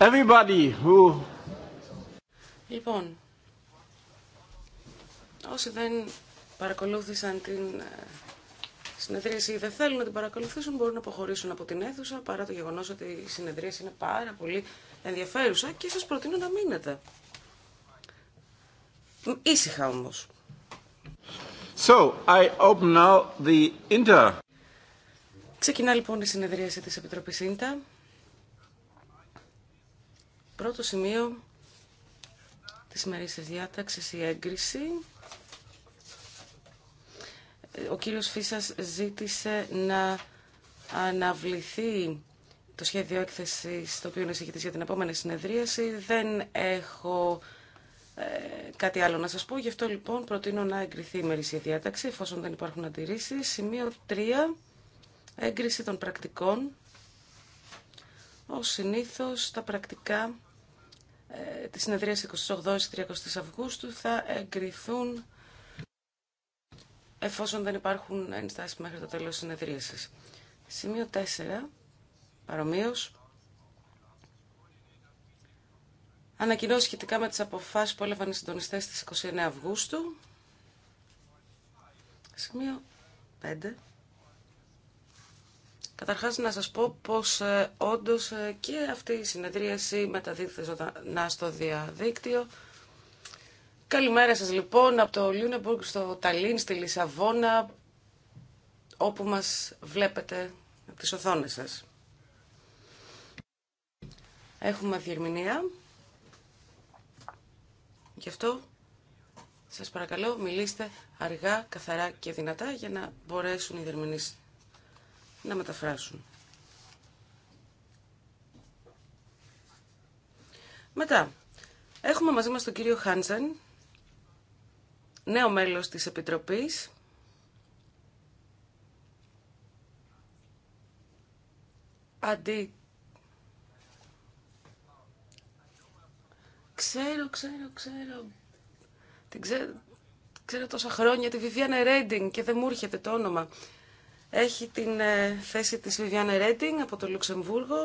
Everybody who... Λοιπόν, όσοι δεν παρακολούθησαν την ε, συνεδρίαση ή δεν θέλουν να την παρακολουθήσουν μπορούν να αποχωρήσουν από την αίθουσα παρά το γεγονός ότι η συνεδρίαση είναι πάρα πολύ ενδιαφέρουσα και σας προτείνω να μείνετε. Ήσυχα όμως. So, I open now the Ξεκινά λοιπόν η συνεδρίαση της Επιτροπής Ίντα. Πρώτο σημείο της μερίσης διάταξης, η έγκριση. Ο κύριος Φίσας ζήτησε να αναβληθεί το σχέδιο έκθεσης το οποίο είναι για την επόμενη συνεδρίαση. Δεν έχω ε, κάτι άλλο να σας πω, γι' αυτό λοιπόν προτείνω να εγκριθεί η μερίσια διάταξη, εφόσον δεν υπάρχουν αντιρρήσεις. Σημείο 3, έγκριση των πρακτικών. Ως συνήθως, τα πρακτικά Τις της συνεδρίας 28-30 Αυγούστου θα εγκριθούν εφόσον δεν υπάρχουν ενστάσεις μέχρι το τέλος της συνεδρίασης. Σημείο 4, παρομοίως, ανακοινώσει σχετικά με τις αποφάσεις που έλαβαν οι συντονιστές της 29 Αυγούστου. Σημείο 5. Καταρχάς να σας πω πως ε, όντως ε, και αυτή η συνεδρίαση μεταδίδεται ζωντανά στο διαδίκτυο. Καλημέρα σας λοιπόν από το Λιούνεμπουργκ στο Ταλίν, στη Λισαβόνα, όπου μας βλέπετε από τις οθόνες σας. Έχουμε διερμηνία. Γι' αυτό σας παρακαλώ μιλήστε αργά, καθαρά και δυνατά για να μπορέσουν οι διερμηνείς να μεταφράσουν. Μετά, έχουμε μαζί μας τον κύριο Χάντζεν, νέο μέλος της Επιτροπής, αντί... Ξέρω, ξέρω, ξέρω. Την ξέρω, ξέρω τόσα χρόνια τη Βιβιάνε Ρέντινγκ και δεν μου έρχεται το όνομα. Έχει την ε, θέση της Βιβιάνε Ρέντινγκ από το Λουξεμβούργο.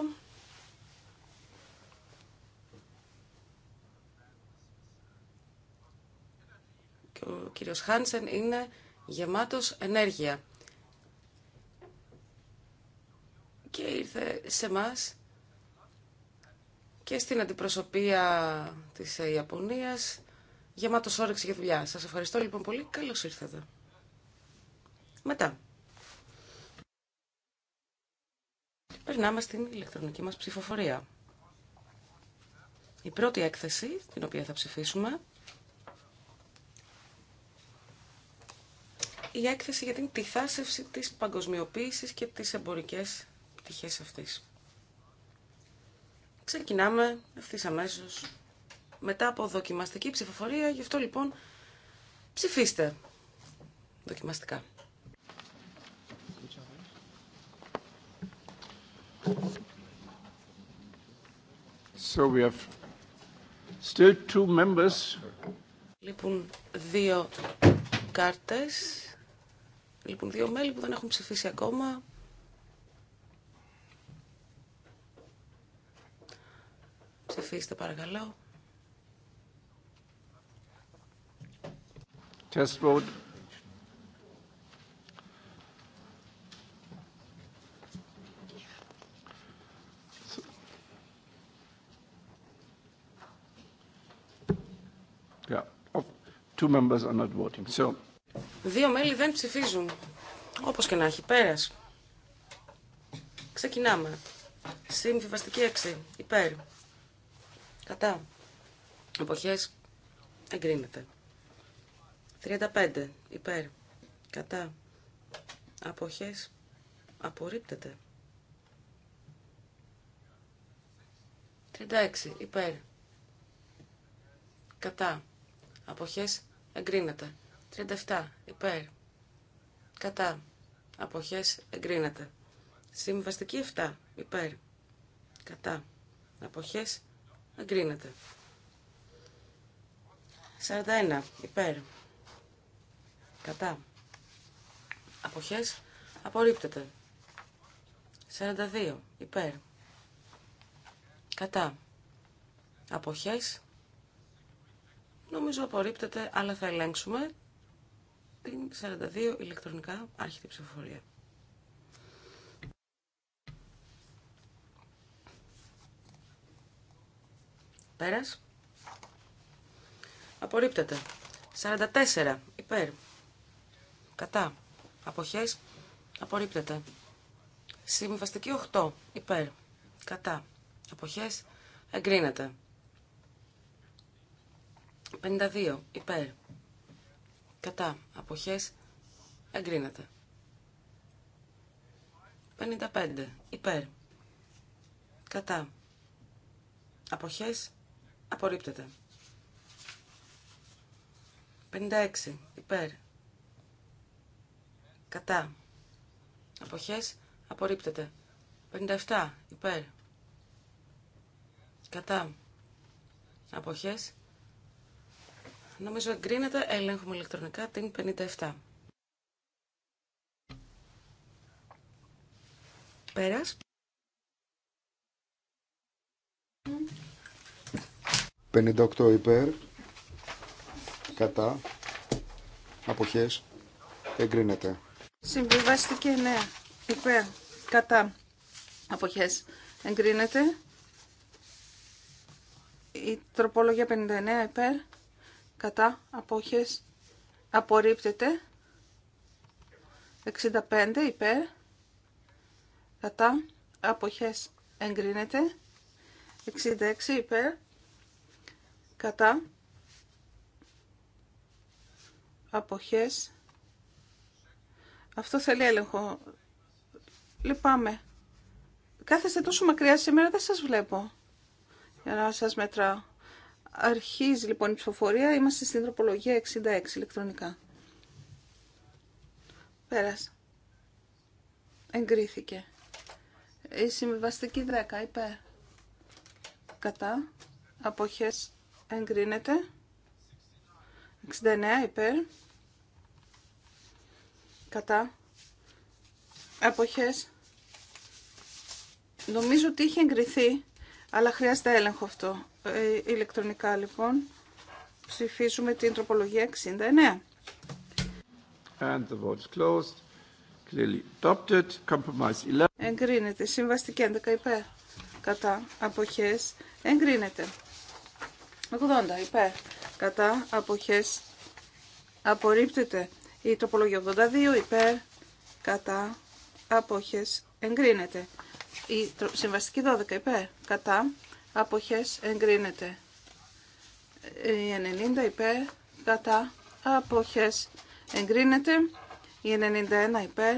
Και ο κύριος Χάνσεν είναι γεμάτος ενέργεια. Και ήρθε σε μας και στην αντιπροσωπεία της ε, Ιαπωνίας γεμάτος όρεξη για δουλειά. Σας ευχαριστώ λοιπόν πολύ. Καλώς ήρθατε. Μετά. περνάμε στην ηλεκτρονική μας ψηφοφορία. Η πρώτη έκθεση, την οποία θα ψηφίσουμε, η έκθεση για την τυθάσευση της παγκοσμιοποίησης και τις εμπορικές πτυχές αυτής. Ξεκινάμε ευθύ αμέσω μετά από δοκιμαστική ψηφοφορία, γι' αυτό λοιπόν ψηφίστε δοκιμαστικά. So we have still two members. Λοιπόν, δύο κάρτες. Λοιπόν, δύο μέλη που δεν έχουν ψηφίσει ακόμα. Ψηφίστε παρακαλώ. Test vote. Two members are not voting. So... Δύο μέλη δεν ψηφίζουν. Όπως και να έχει. Πέρας. Ξεκινάμε. Συμβιβαστική 6. Υπέρ. Κατά. Εποχές. Εγκρίνεται. 35. Υπέρ. Κατά. Αποχές. Απορρίπτεται. 36. Υπέρ. Κατά. Αποχές εγκρίνεται. 37 υπέρ, κατά, αποχές, εγκρίνεται. Συμβαστική 7 υπέρ, κατά, αποχές, εγκρίνεται. 41 υπέρ, κατά, αποχές, απορρίπτεται. 42 υπέρ, κατά, αποχές, Νομίζω απορρίπτεται, αλλά θα ελέγξουμε την 42 ηλεκτρονικά άρχιτη ψηφοφορία. Πέρας. Απορρίπτεται. 44 υπέρ. Κατά. Αποχές. Απορρίπτεται. Συμβαστική 8 υπέρ. Κατά. Αποχές. Εγκρίνεται. 52. Υπέρ. Κατά. Αποχές. Εγκρίνεται. 55. Υπέρ. Κατά. Αποχές. Απορρίπτεται. 56. Υπέρ. Κατά. Αποχές. Απορρίπτεται. 57. Υπέρ. Κατά. Αποχές. Νομίζω εγκρίνεται. Ελέγχουμε ηλεκτρονικά την 57. Πέρας. 58 υπέρ, κατά, αποχές, εγκρίνεται. Συμβιβάστηκε 9 υπέρ, κατά, αποχές, εγκρίνεται. Η τροπολογία 59 υπέρ, κατά απόχες απορρίπτεται 65 υπέρ κατά αποχές εγκρίνεται 66 υπέρ κατά αποχές αυτό θέλει έλεγχο λυπάμαι κάθεστε τόσο μακριά σήμερα δεν σας βλέπω για να σας μετράω Αρχίζει λοιπόν η ψηφοφορία. Είμαστε στην τροπολογία 66 ηλεκτρονικά. Πέρασε. Εγκρίθηκε. Η συμβιβαστική 10 υπέρ. Κατά. Αποχές εγκρίνεται. 69 υπέρ. Κατά. Αποχές. Νομίζω ότι είχε εγκριθεί αλλά χρειάζεται έλεγχο αυτό. Ε, ηλεκτρονικά λοιπόν ψηφίζουμε την τροπολογία 69. And the vote is closed. Clearly adopted. Compromise 11. Εγκρίνεται. Συμβαστική 11 υπέρ. Κατά. Αποχές. Εγκρίνεται. 80 υπέρ. Κατά. Αποχές. Απορρίπτεται. Η τροπολογία 82 υπέρ. Κατά. Αποχές. Εγκρίνεται. Η συμβαστική 12 είπε, Κατά. Αποχές εγκρίνεται. Ε, η 90 είπε, Κατά. Αποχές εγκρίνεται. Η 91 υπέρ.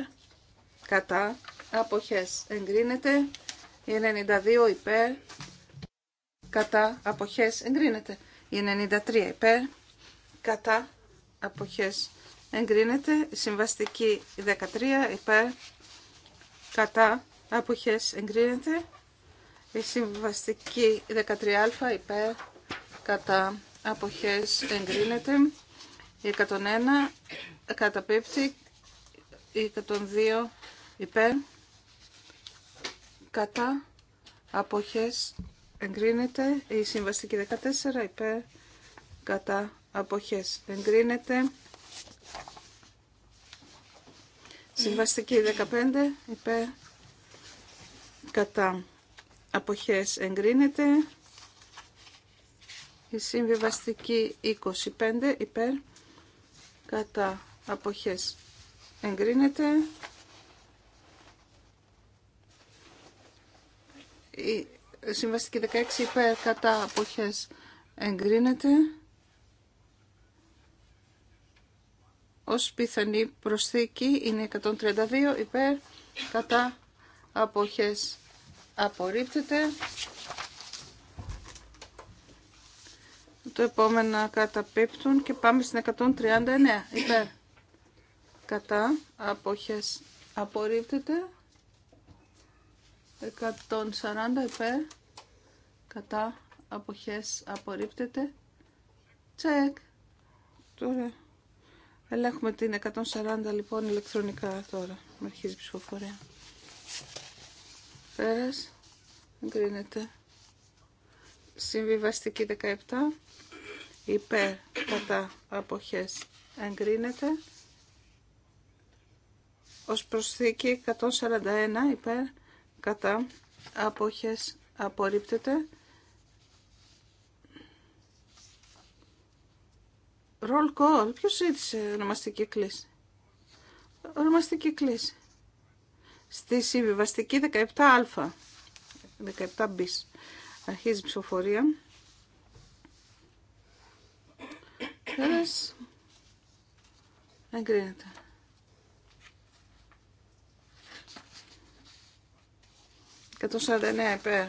Κατά. Αποχές εγκρίνεται. Η 92 υπέρ. Κατά. Αποχές εγκρίνεται. Η 93 υπέρ. Κατά. Αποχές εγκρίνεται. Η συμβαστική 13 υπέρ. Κατά αποχές εγκρίνεται. Η συμβαστική 13α υπέρ κατά αποχές εγκρίνεται. Η 101 καταπίπτει. Η 102 υπέρ κατά αποχές εγκρίνεται. Η συμβαστική 14 υπέρ κατά αποχές εγκρίνεται. Συμβαστική 15 υπέρ κατά αποχές εγκρίνεται η συμβιβαστική 25 υπέρ κατά αποχές εγκρίνεται η συμβαστική 16 υπέρ κατά αποχές εγκρίνεται ως πιθανή προσθήκη είναι 132 υπέρ κατά αποχές απορρίπτεται. Το επόμενα καταπίπτουν και πάμε στην 139. Υπέρ. Κατά. Αποχές. Απορρίπτεται. 140 υπέρ. Κατά. Αποχές. Απορρίπτεται. Τσεκ. Τώρα. Ελέγχουμε την 140 λοιπόν ηλεκτρονικά τώρα. Με αρχίζει η ψηφοφορία. Πέρας. Εγκρίνεται. Συμβιβαστική 17. Υπέρ. Κατά. Αποχές. Εγκρίνεται. Ως προσθήκη 141 υπέρ. Κατά. Αποχές. Απορρίπτεται. Roll call. Ποιος ζήτησε ονομαστική κλίση. Ονομαστική κλίση στη συμβιβαστική 17α. 17 bis. Αρχίζει η ψηφοφορία. και Εγκρίνεται. 149 υπέρ.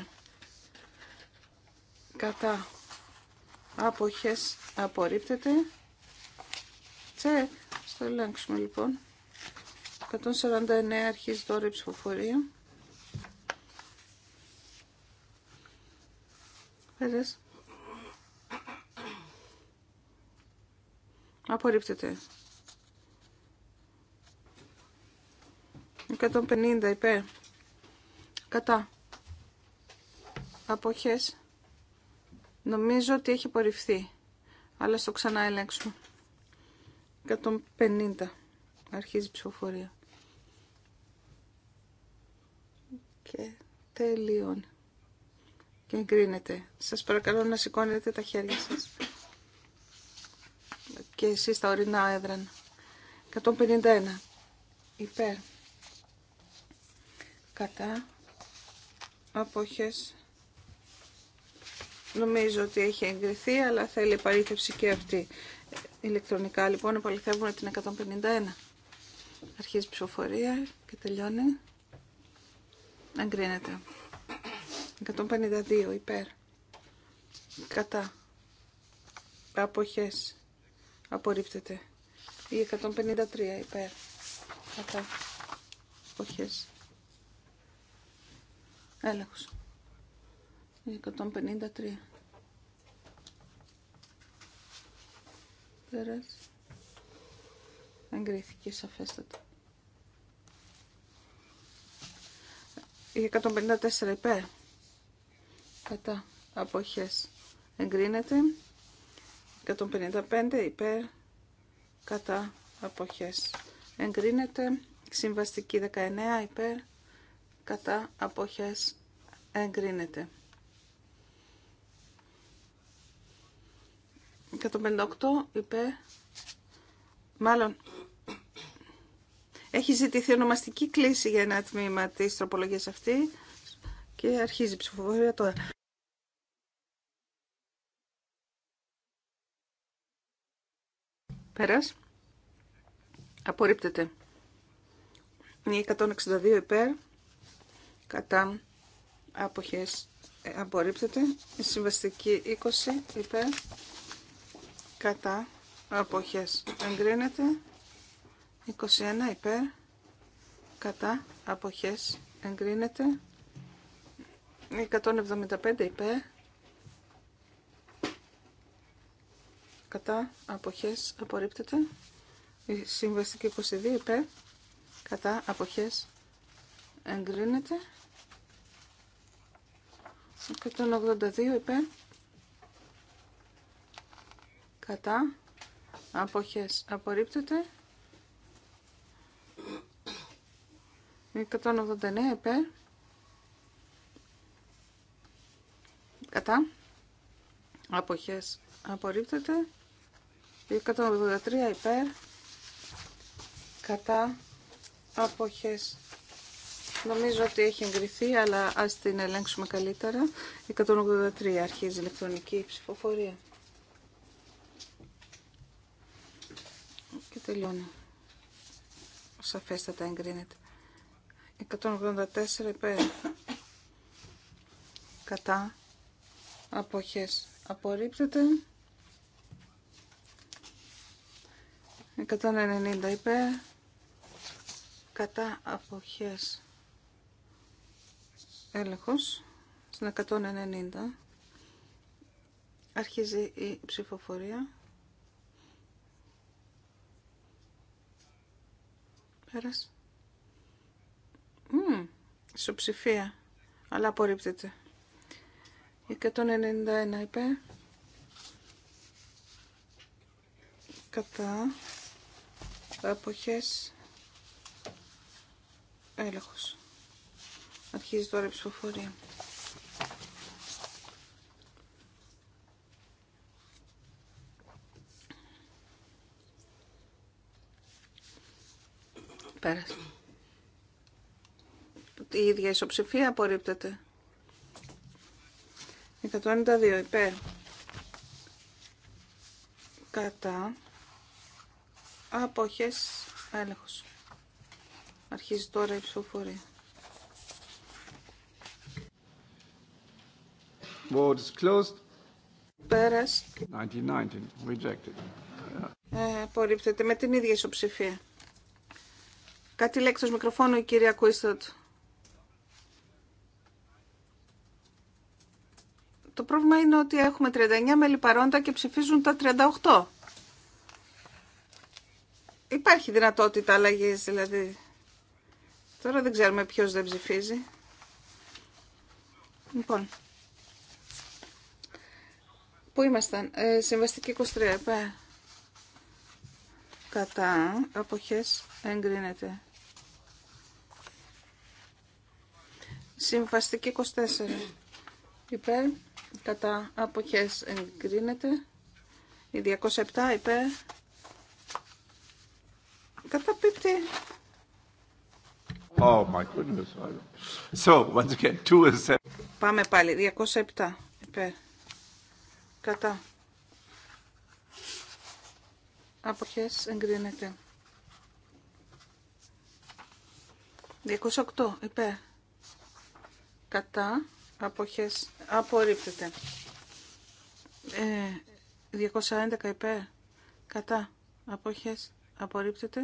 Κατά. Αποχές απορρίπτεται. Τσεκ. Στο ελέγξουμε λοιπόν. 149 αρχίζει τώρα η ψηφοφορία. Πέρας. Απορρίπτεται. 150 υπέρ. Κατά. Αποχές. Νομίζω ότι έχει απορριφθεί. Αλλά στο ξανά ελέγξουμε. 150. Αρχίζει η ψηφοφορία. και τελείων. Και εγκρίνεται. Σας παρακαλώ να σηκώνετε τα χέρια σας. Και εσείς τα ορεινά έδραν. 151. Υπέρ. Κατά. Απόχες. Νομίζω ότι έχει εγκριθεί, αλλά θέλει παρήθευση και αυτή. Ηλεκτρονικά λοιπόν επαληθεύουμε την 151. Αρχίζει ψηφοφορία και τελειώνει. Αγκρίνεται 152 υπέρ. Κατά. Αποχές. Απορρίπτεται. Ή 153 υπέρ. Κατά. Αποχές. Έλεγχος. 153. Εγκρίθηκε σαφέστατα. Είχε 154 υπέρ. Κατά αποχές εγκρίνεται. 155 υπέρ. Κατά αποχές εγκρίνεται. Συμβαστική 19 υπέρ. Κατά αποχές εγκρίνεται. 158 υπέρ. Μάλλον έχει ζητηθεί ονομαστική κλίση για ένα τμήμα της τροπολογία αυτή και αρχίζει η ψηφοφορία τώρα. Πέρας. Απορρίπτεται. 162 υπέρ. Κατά Αποχέ. Ε, απορρίπτεται. Η συμβαστική 20 υπέρ. Κατά Αποχέ. εγκρίνεται. 21 υπέρ κατά αποχές εγκρίνεται 175 υπέρ κατά αποχές απορρίπτεται η συμβαστική 22 υπέρ κατά αποχές εγκρίνεται 182 υπέρ κατά αποχές απορρίπτεται 189 υπέρ. Κατά. Αποχές απορρίπτεται. 183 υπέρ. Κατά. Αποχές. Νομίζω ότι έχει εγκριθεί, αλλά ας την ελέγξουμε καλύτερα. 183 αρχίζει η ηλεκτρονική ψηφοφορία. Και τελειώνει. Σαφέστατα εγκρίνεται. 184 υπέρ. Κατά. Αποχές. Απορρίπτεται. 190 υπέρ. Κατά αποχές. Έλεγχος. Στην 190. Αρχίζει η ψηφοφορία. Πέρασε. Mm, ισοψηφία. Αλλά απορρίπτεται. 191 είπε. Κατά. εποχές Έλεγχος. Αρχίζει τώρα η ψηφοφορία. Πέρασε η ίδια ισοψηφία απορρίπτεται. 192 υπέρ. Κατά. Αποχές έλεγχος. Αρχίζει τώρα η ψηφοφορία. Vote is closed. Πέρας. 1919. Rejected. Ε, απορρίπτεται με την ίδια ισοψηφία. Κάτι λέξεις μικροφόνο η κυρία Κουίστατ. Το πρόβλημα είναι ότι έχουμε 39 μέλη παρόντα και ψηφίζουν τα 38. Υπάρχει δυνατότητα αλλαγή δηλαδή. Τώρα δεν ξέρουμε ποιος δεν ψηφίζει. Λοιπόν. Πού ήμασταν. Ε, συμβαστική 23. Κατά. Αποχές. Εγκρίνεται. Συμβαστική 24. Υπέρ κατά αποχές εγκρίνεται. Η 207 υπέρ κατά πίπτη. Oh my goodness. So, once again, two is seven. Πάμε πάλι, 207 υπέρ κατά αποχές εγκρίνεται. 208 υπέρ κατά αποχές απορρίπτεται. Ε, 211 κατά αποχές απορρίπτεται.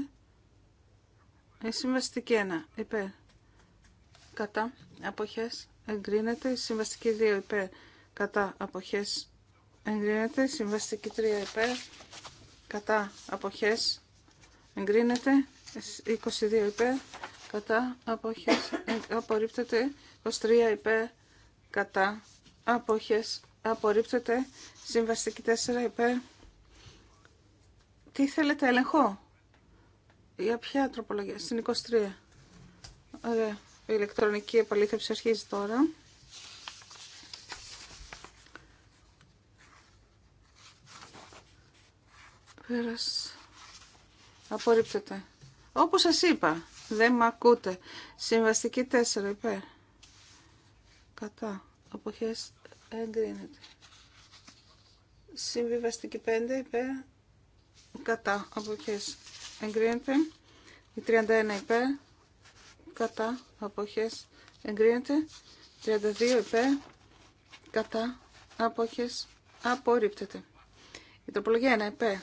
Η ε, συμβαστική 1 υπέρ κατά αποχές εγκρίνεται. συμβαστική 2 υπέρ κατά αποχές εγκρίνεται. συμβαστική 3 υπέρ κατά αποχές εγκρίνεται. 22 ε, υπέρ κατά αποχές ε, απορρίπτεται. 23 υπέρ κατά αποχές απορρίπτεται συμβαστική 4 υπέρ τι θέλετε έλεγχο για ποια τροπολογία στην 23 Ωραία. η ηλεκτρονική επαλήθευση αρχίζει τώρα πέρας απορρίπτεται όπως σας είπα δεν με ακούτε συμβαστική 4 υπέρ κατά αποχές εγκρίνεται. Συμβιβαστική 5 υπέρ κατά αποχές εγκρίνεται. Η 31 υπέρ κατά αποχές εγκρίνεται. 32 υπέρ κατά αποχές απορρίπτεται. Η τροπολογία 1 υπέρ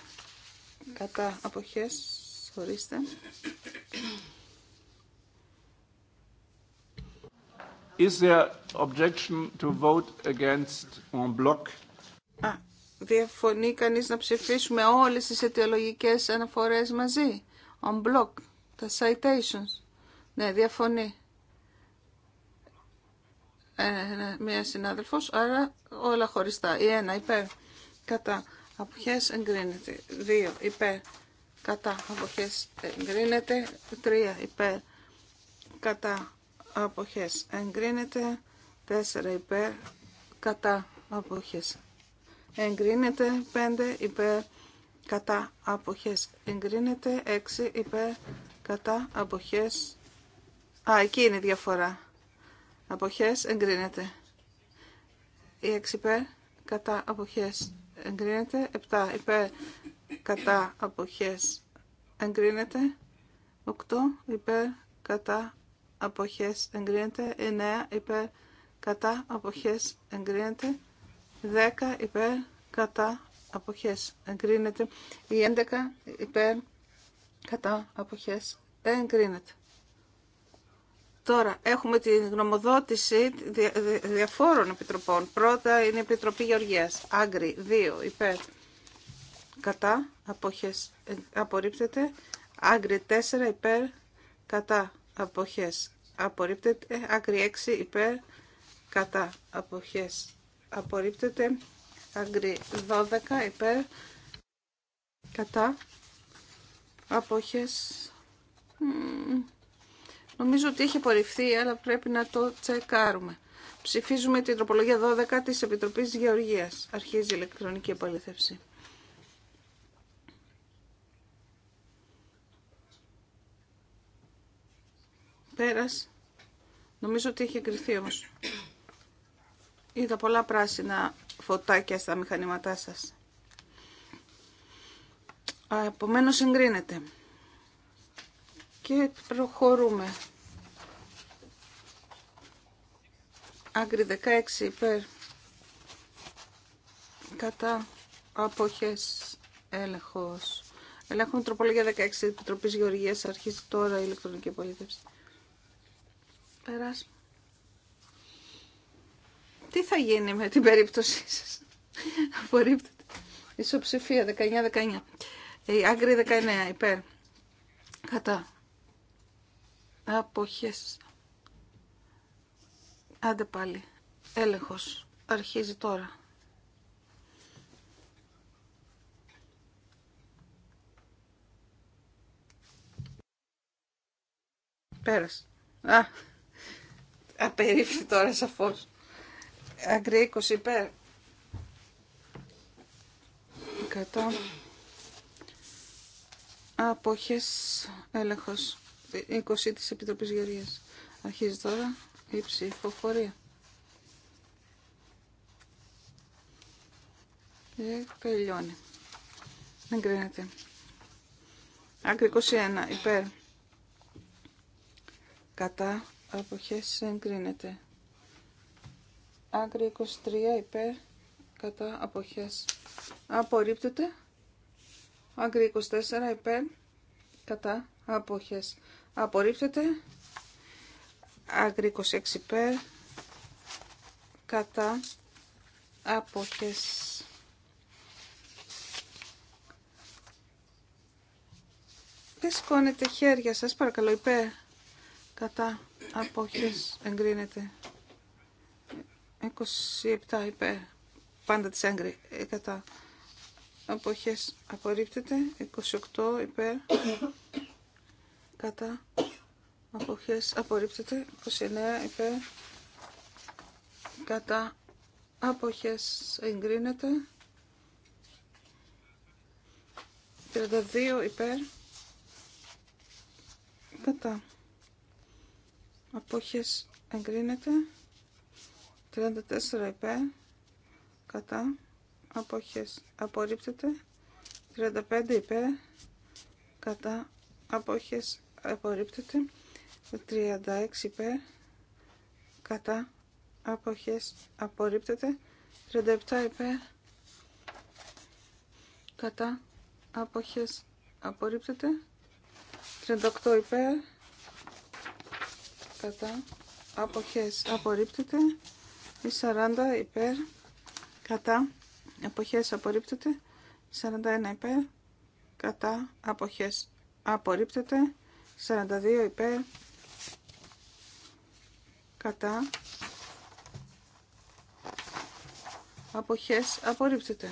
κατά αποχές ορίστε Is there διαφωνεί κανείς να ψηφίσουμε όλες τις αιτιολογικές αναφορές μαζί. On block. Τα citations. Ναι, διαφωνεί. Ε, μία συνάδελφος, άρα όλα χωριστά. Η ένα υπέρ, κατά. Αποχές εγκρίνεται. δύο Υπέρ. Κατά. Αποχές εγκρίνεται. τρία Υπέρ. Κατά αποχές εγκρίνεται 4 υπέρ κατά αποχές εγκρίνεται 5 υπέρ κατά αποχές εγκρίνεται 6 υπέρ κατά αποχές α εκεί είναι η διαφορά αποχές εγκρίνεται η 6 υπέρ κατά αποχές εγκρίνεται 7 υπέρ κατά αποχές εγκρίνεται 8 υπέρ κατά αποχές εγκρίνεται 9 υπέρ κατά αποχές εγκρίνεται 10 υπέρ κατά αποχές εγκρίνεται η 11 υπέρ κατά αποχές εγκρίνεται Τώρα έχουμε την γνωμοδότηση διαφόρων επιτροπών. Πρώτα είναι η Επιτροπή Γεωργίας. Άγκρι 2 υπέρ κατά αποχές ε, απορρίπτεται. Άγκρι 4 υπέρ κατά αποχές απορρίπτεται άκρη 6 υπέρ κατά αποχές απορρίπτεται άκρη 12 υπέρ κατά αποχές νομίζω ότι έχει απορριφθεί αλλά πρέπει να το τσεκάρουμε ψηφίζουμε την τροπολογία 12 της Επιτροπής Γεωργίας αρχίζει η ηλεκτρονική επαλήθευση Πέρας. Νομίζω ότι είχε εγκριθεί όμως. Είδα πολλά πράσινα φωτάκια στα μηχανήματά σας. Επομένω συγκρίνεται. Και προχωρούμε. Άγκρι 16 υπέρ. Κατά αποχές έλεγχος. Ελέγχουμε τροπολογία 16 Επιτροπής Γεωργίας. Αρχίζει τώρα η ηλεκτρονική πολίτευση. Πέρας. Τι θα γίνει με την περίπτωσή σας. Απορρίπτεται. Ισοψηφία 19-19. Η άγκρη 19 υπέρ. Κατά. Αποχές. Άντε πάλι. Έλεγχος. Αρχίζει τώρα. Πέρασε. Α, απερίφθη τώρα σαφώς. Αγκρή 20 υπέρ. 100. Αποχές έλεγχος. 20 της Επιτροπής Γεωργίας. Αρχίζει τώρα η ψηφοφορία. Και τελειώνει. Εγκρίνεται. Άκρη 21 υπέρ. Κατά αποχές εγκρίνεται. Άγκρι 23 υπέρ κατά αποχές απορρίπτεται. Άγκρι 24 υπέρ κατά αποχές απορρίπτεται. Άγκρι 26 υπέρ κατά αποχές Δεν σηκώνετε χέρια σας παρακαλώ υπέρ κατά Απόχες εγκρίνεται. 27 υπέρ. Πάντα της έγκρι. Ε, κατά. Απόχες απορρίπτεται. 28 υπέρ. Κατά. Απόχες απορρίπτεται. 29 υπέρ. Κατά. Απόχες εγκρίνεται. 32 υπέρ. Κατά απόχες εγκρίνεται 34 υπέρ κατά απόχες απορρίπτεται 35 υπέ, κατά απόχες απορρίπτεται 36 υπέρ κατά απόχες απορρίπτεται 37 υπέρ κατά απόχες απορρίπτεται 38 υπέρ κατά αποχές απορρίπτεται η 40 υπέρ κατά αποχές απορρίπτεται 41 υπέρ κατά αποχές απορρίπτεται 42 υπέρ κατά αποχές απορρίπτεται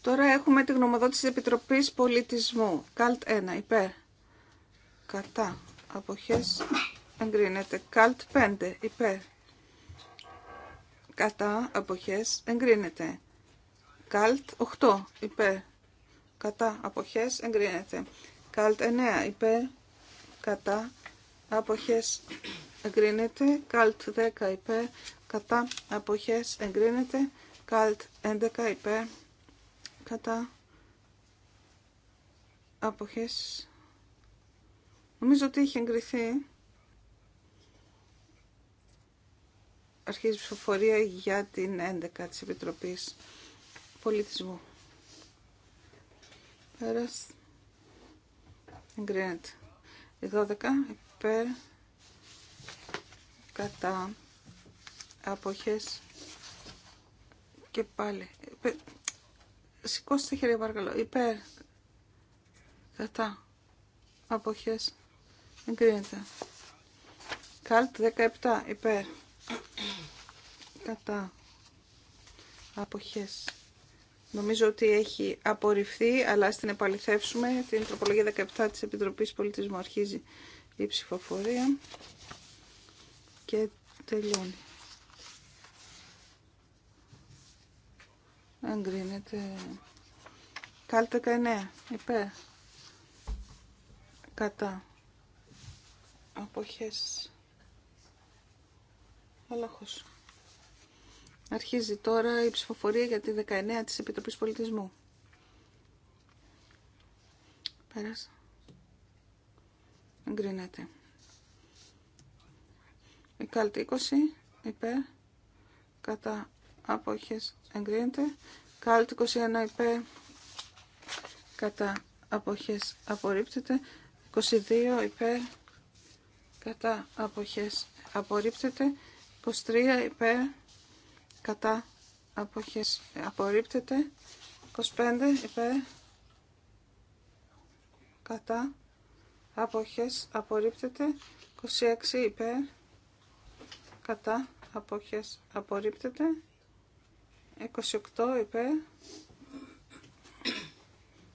Τώρα έχουμε τη γνωμοδότηση της Επιτροπής Πολιτισμού. Καλτ 1, υπέρ. Κατά αποχές εγκρίνεται. Καλτ 5 υπέρ κατά αποχές εγκρίνεται. Καλτ 8 υπέρ κατά αποχές εγκρίνεται. Καλτ 9 υπέρ κατά αποχές εγκρίνεται. Καλτ 10 υπέρ κατά αποχές εγκρίνεται. Καλτ 11 υπέρ κατά αποχές Νομίζω ότι είχε εγκριθεί. Αρχίζει η ψηφοφορία για την 11 της Επιτροπής Πολιτισμού. Πέρας. Εγκρίνεται. Η 12 υπέρ κατά αποχές και πάλι. Ε, σηκώστε τα χέρια παρακαλώ. Υπέρ κατά αποχές Εγκρίνεται. Καλτ 17 υπέρ. Κατά. Αποχές. Νομίζω ότι έχει απορριφθεί, αλλά στην την επαληθεύσουμε. Την τροπολογία 17 της Επιτροπής Πολιτισμού αρχίζει η ψηφοφορία και τελειώνει. Εγκρίνεται. Καλτ 19. Υπέρ. Κατά αποχές Ολόχος. Αρχίζει τώρα η ψηφοφορία για τη 19 της Επιτροπής Πολιτισμού. Πέρασα. Εγκρίνεται. Η κάλτη 20 υπέρ κατά αποχές εγκρίνεται. Κάλτη 21 υπέρ κατά αποχές απορρίπτεται. 22 υπέρ κατά αποχές απορρίπτεται 23 υπέρ κατά αποχές απορρίπτεται 25 υπέρ κατά αποχές απορρίπτεται 26 υπέρ κατά αποχές απορρίπτεται 28 υπέρ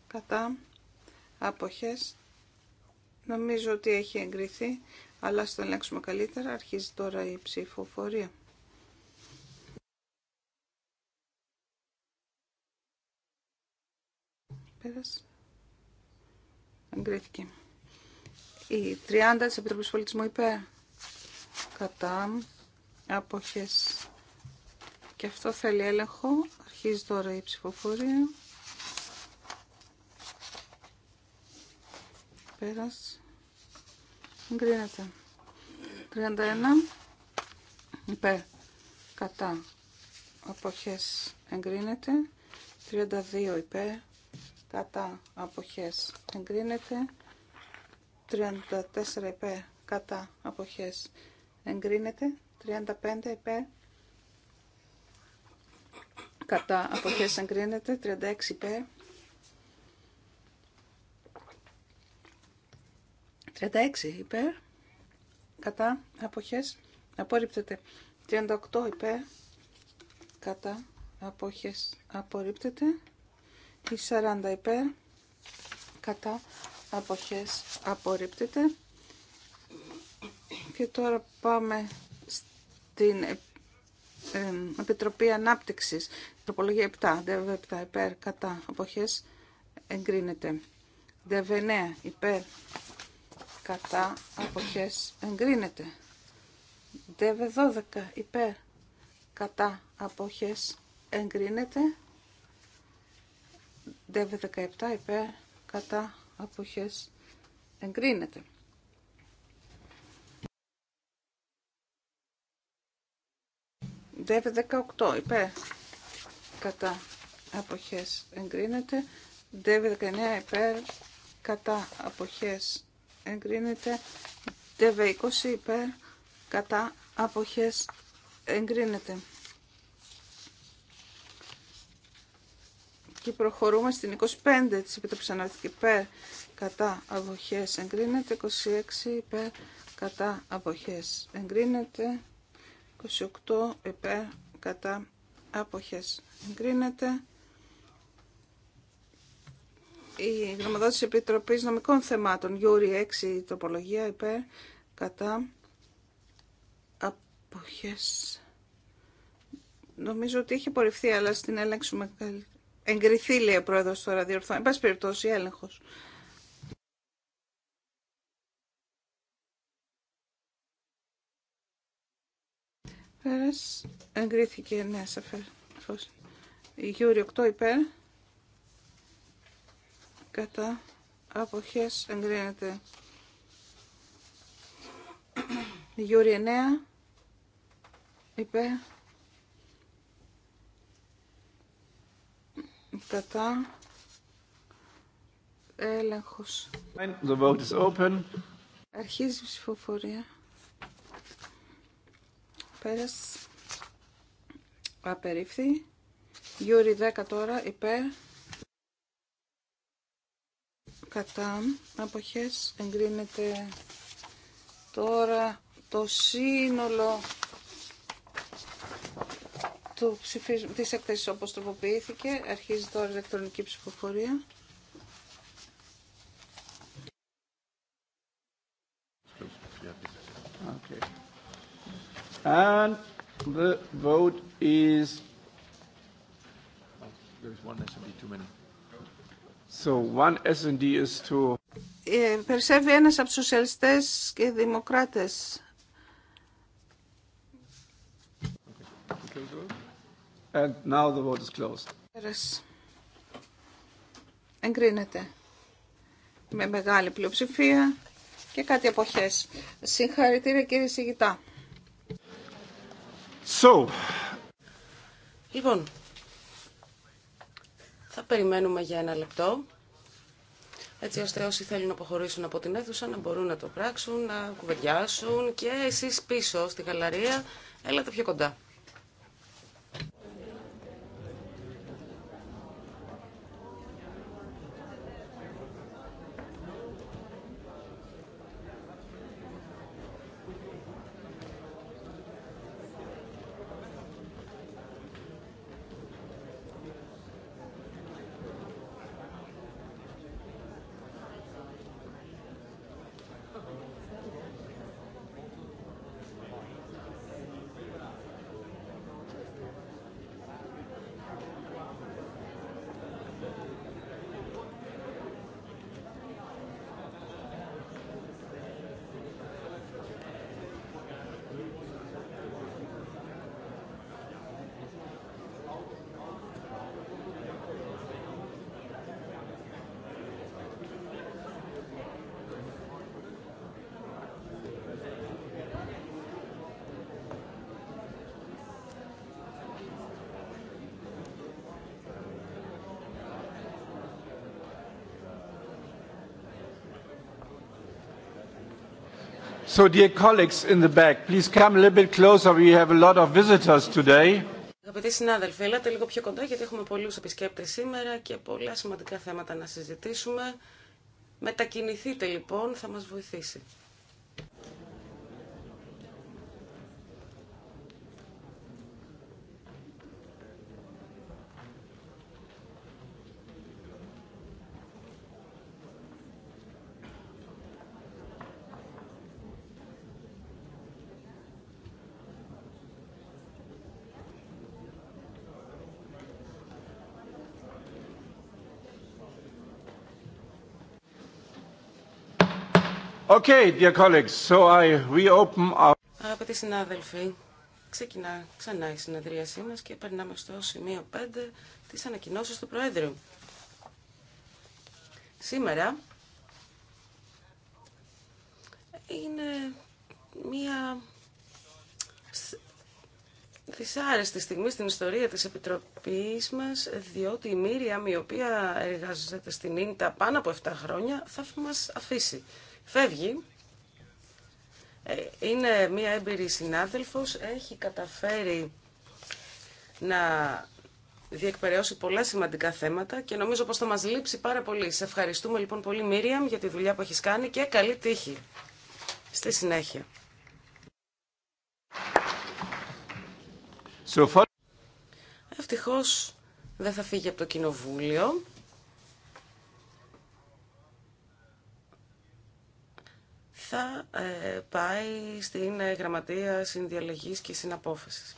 κατά αποχές νομίζω ότι έχει εγκριθεί αλλά το ελέγξουμε καλύτερα αρχίζει τώρα η ψηφοφορία. Πέρασε. Εγκρίθηκε. Η 30 της Επιτροπής Πολιτισμού ειπε Κατά. Αποχές. Και αυτό θέλει έλεγχο. Αρχίζει τώρα η ψηφοφορία. Πέρασε. Εγκρίνεται. 31 υπέρ κατά αποχές εγκρίνεται. 32 υπέρ κατά αποχές εγκρίνεται. 34 υπέρ κατά αποχές εγκρίνεται. 35 υπέρ κατά αποχές εγκρίνεται. 36 υπέρ 36 υπέρ, κατά, αποχές, απορρίπτεται. 38 υπέρ, κατά, αποχές, απορρίπτεται. Η 40 υπέρ, κατά, αποχές, απορρίπτεται. Και τώρα πάμε στην ε, Επιτροπή Ανάπτυξης, τροπολογία 7, ΔΕΒ 7 υπέρ, κατά, αποχές, εγκρίνεται. ΔΕΒ 9 υπέρ, κατά αποχές εγκρίνεται. Δεύε 12 υπέρ κατά αποχές εγκρίνεται. Δεύε 17 υπέρ κατά αποχές εγκρίνεται. Δεύε 18 υπέρ κατά αποχές εγκρίνεται. Δεύε 19 υπέρ κατά αποχές εγκρίνεται. ΤΕΒΕ 20 υπέρ κατά αποχές εγκρίνεται. Και προχωρούμε στην 25 της Επιτροπής Αναρτική υπέρ κατά αποχές εγκρίνεται. 26 υπέρ κατά αποχές εγκρίνεται. 28 υπέρ κατά αποχές εγκρίνεται η γνωμοδότηση Επιτροπής Νομικών Θεμάτων, Γιούρι 6, τροπολογία υπέρ, κατά, αποχές. Νομίζω ότι είχε απορριφθεί, αλλά στην έλεγξουμε καλύτερα. Εγκριθεί, λέει ο πρόεδρος τώρα, διορθώ. Εν πάση περιπτώσει, έλεγχος. Πέρας, εγκρίθηκε, ναι, Η Γιούρι 8 υπέρ κατά αποχές εγκρίνεται. Γιούρι 9 υπέ κατά έλεγχος. The vote is open. Αρχίζει η ψηφοφορία. Πέρας απερίφθη. Γιούρι 10 τώρα υπέρ κατά αποχές εγκρίνεται τώρα το σύνολο του ψηφίσ... της έκθεσης όπως τροποποιήθηκε. Αρχίζει τώρα η ηλεκτρονική ψηφοφορία. Okay. And the vote is... There is one too many. So one ε, περισσεύει ένας από τους σοσιαλιστές και δημοκράτες. And now the vote is closed. Εγκρίνεται με μεγάλη πλειοψηφία και κάτι αποχές. Συγχαρητήρια κύριε Σιγητά. So. Λοιπόν, θα περιμένουμε για ένα λεπτό, έτσι ώστε όσοι θέλουν να αποχωρήσουν από την αίθουσα να μπορούν να το πράξουν, να κουβεντιάσουν και εσείς πίσω στη γαλαρία, έλατε πιο κοντά. So, dear colleagues in the back, please come a little bit closer. We have a lot of visitors today. Αγαπητοί συνάδελφοι, έλατε λίγο πιο κοντά γιατί έχουμε πολλούς επισκέπτες σήμερα και πολλά σημαντικά θέματα να συζητήσουμε. Μετακινηθείτε λοιπόν, θα μας βοηθήσει. Okay, dear colleagues, so I reopen our... Αγαπητοί συνάδελφοι, ξεκινά ξανά η συνεδρίασή μας και περνάμε στο σημείο 5 της ανακοινώσεως του Προέδρου. Σήμερα είναι μία δυσάρεστη στιγμή στην ιστορία της Επιτροπής μας, διότι η Μύρια, η οποία εργάζεται στην Ίντα πάνω από 7 χρόνια, θα μας αφήσει. Φεύγει. Ε, είναι μία έμπειρη συνάδελφος, έχει καταφέρει να διεκπαιρεώσει πολλά σημαντικά θέματα και νομίζω πως θα μας λείψει πάρα πολύ. Σε ευχαριστούμε λοιπόν πολύ Μίριαμ για τη δουλειά που έχεις κάνει και καλή τύχη στη συνέχεια. Ευτυχώς δεν θα φύγει από το κοινοβούλιο. θα ε, πάει στην ε, Γραμματεία Συνδιαλλαγής και Συναπόφασης.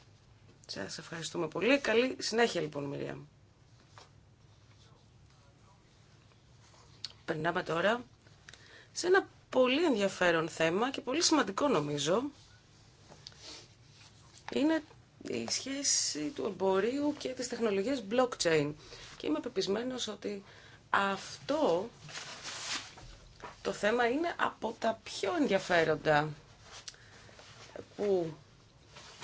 Σας ευχαριστούμε πολύ. Καλή συνέχεια λοιπόν Μυρία Περνάμε τώρα σε ένα πολύ ενδιαφέρον θέμα και πολύ σημαντικό νομίζω. Είναι η σχέση του εμπορίου και της τεχνολογίας blockchain. Και είμαι πεπισμένος ότι αυτό το θέμα είναι από τα πιο ενδιαφέροντα που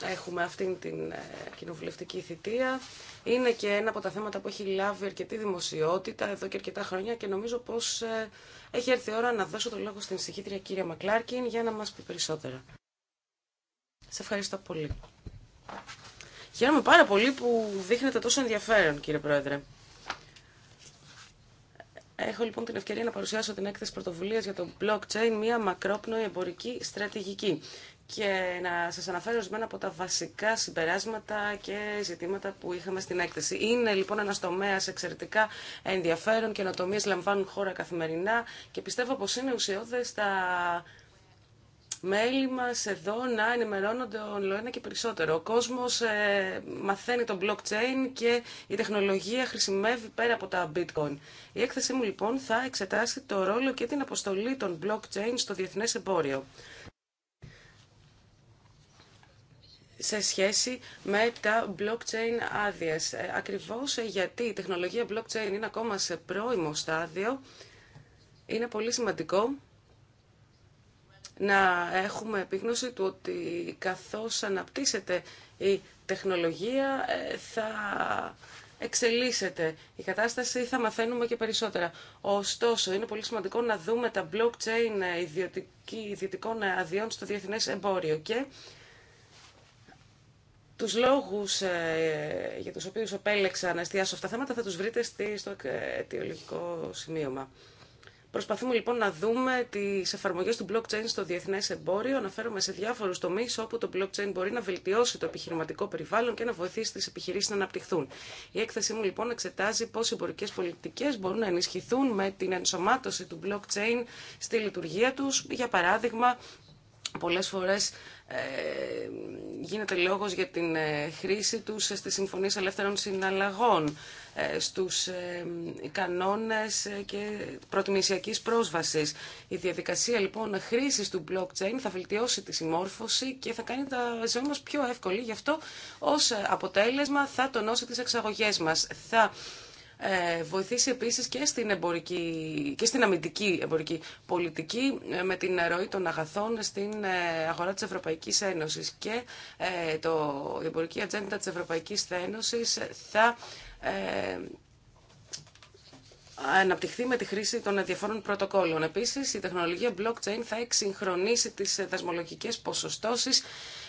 έχουμε αυτήν την ε, κοινοβουλευτική θητεία. Είναι και ένα από τα θέματα που έχει λάβει αρκετή δημοσιότητα εδώ και αρκετά χρόνια και νομίζω πως ε, έχει έρθει η ώρα να δώσω το λόγο στην συγχύτρια κύρια Μακλάρκιν για να μας πει περισσότερα. Σε ευχαριστώ πολύ. Χαίρομαι πάρα πολύ που δείχνετε τόσο ενδιαφέρον κύριε Πρόεδρε. Έχω λοιπόν την ευκαιρία να παρουσιάσω την έκθεση πρωτοβουλίας για το blockchain, μια μακρόπνοη εμπορική στρατηγική και να σας αναφέρω ορισμένα από τα βασικά συμπεράσματα και ζητήματα που είχαμε στην έκθεση. Είναι λοιπόν ένας τομέας εξαιρετικά ενδιαφέρον, και καινοτομίες λαμβάνουν χώρα καθημερινά και πιστεύω πως είναι ουσιώδε τα μέλη μας εδώ να ενημερώνονται όλο και περισσότερο. Ο κόσμος ε, μαθαίνει το blockchain και η τεχνολογία χρησιμεύει πέρα από τα bitcoin. Η έκθεσή μου λοιπόν θα εξετάσει το ρόλο και την αποστολή των blockchain στο διεθνές εμπόριο. σε σχέση με τα blockchain άδειε. Ε, ακριβώς ε, γιατί η τεχνολογία blockchain είναι ακόμα σε πρώιμο στάδιο, είναι πολύ σημαντικό να έχουμε επίγνωση του ότι καθώς αναπτύσσεται η τεχνολογία ε, θα εξελίσσεται η κατάσταση, θα μαθαίνουμε και περισσότερα. Ωστόσο, είναι πολύ σημαντικό να δούμε τα blockchain ιδιωτικών αδειών στο διεθνές εμπόριο και τους λόγους ε, για τους οποίους επέλεξα να εστιάσω αυτά τα θέματα θα τους βρείτε στο αιτιολογικό σημείωμα. Προσπαθούμε λοιπόν να δούμε τι εφαρμογέ του blockchain στο διεθνέ εμπόριο. Αναφέρομαι σε διάφορου τομεί όπου το blockchain μπορεί να βελτιώσει το επιχειρηματικό περιβάλλον και να βοηθήσει τι επιχειρήσει να αναπτυχθούν. Η έκθεσή μου λοιπόν εξετάζει πώ οι εμπορικέ πολιτικέ μπορούν να ενισχυθούν με την ενσωμάτωση του blockchain στη λειτουργία του. Για παράδειγμα, πολλέ φορέ ε, γίνεται λόγος για την ε, χρήση τους στις συμφωνίες ελεύθερων συναλλαγών, ε, στους κανόνες και προτιμησιακής πρόσβασης. Η διαδικασία λοιπόν χρήσης του blockchain θα βελτιώσει τη συμμόρφωση και θα κάνει τα ζωή μας πιο εύκολη. Γι' αυτό ως αποτέλεσμα θα τονώσει τις εξαγωγές μας. Θα ε, βοηθήσει επίση και στην, εμπορική, και στην αμυντική εμπορική πολιτική ε, με την ροή των αγαθών στην ε, αγορά της Ευρωπαϊκής Ένωσης και το, η εμπορική ατζέντα της Ευρωπαϊκής Ένωσης θα αναπτυχθεί με τη χρήση των διαφόρων πρωτοκόλων. Επίσης, η τεχνολογία blockchain θα εξυγχρονίσει τις δασμολογικές ποσοστώσεις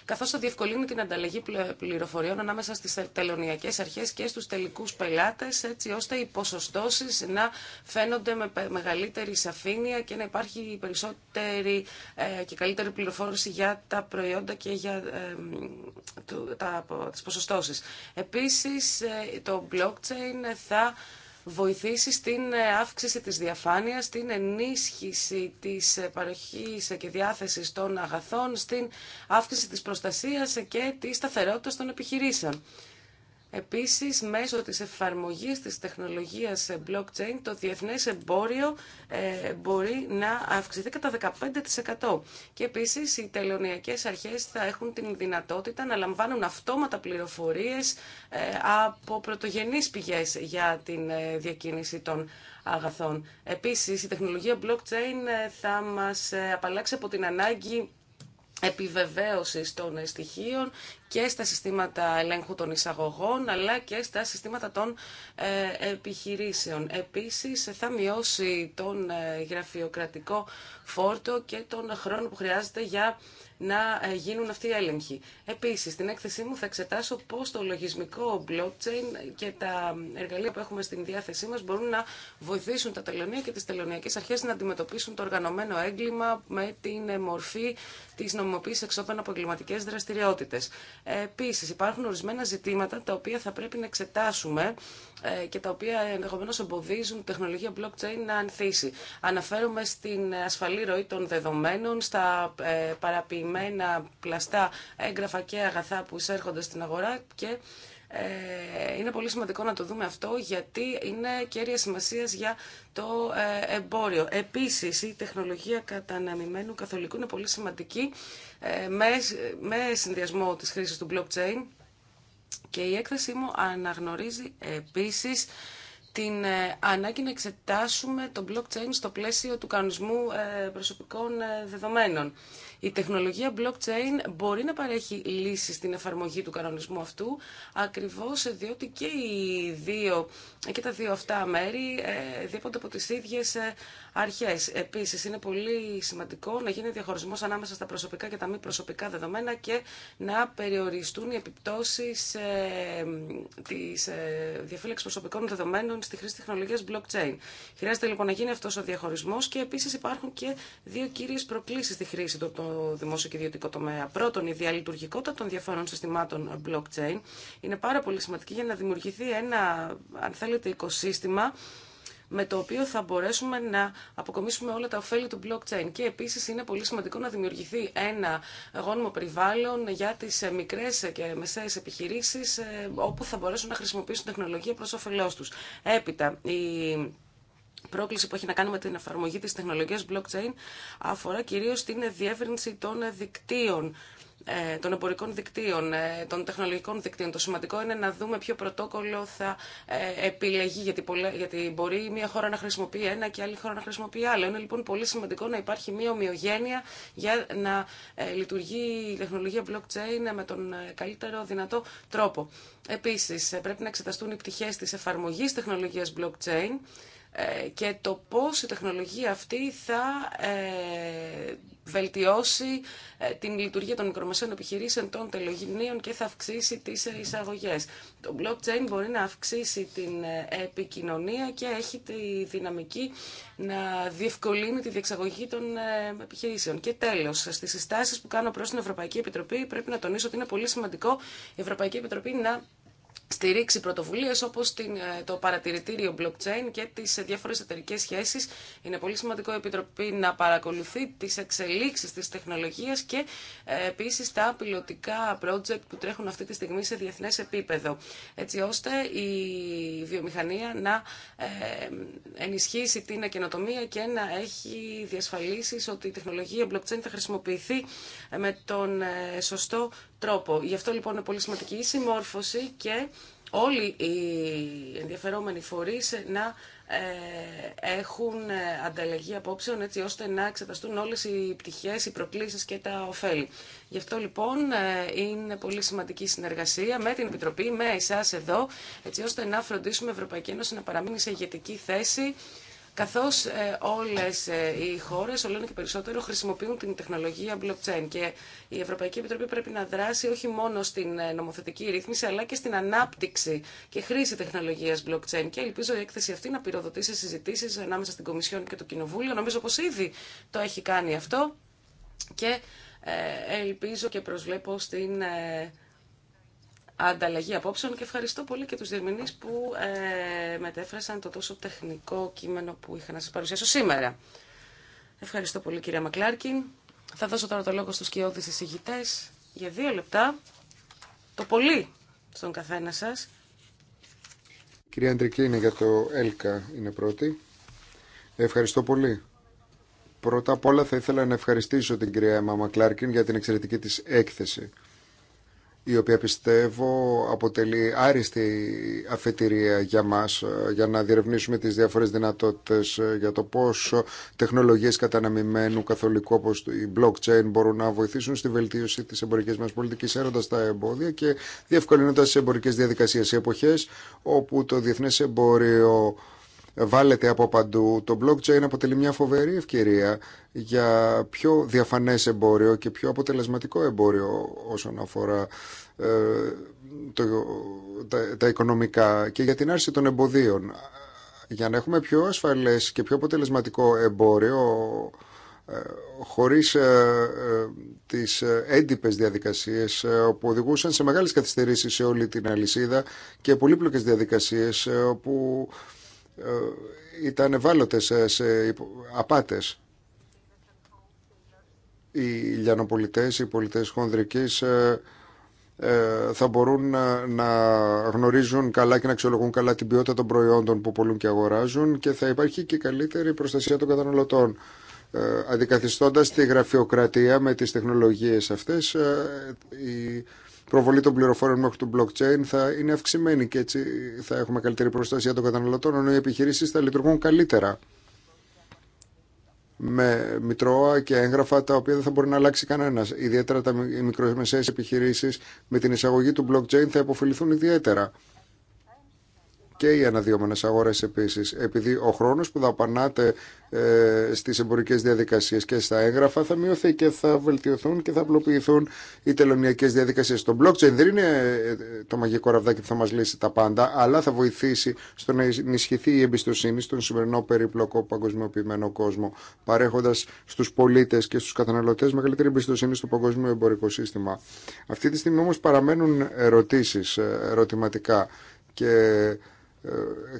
καθώς θα διευκολύνει την ανταλλαγή πληροφοριών ανάμεσα στι τελωνιακέ αρχές και στους τελικούς πελάτες, έτσι ώστε οι ποσοστώσει να φαίνονται με μεγαλύτερη σαφήνεια και να υπάρχει περισσότερη ε, και καλύτερη πληροφόρηση για τα προϊόντα και για τις ποσοστώσεις. Επίσης, ε, το blockchain θα βοηθήσει στην ε, αύξηση της διαφάνειας, στην ενίσχυση της ε, παροχής και διάθεσης των αγαθών, στην αύξηση της προστασίας και της σταθερότητας των επιχειρήσεων. Επίσης, μέσω της εφαρμογής της τεχνολογίας blockchain, το διεθνές εμπόριο ε, μπορεί να αυξηθεί κατά 15%. Και επίσης, οι τελωνιακές αρχές θα έχουν την δυνατότητα να λαμβάνουν αυτόματα πληροφορίες ε, από πρωτογενείς πηγές για την ε, διακίνηση των αγαθών. Επίσης, η τεχνολογία blockchain θα μας απαλλάξει από την ανάγκη επιβεβαίωσης των στοιχείων και στα συστήματα ελέγχου των εισαγωγών αλλά και στα συστήματα των ε, επιχειρήσεων. Επίσης θα μειώσει τον ε, γραφειοκρατικό φόρτο και τον χρόνο που χρειάζεται για να ε, γίνουν αυτοί οι έλεγχοι. Επίσης, στην έκθεσή μου θα εξετάσω πώς το λογισμικό blockchain και τα εργαλεία που έχουμε στην διάθεσή μας μπορούν να βοηθήσουν τα τελωνία και τις τελωνιακές αρχές να αντιμετωπίσουν το οργανωμένο έγκλημα με την ε, μορφή της νομιμοποίησης εξώπεν από εγκληματικέ δραστηριότητες. Ε, επίσης, υπάρχουν ορισμένα ζητήματα τα οποία θα πρέπει να εξετάσουμε ε, και τα οποία ενδεχομένω εμποδίζουν τεχνολογία blockchain να ανθίσει. Αναφέρομαι στην ασφαλή ροή των δεδομένων, στα ε, παραποιημένα πλαστά έγγραφα και αγαθά που εισέρχονται στην αγορά και ε, είναι πολύ σημαντικό να το δούμε αυτό γιατί είναι κέρια σημασία για το εμπόριο. Επίση, η τεχνολογία καταναμημένου καθολικού είναι πολύ σημαντική με συνδυασμό τη χρήση του blockchain και η έκθεσή μου αναγνωρίζει επίσης την ε, ανάγκη να εξετάσουμε το blockchain στο πλαίσιο του κανονισμού ε, προσωπικών ε, δεδομένων. Η τεχνολογία blockchain μπορεί να παρέχει λύσεις στην εφαρμογή του κανονισμού αυτού, ακριβώς διότι και, οι δύο, και τα δύο αυτά μέρη ε, διέπονται από τις ίδιες ε, αρχές. Επίσης, είναι πολύ σημαντικό να γίνει διαχωρισμός ανάμεσα στα προσωπικά και τα μη προσωπικά δεδομένα και να περιοριστούν οι επιπτώσεις ε, της ε, διαφύλαξης προσωπικών δεδομένων στη χρήση τεχνολογίας blockchain. Χρειάζεται λοιπόν να γίνει αυτός ο διαχωρισμός και επίσης υπάρχουν και δύο κύριες προκλήσεις στη χρήση των δημόσιο και ιδιωτικό τομέα. Πρώτον, η διαλειτουργικότητα των διαφορών συστημάτων blockchain είναι πάρα πολύ σημαντική για να δημιουργηθεί ένα, αν θέλετε, οικοσύστημα με το οποίο θα μπορέσουμε να αποκομίσουμε όλα τα ωφέλη του blockchain. Και επίσης είναι πολύ σημαντικό να δημιουργηθεί ένα γόνιμο περιβάλλον για τις ε, μικρές και μεσαίες επιχειρήσεις ε, όπου θα μπορέσουν να χρησιμοποιήσουν τεχνολογία προς όφελός τους. Έπειτα, η πρόκληση που έχει να κάνει με την εφαρμογή της τεχνολογίας blockchain αφορά κυρίως την διεύρυνση των δικτύων ε, των εμπορικών δικτύων, ε, των τεχνολογικών δικτύων. Το σημαντικό είναι να δούμε ποιο πρωτόκολλο θα ε, επιλεγεί, γιατί, γιατί μπορεί μια χώρα να χρησιμοποιεί ένα και άλλη χώρα να χρησιμοποιεί άλλο. Είναι λοιπόν πολύ σημαντικό να υπάρχει μια ομοιογένεια για να λειτουργεί η τεχνολογία blockchain με τον καλύτερο δυνατό τρόπο. Επίσης, πρέπει να εξεταστούν οι πτυχές της εφαρμογής τεχνολογίας blockchain ε, και το πώς η τεχνολογία αυτή θα ε, βελτιώσει ε, την λειτουργία των μικρομεσαίων επιχειρήσεων των τελογινίων και θα αυξήσει τις εισαγωγές. Το blockchain μπορεί να αυξήσει την επικοινωνία και έχει τη δυναμική να διευκολύνει τη διεξαγωγή των επιχειρήσεων. Και τέλος, στις συστάσεις που κάνω προς την Ευρωπαϊκή Επιτροπή πρέπει να τονίσω ότι είναι πολύ σημαντικό η Ευρωπαϊκή Επιτροπή να στηρίξει πρωτοβουλίες όπως ε, το παρατηρητήριο blockchain και τις διάφορες εταιρικέ σχέσει. Είναι πολύ σημαντικό η Επιτροπή να παρακολουθεί τις εξελίξεις τη τεχνολογία και ε, επίσης τα πιλωτικά project που τρέχουν αυτή τη στιγμή σε διεθνέ επίπεδο, έτσι ώστε η βιομηχανία να ε, ενισχύσει την καινοτομία και να έχει διασφαλίσει ότι η τεχνολογία blockchain θα χρησιμοποιηθεί με τον σωστό τρόπο. Γι' αυτό λοιπόν είναι πολύ σημαντική η συμμόρφωση και όλοι οι ενδιαφερόμενοι φορείς να ε, έχουν ε, ανταλλαγή απόψεων έτσι ώστε να εξεταστούν όλες οι πτυχές, οι προκλήσεις και τα ωφέλη. Γι' αυτό λοιπόν ε, είναι πολύ σημαντική η συνεργασία με την Επιτροπή, με εσάς εδώ, έτσι ώστε να φροντίσουμε η Ευρωπαϊκή Ένωση να παραμείνει σε ηγετική θέση καθώς ε, όλες ε, οι χώρες, όλο και περισσότερο, χρησιμοποιούν την τεχνολογία blockchain και η Ευρωπαϊκή Επιτροπή πρέπει να δράσει όχι μόνο στην ε, νομοθετική ρύθμιση, αλλά και στην ανάπτυξη και χρήση τεχνολογίας blockchain και ελπίζω η έκθεση αυτή να πυροδοτήσει συζητήσεις ανάμεσα στην Κομισιόν και το Κοινοβούλιο. Νομίζω πως ήδη το έχει κάνει αυτό και ελπίζω και προσβλέπω στην ανταλλαγή απόψεων και ευχαριστώ πολύ και τους διερμηνείς που ε, μετέφρασαν το τόσο τεχνικό κείμενο που είχα να σας παρουσιάσω σήμερα. Ευχαριστώ πολύ κυρία Μακλάρκιν. Θα δώσω τώρα το λόγο στους κοιόδης εισηγητές για δύο λεπτά, το πολύ στον καθένα σας. Κυρία Αντρική είναι για το ΕΛΚΑ, είναι πρώτη. Ευχαριστώ πολύ. Πρώτα απ' όλα θα ήθελα να ευχαριστήσω την κυρία Μαμακλάρκιν για την εξαιρετική της έκθεση η οποία πιστεύω αποτελεί άριστη αφετηρία για μας ε, για να διερευνήσουμε τις διάφορες δυνατότητες ε, για το πώς ε, τεχνολογίες καταναμημένου καθολικού όπως η blockchain μπορούν να βοηθήσουν στη βελτίωση της εμπορικής μας πολιτικής έρωτας τα εμπόδια και διευκολύνοντας τις εμπορικές διαδικασίες σε εποχές όπου το διεθνές εμπόριο βάλετε από παντού. Το blockchain αποτελεί μια φοβερή ευκαιρία για πιο διαφανές εμπόριο και πιο αποτελεσματικό εμπόριο όσον αφορά ε, το, τα, οικονομικά και για την άρση των εμποδίων. Για να έχουμε πιο ασφαλές και πιο αποτελεσματικό εμπόριο ε, χωρίς ε, τις έντυπες διαδικασίες που οδηγούσαν σε μεγάλες καθυστερήσεις σε όλη την αλυσίδα και πολύπλοκες διαδικασίες όπου ήταν ευάλωτε ε, σε απάτες. Οι λιανοπολιτέ, οι πολιτές χονδρικής ε, ε, θα μπορούν να γνωρίζουν καλά και να αξιολογούν καλά την ποιότητα των προϊόντων που πολλούν και αγοράζουν και θα υπάρχει και καλύτερη προστασία των καταναλωτών. Αντικαθιστώντας τη γραφειοκρατία με τις τεχνολογίες αυτές, προβολή των πληροφόρων μέχρι το blockchain θα είναι αυξημένη και έτσι θα έχουμε καλύτερη προστασία των καταναλωτών, ενώ οι επιχειρήσει θα λειτουργούν καλύτερα με μητρώα και έγγραφα τα οποία δεν θα μπορεί να αλλάξει κανένα. Ιδιαίτερα τα μικρομεσαίε επιχειρήσει με την εισαγωγή του blockchain θα υποφεληθούν ιδιαίτερα και οι αναδυόμενε αγορέ επίση, επειδή ο χρόνο που δαπανάτε ε, στις εμπορικές διαδικασίες και στα έγγραφα θα μειωθεί και θα βελτιωθούν και θα απλοποιηθούν οι τελωνιακέ διαδικασίε. Το blockchain δεν είναι ε, το μαγικό ραβδάκι που θα μα λύσει τα πάντα αλλά θα βοηθήσει στο να ενισχυθεί η εμπιστοσύνη στον σημερινό περίπλοκο παγκοσμιοποιημένο κόσμο παρέχοντα στου πολίτε και στου καταναλωτέ μεγαλύτερη εμπιστοσύνη στο παγκόσμιο εμπορικό σύστημα. Αυτή τη στιγμή όμω παραμένουν ερωτήσει ε, ερωτηματικά και ε,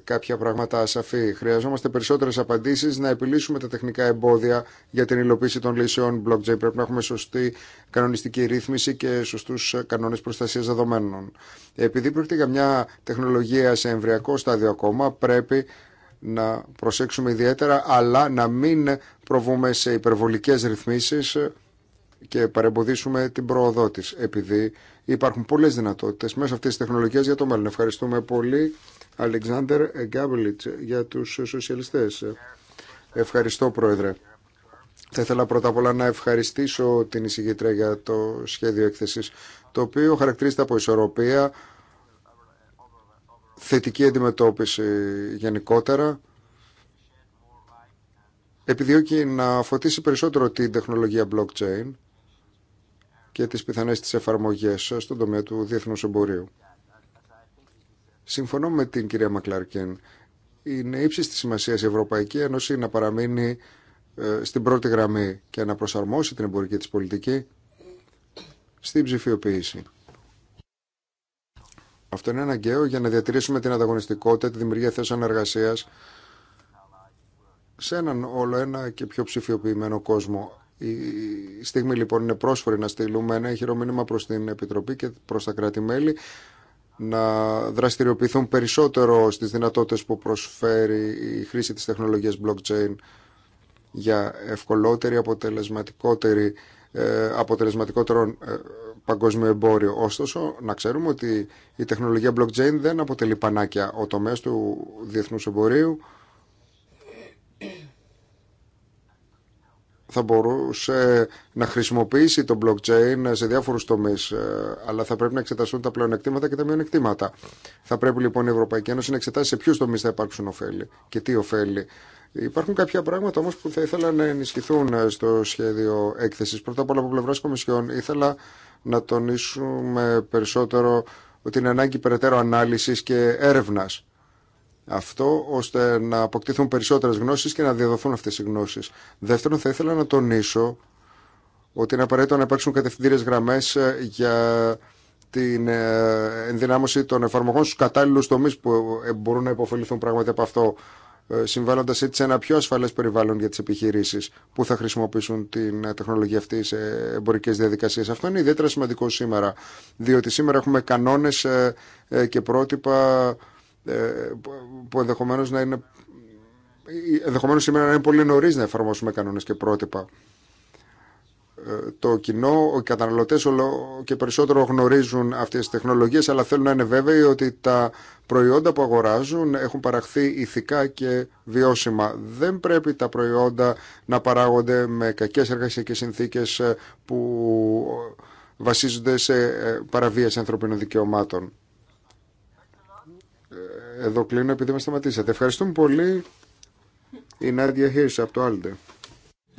κάποια πράγματα ασαφή. Χρειαζόμαστε περισσότερε απαντήσει να επιλύσουμε τα τεχνικά εμπόδια για την υλοποίηση των λύσεων blockchain. Πρέπει να έχουμε σωστή κανονιστική ρύθμιση και σωστού κανόνε προστασία δεδομένων. Επειδή πρόκειται για μια τεχνολογία σε εμβριακό στάδιο ακόμα, πρέπει να προσέξουμε ιδιαίτερα, αλλά να μην προβούμε σε υπερβολικές ρυθμίσεις και παρεμποδίσουμε την πρόοδό τη. Επειδή υπάρχουν πολλέ δυνατότητε μέσα αυτή τη τεχνολογία για το μέλλον. Ευχαριστούμε πολύ, Αλεξάνδρ Γκάμπελιτ, για του σοσιαλιστέ. Ευχαριστώ, Πρόεδρε. Θα ήθελα πρώτα απ' όλα να ευχαριστήσω την εισηγήτρια για το σχέδιο έκθεση, το οποίο χαρακτηρίζεται από ισορροπία, θετική αντιμετώπιση γενικότερα επιδιώκει να φωτίσει περισσότερο την τεχνολογία blockchain και τις πιθανές της εφαρμογές στον τομέα του διεθνούς εμπορίου. Συμφωνώ με την κυρία Μακλάρκεν. Είναι ύψη τη σημασία η Ευρωπαϊκή Ένωση να παραμείνει ε, στην πρώτη γραμμή και να προσαρμόσει την εμπορική της πολιτική στην ψηφιοποίηση. Αυτό είναι αναγκαίο για να διατηρήσουμε την ανταγωνιστικότητα, τη δημιουργία θέσεων εργασία σε έναν όλο ένα και πιο ψηφιοποιημένο κόσμο. Η στιγμή λοιπόν είναι πρόσφορη να στείλουμε ένα ηχηρό μήνυμα προς την Επιτροπή και προς τα κράτη-μέλη να δραστηριοποιηθούν περισσότερο στις δυνατότητες που προσφέρει η χρήση της τεχνολογίας blockchain για ευκολότερη, αποτελεσματικότερη, ε, αποτελεσματικότερο ε, παγκόσμιο εμπόριο. Ωστόσο, να ξέρουμε ότι η τεχνολογία blockchain δεν αποτελεί πανάκια. Ο τομέας του διεθνούς εμπορίου θα μπορούσε να χρησιμοποιήσει το blockchain σε διάφορους τομείς, ε, αλλά θα πρέπει να εξεταστούν τα πλεονεκτήματα και τα μειονεκτήματα. Θα πρέπει λοιπόν η Ευρωπαϊκή Ένωση να εξετάσει σε ποιου τομείς θα υπάρξουν ωφέλη και τι ωφέλη. Υπάρχουν κάποια πράγματα όμως που θα ήθελα να ενισχυθούν ε, στο σχέδιο έκθεσης. Πρώτα απ' όλα από πλευρά Κομισιόν ήθελα να τονίσουμε περισσότερο την ανάγκη περαιτέρω ανάλυσης και έρευνας αυτό ώστε να αποκτήθουν περισσότερες γνώσεις και να διαδοθούν αυτές οι γνώσεις. Δεύτερον, θα ήθελα να τονίσω ότι είναι απαραίτητο να υπάρξουν κατευθυντήρες γραμμές ε, για την ε, ενδυνάμωση των εφαρμογών στους κατάλληλους τομείς που ε, μπορούν να υποφεληθούν πράγματι από αυτό συμβάλλοντα έτσι σε ένα πιο ασφαλέ περιβάλλον για τι επιχειρήσει που θα χρησιμοποιήσουν την τεχνολογία αυτή σε εμπορικέ διαδικασίε. Αυτό είναι ιδιαίτερα σημαντικό σήμερα, διότι σήμερα έχουμε κανόνε και πρότυπα ε, που ενδεχομένω να είναι. Ε, ενδεχομένως σήμερα να είναι πολύ νωρί να εφαρμόσουμε κανόνε και πρότυπα. Ε, το κοινό, οι καταναλωτέ όλο και περισσότερο γνωρίζουν αυτέ τι τεχνολογίε, αλλά θέλουν να είναι βέβαιοι ότι τα προϊόντα που αγοράζουν έχουν παραχθεί ηθικά και βιώσιμα. Δεν πρέπει τα προϊόντα να παράγονται με κακέ εργασιακέ συνθήκε που βασίζονται σε παραβίαση ανθρωπίνων δικαιωμάτων. Εδώ κλείνω επειδή μας σταματήσατε. Ευχαριστούμε πολύ η Νάντια Χίρς από το Άλντε.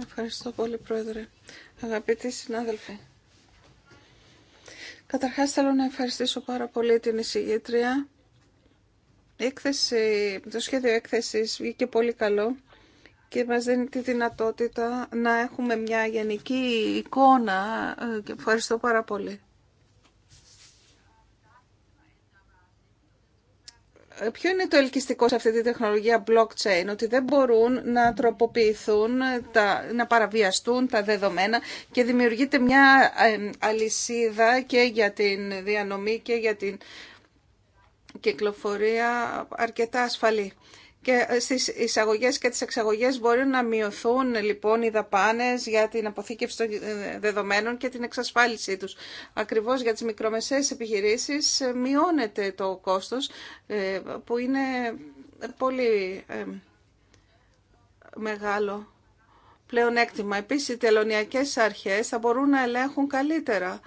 Ευχαριστώ πολύ Πρόεδρε. Αγαπητοί συνάδελφοι. Καταρχάς θέλω να ευχαριστήσω πάρα πολύ την εισηγήτρια. έκθεση, το σχέδιο έκθεσης βγήκε πολύ καλό και μας δίνει τη δυνατότητα να έχουμε μια γενική εικόνα ε, ευχαριστώ πάρα πολύ. Ποιο είναι το ελκυστικό σε αυτή τη τεχνολογία blockchain, ότι δεν μπορούν να τροποποιηθούν, να παραβιαστούν τα δεδομένα και δημιουργείται μια ε, αλυσίδα και για την διανομή και για την κυκλοφορία αρκετά ασφαλή και ε, στις εισαγωγές και τις εξαγωγές μπορεί να μειωθούν λοιπόν οι δαπάνες για την αποθήκευση των ε, δεδομένων και την εξασφάλιση τους. Ακριβώς για τις μικρομεσαίες επιχειρήσεις ε, μειώνεται το κόστος που είναι πολύ μεγάλο πλεονέκτημα. Επίσης οι τελωνιακές αρχές θα μπορούν να ελέγχουν καλύτερα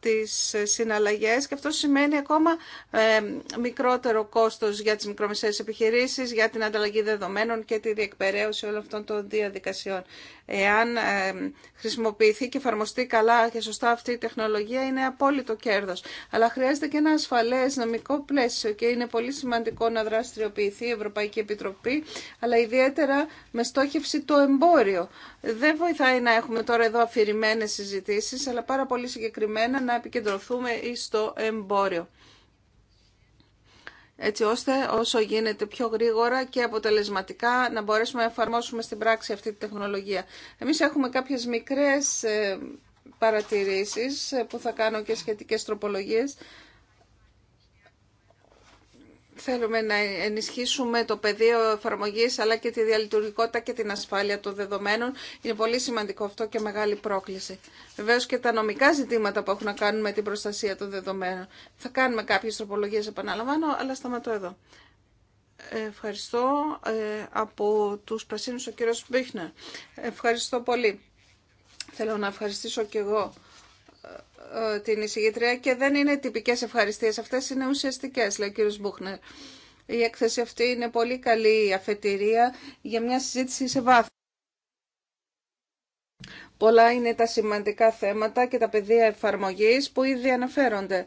τις συναλλαγές και αυτό σημαίνει ακόμα ε, μικρότερο κόστος για τις μικρομεσαίες επιχειρήσεις, για την ανταλλαγή δεδομένων και τη διεκπαιρέωση όλων αυτών των διαδικασιών. Εάν ε, χρησιμοποιηθεί και εφαρμοστεί καλά και σωστά αυτή η τεχνολογία είναι απόλυτο κέρδος. Αλλά χρειάζεται και ένα ασφαλές νομικό πλαίσιο και είναι πολύ σημαντικό να δραστηριοποιηθεί η Ευρωπαϊκή Επιτροπή, αλλά ιδιαίτερα με στόχευση το εμπόριο. Δεν βοηθάει να έχουμε τώρα εδώ αφηρημένες συζητήσεις, αλλά πάρα πολύ συγκεκριμένα να επικεντρωθούμε στο εμπόριο έτσι ώστε όσο γίνεται πιο γρήγορα και αποτελεσματικά να μπορέσουμε να εφαρμόσουμε στην πράξη αυτή τη τεχνολογία. Εμείς έχουμε κάποιες μικρές ε, παρατηρήσεις ε, που θα κάνω και σχετικές τροπολογίες Θέλουμε να ενισχύσουμε το πεδίο εφαρμογή αλλά και τη διαλειτουργικότητα και την ασφάλεια των δεδομένων. Είναι πολύ σημαντικό αυτό και μεγάλη πρόκληση. Βεβαίω και τα νομικά ζητήματα που έχουν να κάνουν με την προστασία των δεδομένων. Θα κάνουμε κάποιες τροπολογίε, επαναλαμβάνω, αλλά σταματώ εδώ. Ε, ευχαριστώ ε, από τους Πρασίνους ο κύριος Μπίχνερ. Ευχαριστώ πολύ. Θέλω να ευχαριστήσω και εγώ ε, την εισηγήτρια και δεν είναι τυπικέ ευχαριστίε. Αυτέ είναι ουσιαστικέ λέει ο κύριο Μπούχνερ. Η έκθεση αυτή είναι πολύ καλή αφετηρία για μια συζήτηση σε βάθος. Πολλά είναι τα σημαντικά θέματα και τα πεδία εφαρμογής που ήδη αναφέρονται.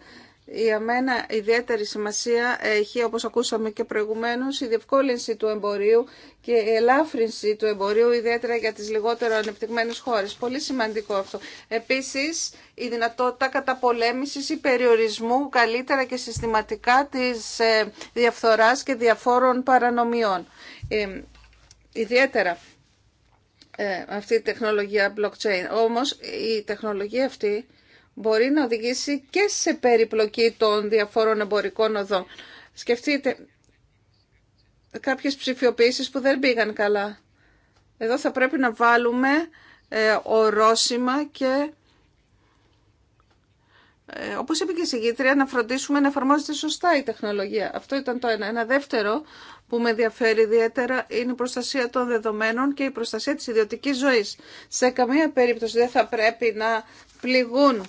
Για μένα ιδιαίτερη σημασία έχει, όπως ακούσαμε και προηγουμένως, η διευκόλυνση του εμπορίου και η ελάφρυνση του εμπορίου, ιδιαίτερα για τις λιγότερο ανεπτυγμένες χώρες. Πολύ σημαντικό αυτό. Επίσης, η δυνατότητα καταπολέμησης ή περιορισμού καλύτερα και συστηματικά της ε, διαφθοράς και διαφόρων παρανομιών. Ε, ιδιαίτερα ε, αυτή η τεχνολογία blockchain. ε ιδιαιτερα αυτη η τεχνολογία αυτή μπορεί να οδηγήσει και σε περιπλοκή των διαφόρων εμπορικών οδών. Σκεφτείτε κάποιες ψηφιοποιήσεις που δεν πήγαν καλά. Εδώ θα πρέπει να βάλουμε ε, ορόσημα και ε, όπως είπε και η συγκήτρια, να φροντίσουμε να εφαρμόζεται σωστά η τεχνολογία. Αυτό ήταν το ένα. Ένα δεύτερο που με ενδιαφέρει ιδιαίτερα είναι η προστασία των δεδομένων και η προστασία της ιδιωτικής ζωής. Σε καμία περίπτωση δεν θα πρέπει να πληγούν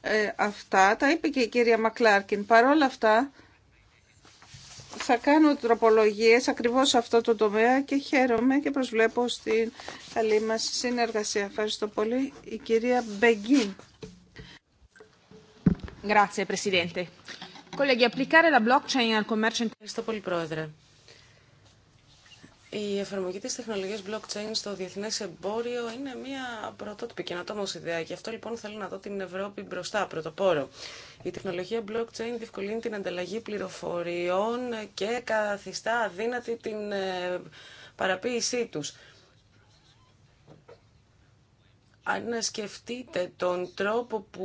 ε, αυτά τα είπε και η κυρία Μακλάρκιν. Παρόλα αυτά θα κάνω τροπολογίες ακριβώς σε αυτό το τομέα και χαίρομαι και προσβλέπω στην καλή μας συνεργασία. Ευχαριστώ πολύ. Η κυρία Μπεγκίν. Grazie Presidente. Colleghi, applicare la blockchain al commercio Ευχαριστώ πολύ, Πρόεδρε. Η εφαρμογή της τεχνολογίας blockchain στο διεθνές εμπόριο είναι μια πρωτότυπη καινοτόμως ιδέα. και αυτό λοιπόν θέλω να δω την Ευρώπη μπροστά, πρωτοπόρο. Η τεχνολογία blockchain διευκολύνει την ανταλλαγή πληροφοριών και καθιστά αδύνατη την ε, παραποίησή τους αν σκεφτείτε τον τρόπο που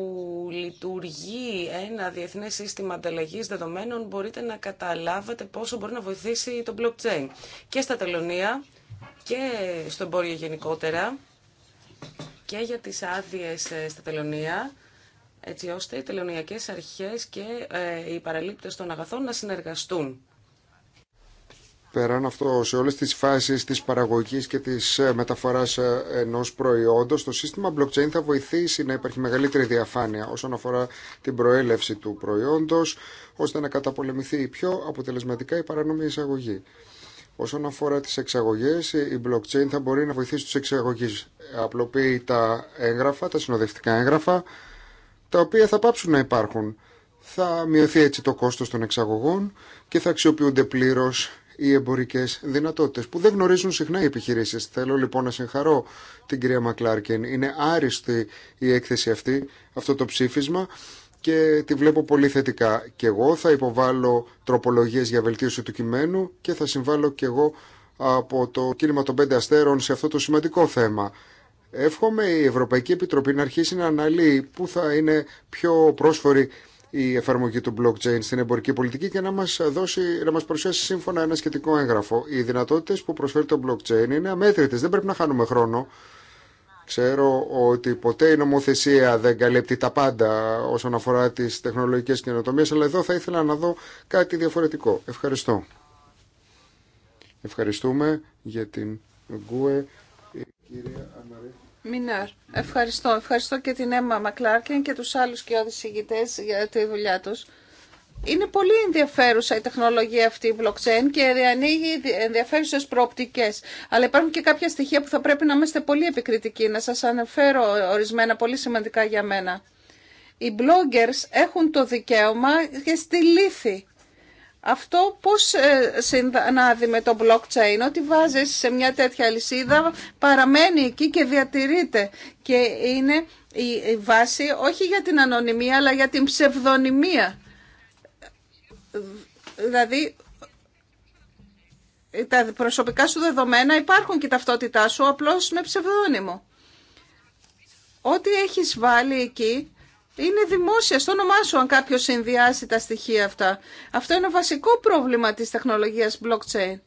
λειτουργεί ένα διεθνές σύστημα ανταλλαγή δεδομένων, μπορείτε να καταλάβετε πόσο μπορεί να βοηθήσει το blockchain. Και στα τελωνία και στον πόριο γενικότερα και για τις άδειε ε, στα τελωνία, έτσι ώστε οι τελωνιακές αρχές και ε, οι παραλήπτες των αγαθών να συνεργαστούν. Πέραν αυτό, σε όλες τις φάσεις της παραγωγής και της ε, μεταφοράς ε, ενός προϊόντος, το σύστημα blockchain θα βοηθήσει να υπάρχει μεγαλύτερη διαφάνεια όσον αφορά την προέλευση του προϊόντος, ώστε να καταπολεμηθεί πιο αποτελεσματικά η παράνομη εισαγωγή. Όσον αφορά τις εξαγωγές, η blockchain θα μπορεί να βοηθήσει τους εξαγωγείς. Απλοποιεί τα έγγραφα, τα συνοδευτικά έγγραφα, τα οποία θα πάψουν να υπάρχουν. Θα μειωθεί έτσι το κόστος των εξαγωγών και θα αξιοποιούνται πλήρως οι εμπορικέ δυνατότητε που δεν γνωρίζουν συχνά οι επιχειρήσει. Θέλω λοιπόν να συγχαρώ την κυρία Μακλάρκεν. Είναι άριστη η έκθεση αυτή, αυτό το ψήφισμα και τη βλέπω πολύ θετικά. Και εγώ θα υποβάλω τροπολογίες για βελτίωση του κειμένου και θα συμβάλλω και εγώ από το κίνημα των πέντε αστέρων σε αυτό το σημαντικό θέμα. Εύχομαι η Ευρωπαϊκή Επιτροπή να αρχίσει να αναλύει πού θα είναι πιο πρόσφορη η εφαρμογή του blockchain στην εμπορική πολιτική και να μας, δώσει, να μας παρουσιάσει σύμφωνα ένα σχετικό έγγραφο. Οι δυνατότητες που προσφέρει το blockchain είναι αμέτρητες, δεν πρέπει να χάνουμε χρόνο. Ξέρω ότι ποτέ η νομοθεσία δεν καλύπτει τα πάντα όσον αφορά τις τεχνολογικές καινοτομίες, αλλά εδώ θα ήθελα να δω κάτι διαφορετικό. Ευχαριστώ. Ευχαριστούμε για την Γκουε. κυρία Μινάρ. Ευχαριστώ. Ευχαριστώ και την Έμα Μακλάρκιν και τους άλλους και ηγητές για τη δουλειά τους. Είναι πολύ ενδιαφέρουσα η τεχνολογία αυτή η blockchain και ανοίγει ενδιαφέρουσε προοπτικέ. Αλλά υπάρχουν και κάποια στοιχεία που θα πρέπει να είμαστε πολύ επικριτικοί. Να σα αναφέρω ορισμένα πολύ σημαντικά για μένα. Οι bloggers έχουν το δικαίωμα και στη λύθη αυτό πώς ε, συνάδει με το blockchain, ότι βάζεις σε μια τέτοια λυσίδα, παραμένει εκεί και διατηρείται και είναι η βάση όχι για την ανωνυμία αλλά για την ψευδονυμία. Δηλαδή τα προσωπικά σου δεδομένα υπάρχουν και ταυτότητά σου απλώς με ψευδόνυμο. Ό,τι έχεις βάλει εκεί είναι δημόσια στο όνομά σου αν κάποιος συνδυάσει τα στοιχεία αυτά. Αυτό είναι βασικό πρόβλημα της τεχνολογίας blockchain.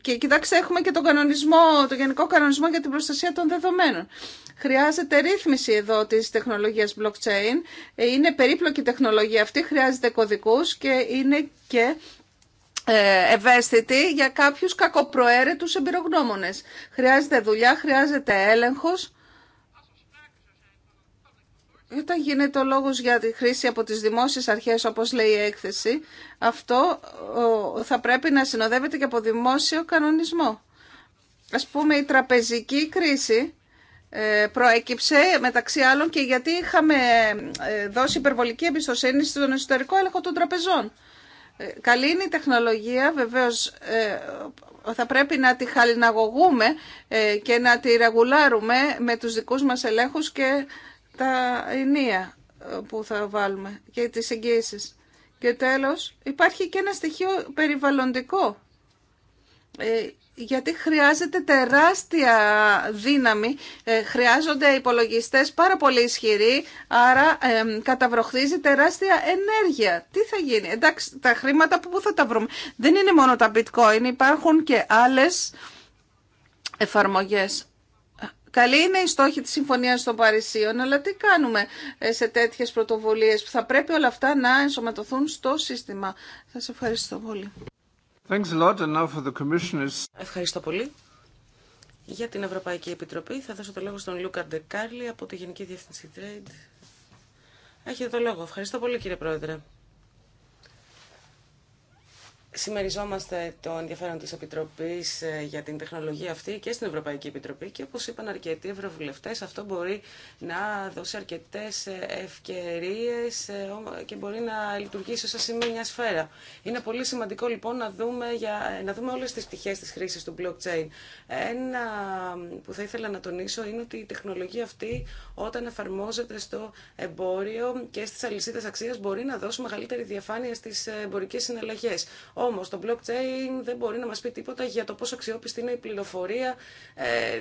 Και κοιτάξτε, έχουμε και τον κανονισμό, το Γενικό Κανονισμό για την Προστασία των Δεδομένων. Χρειάζεται ρύθμιση εδώ της τεχνολογίας blockchain. Είναι περίπλοκη τεχνολογία αυτή, χρειάζεται κωδικούς και είναι και ε, ευαίσθητη για κάποιους κακοπροαίρετους εμπειρογνώμονες. Χρειάζεται δουλειά, χρειάζεται έλεγχος όταν γίνεται ο λόγος για τη χρήση από τις δημόσιες αρχές, όπως λέει η έκθεση, αυτό θα πρέπει να συνοδεύεται και από δημόσιο κανονισμό. Ας πούμε, η τραπεζική κρίση ε, προέκυψε μεταξύ άλλων και γιατί είχαμε ε, δώσει υπερβολική εμπιστοσύνη στον εσωτερικό έλεγχο των τραπεζών. Ε, καλή είναι η τεχνολογία, βεβαίως θα πρέπει να τη χαλιναγωγούμε και να τη ρεγουλάρουμε με τους δικούς μας ελέγχους και τα ενία ε, που θα βάλουμε και τις εγγύησεις. Και τέλος, υπάρχει και ένα στοιχείο περιβαλλοντικό. Ε, γιατί χρειάζεται τεράστια δύναμη, ε, χρειάζονται υπολογιστές πάρα πολύ ισχυροί, άρα καταβροχθίζει τεράστια ενέργεια. Τι θα γίνει, εντάξει, τα χρήματα που θα τα βρούμε. Δεν είναι μόνο τα bitcoin, υπάρχουν και άλλες εφαρμογές Καλή είναι η στόχη της Συμφωνίας των Παρισίων, αλλά τι κάνουμε ε, σε τέτοιες πρωτοβουλίες που θα πρέπει όλα αυτά να ενσωματωθούν στο σύστημα. Σας ευχαριστώ πολύ. Ευχαριστώ πολύ. Για την Ευρωπαϊκή Επιτροπή θα δώσω το λόγο στον Λούκα Ντεκάρλι από τη Γενική Διεύθυνση Trade. Έχετε το λόγο. Ευχαριστώ πολύ κύριε Πρόεδρε. Συμμεριζόμαστε το ενδιαφέρον της Επιτροπής ε, για την τεχνολογία αυτή και στην Ευρωπαϊκή Επιτροπή και όπως είπαν αρκετοί ευρωβουλευτές αυτό μπορεί να δώσει αρκετές ε, ευκαιρίες ε, και μπορεί να λειτουργήσει ως σημεία μια σφαίρα. Είναι πολύ σημαντικό λοιπόν να δούμε, για, να δούμε όλες τις πτυχές της χρήσης του blockchain. Ένα που θα ήθελα να τονίσω είναι ότι η τεχνολογία αυτή όταν εφαρμόζεται στο εμπόριο και στις αλυσίδες αξίας μπορεί να δώσει μεγαλύτερη διαφάνεια στις εμπορικές συναλλαγές όμως το blockchain δεν μπορεί να μας πει τίποτα για το πόσο αξιόπιστη είναι η πληροφορία ε,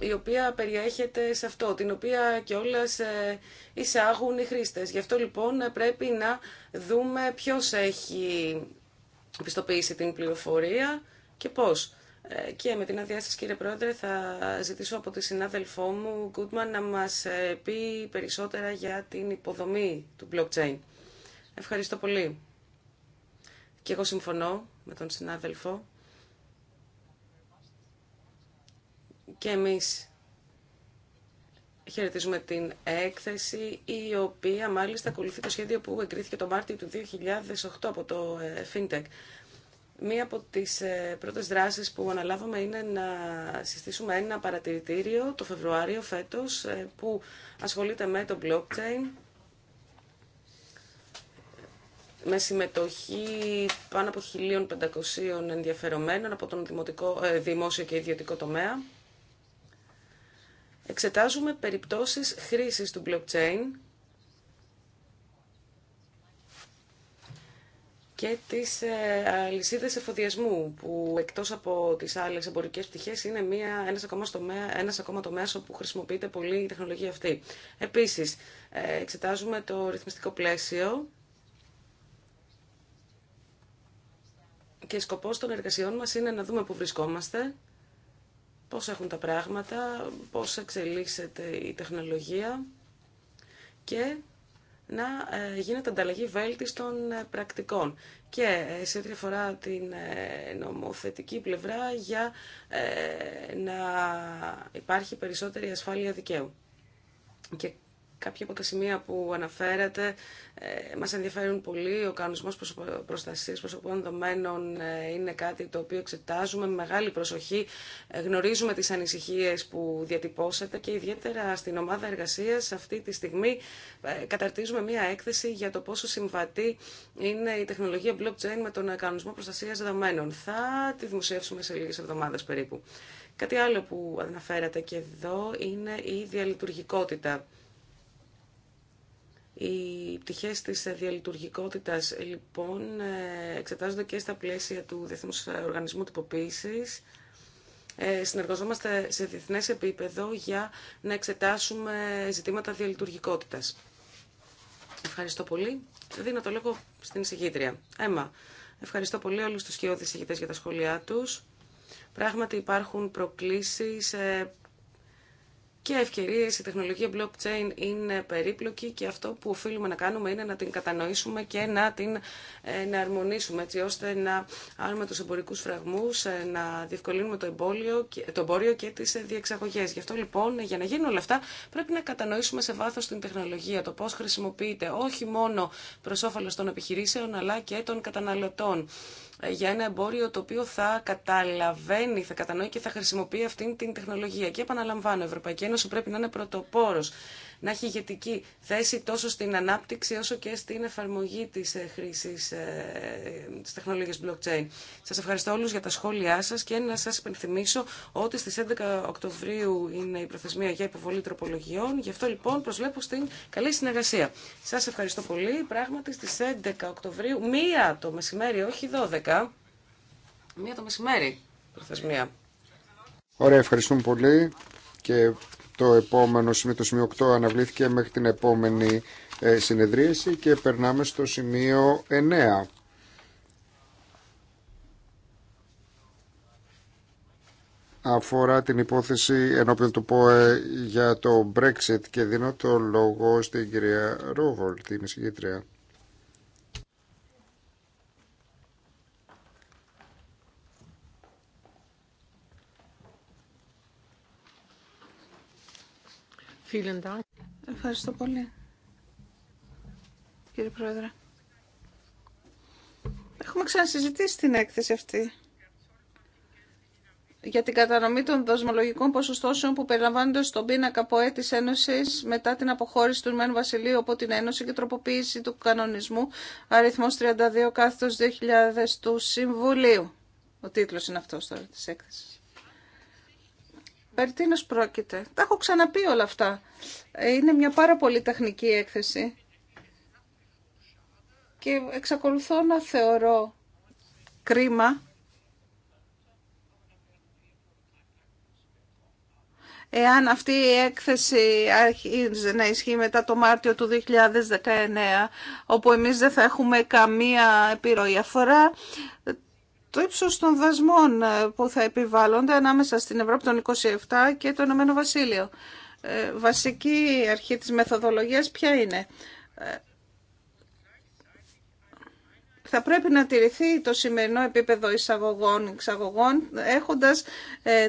η οποία περιέχεται σε αυτό, την οποία κιόλας ε, εισάγουν οι χρήστες. Γι' αυτό λοιπόν πρέπει να δούμε ποιος έχει πιστοποιήσει την πληροφορία και πώς. Ε, και με την αδειά σας κύριε Πρόεδρε θα ζητήσω από τη συνάδελφό μου Goodman να μας πει περισσότερα για την υποδομή του blockchain. Ευχαριστώ πολύ. Και εγώ συμφωνώ με τον συνάδελφο. Και εμείς χαιρετίζουμε την έκθεση, η οποία μάλιστα ακολουθεί το σχέδιο που εγκρίθηκε το Μάρτιο του 2008 από το ε, FinTech. Μία από τις ε, πρώτες δράσεις που αναλάβαμε είναι να συστήσουμε ένα παρατηρητήριο το Φεβρουάριο φέτος ε, που ασχολείται με το blockchain με συμμετοχή πάνω από 1.500 ενδιαφερομένων από τον δημοτικό, ε, δημόσιο και ιδιωτικό τομέα. Εξετάζουμε περιπτώσεις χρήσης του blockchain και τις ε, αλυσίδες εφοδιασμού, που εκτός από τις άλλες εμπορικές πτυχές είναι μία, ένας, ακόμα τομέα, ένας ακόμα τομέας όπου χρησιμοποιείται πολύ η τεχνολογία αυτή. Επίσης, ε, εξετάζουμε το ρυθμιστικό πλαίσιο και σκοπός των εργασιών μας είναι να δούμε πού βρισκόμαστε, πώς έχουν τα πράγματα, πώς εξελίσσεται η τεχνολογία και να ε, γίνεται ανταλλαγή βέλτιστων ε, πρακτικών. Και ε, σε ό,τι αφορά την νομοθετική πλευρά για να υπάρχει περισσότερη ασφάλεια δικαίου. Και Κάποια από τα σημεία που αναφέρατε ε, μας ενδιαφέρουν πολύ. Ο κανονισμός προστασίας προσωπικών δεδομένων ε, είναι κάτι το οποίο εξετάζουμε με μεγάλη προσοχή. Ε, γνωρίζουμε τις ανησυχίες που διατυπώσατε και ιδιαίτερα στην ομάδα εργασίας αυτή τη στιγμή ε, καταρτίζουμε μία έκθεση για το πόσο συμβατή είναι η τεχνολογία blockchain με τον κανονισμό προστασίας δεδομένων. Θα τη δημοσιεύσουμε σε λίγες εβδομάδες περίπου. Κάτι άλλο που αναφέρατε και εδώ είναι η διαλειτουργικότητα οι πτυχές της διαλειτουργικότητας λοιπόν ε, εξετάζονται και στα πλαίσια του Διεθνούς Οργανισμού Τυποποίησης. Ε, συνεργαζόμαστε σε διεθνές επίπεδο για να εξετάσουμε ζητήματα διαλειτουργικότητας. Ευχαριστώ πολύ. Δίνω το λόγο στην εισηγήτρια. Έμα, ευχαριστώ πολύ όλους τους σκιώδεις εισηγητές για τα σχόλιά τους. Πράγματι υπάρχουν προκλήσεις ε, και ευκαιρίες. Η τεχνολογία blockchain είναι περίπλοκη και αυτό που οφείλουμε να κάνουμε είναι να την κατανοήσουμε και να την εναρμονίσουμε έτσι ώστε να άρουμε τους εμπορικούς φραγμούς, ε, να διευκολύνουμε το, εμπόλιο, το εμπόριο και τις ε, διεξαγωγές. Γι' αυτό λοιπόν για να γίνουν όλα αυτά πρέπει να κατανοήσουμε σε βάθος την τεχνολογία, το πώς χρησιμοποιείται όχι μόνο προς όφελος των επιχειρήσεων αλλά και των καταναλωτών για ένα εμπόριο το οποίο θα καταλαβαίνει, θα κατανοεί και θα χρησιμοποιεί αυτήν την τεχνολογία. Και επαναλαμβάνω, η Ευρωπαϊκή Ένωση πρέπει να είναι πρωτοπόρος να έχει ηγετική θέση τόσο στην ανάπτυξη όσο και στην εφαρμογή της ε, χρήσης ε, της τεχνολογίας blockchain. Σας ευχαριστώ όλους για τα σχόλιά σας και να σας υπενθυμίσω ότι στις 11 Οκτωβρίου είναι η προθεσμία για υποβολή τροπολογιών. Γι' αυτό λοιπόν προσβλέπω στην καλή συνεργασία. Σας ευχαριστώ πολύ. Πράγματι στις 11 Οκτωβρίου, μία το μεσημέρι, όχι 12, μία το μεσημέρι προθεσμία. Ωραία, ευχαριστούμε πολύ και το επόμενο σημείο, το σημείο 8, αναβλήθηκε μέχρι την επόμενη ε, συνεδρίαση και περνάμε στο σημείο 9. αφορά την υπόθεση ενώπιον του ΠΟΕ για το Brexit και δίνω το λόγο στην κυρία Ρόβολ, την εισηγήτρια. Ευχαριστώ πολύ, κύριε Πρόεδρε. Έχουμε ξανασυζητήσει την έκθεση αυτή για την κατανομή των δοσμολογικών ποσοστώσεων που περιλαμβάνονται στον πίνακα ΠΟΕ Έτη Ένωση μετά την αποχώρηση του Ηνωμένου Βασιλείου από την Ένωση και τροποποίηση του κανονισμού αριθμό 32 κάθετο 2000 του Συμβουλίου. Ο τίτλο είναι αυτό τώρα τη έκθεση. Περί τίνος πρόκειται. Τα έχω ξαναπεί όλα αυτά. Ε, είναι μια πάρα πολύ τεχνική έκθεση. Και εξακολουθώ να θεωρώ κρίμα εάν αυτή η έκθεση αρχίζει να ισχύει μετά το Μάρτιο του 2019, όπου εμείς δεν θα έχουμε καμία επιρροή. Αφορά το ύψος των δασμών ε, που θα επιβάλλονται ανάμεσα στην Ευρώπη των 27 και το Ηνωμένο Βασίλειο. Ε, βασική αρχή της μεθοδολογίας ποια είναι. Ε, θα πρέπει να τηρηθεί το σημερινό επίπεδο εισαγωγών-εξαγωγών έχοντας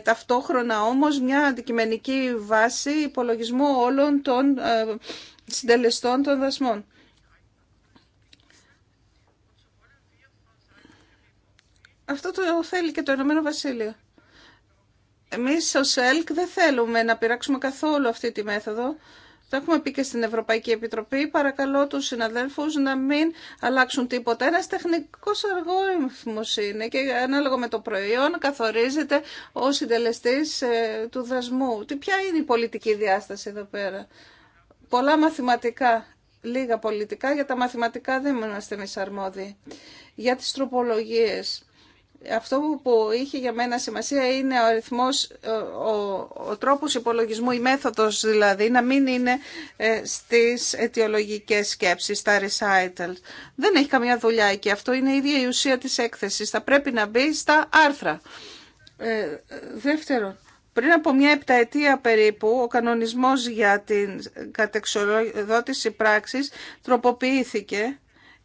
ταυτόχρονα όμως μια αντικειμενική βάση υπολογισμού όλων των συντελεστών των δασμών. Αυτό το θέλει και το Ηνωμένο Βασίλειο. Εμείς ως ΕΛΚ δεν θέλουμε να πειράξουμε καθόλου αυτή τη μέθοδο. Το έχουμε πει και στην Ευρωπαϊκή Επιτροπή. Παρακαλώ τους συναδέλφους να μην αλλάξουν τίποτα. Ένας τεχνικός αργόριθμος είναι και ανάλογα με το προϊόν καθορίζεται ο συντελεστής ε, του δασμού. Τι, ποια είναι η πολιτική διάσταση εδώ πέρα. Πολλά μαθηματικά, λίγα πολιτικά. Για τα μαθηματικά δεν είμαστε εμείς αρμόδιοι. Για τις τροπολογίε αυτό που είχε για μένα σημασία είναι ο αριθμός, ο, τρόπος υπολογισμού, η μέθοδος δηλαδή, να μην είναι ε, στις αιτιολογικές σκέψεις, στα recitals. Δεν έχει καμιά δουλειά εκεί. Αυτό είναι η ίδια η ουσία της έκθεσης. Θα πρέπει να μπει στα άρθρα. Ε, δεύτερον, πριν από μια επταετία περίπου, ο κανονισμός για την κατεξοδότηση πράξης τροποποιήθηκε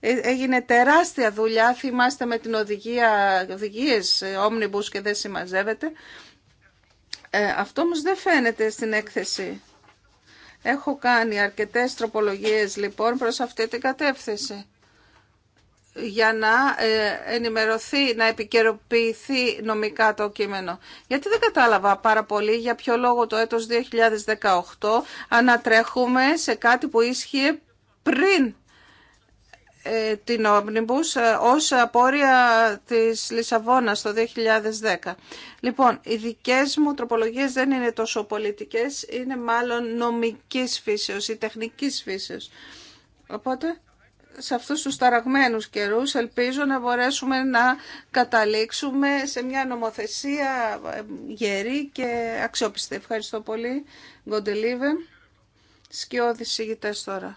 ε, έγινε τεράστια δουλειά, θυμάστε με την οδηγία, οδηγίες όμνιμπους ε, και δεν συμμαζεύεται. Ε, αυτό όμως δεν φαίνεται στην έκθεση. Έχω κάνει αρκετές τροπολογίες λοιπόν προς αυτή την κατεύθυνση για να ε, ενημερωθεί, να επικαιροποιηθεί νομικά το κείμενο. Γιατί δεν κατάλαβα πάρα πολύ για ποιο λόγο το έτος 2018 ανατρέχουμε σε κάτι που ίσχυε πριν ε, την Omnibus ε, ως απόρρια της Λισαβόνας το 2010. Λοιπόν, οι δικές μου τροπολογίες δεν είναι τόσο πολιτικές, είναι μάλλον νομικής φύσεως ή τεχνικής φύσεως. Οπότε, σε αυτούς τους ταραγμένους καιρούς ελπίζω να μπορέσουμε να καταλήξουμε σε μια νομοθεσία ε, γερή και αξιόπιστη. Ευχαριστώ πολύ, Γκοντελίβε. Σκιώδης ηγητές τώρα.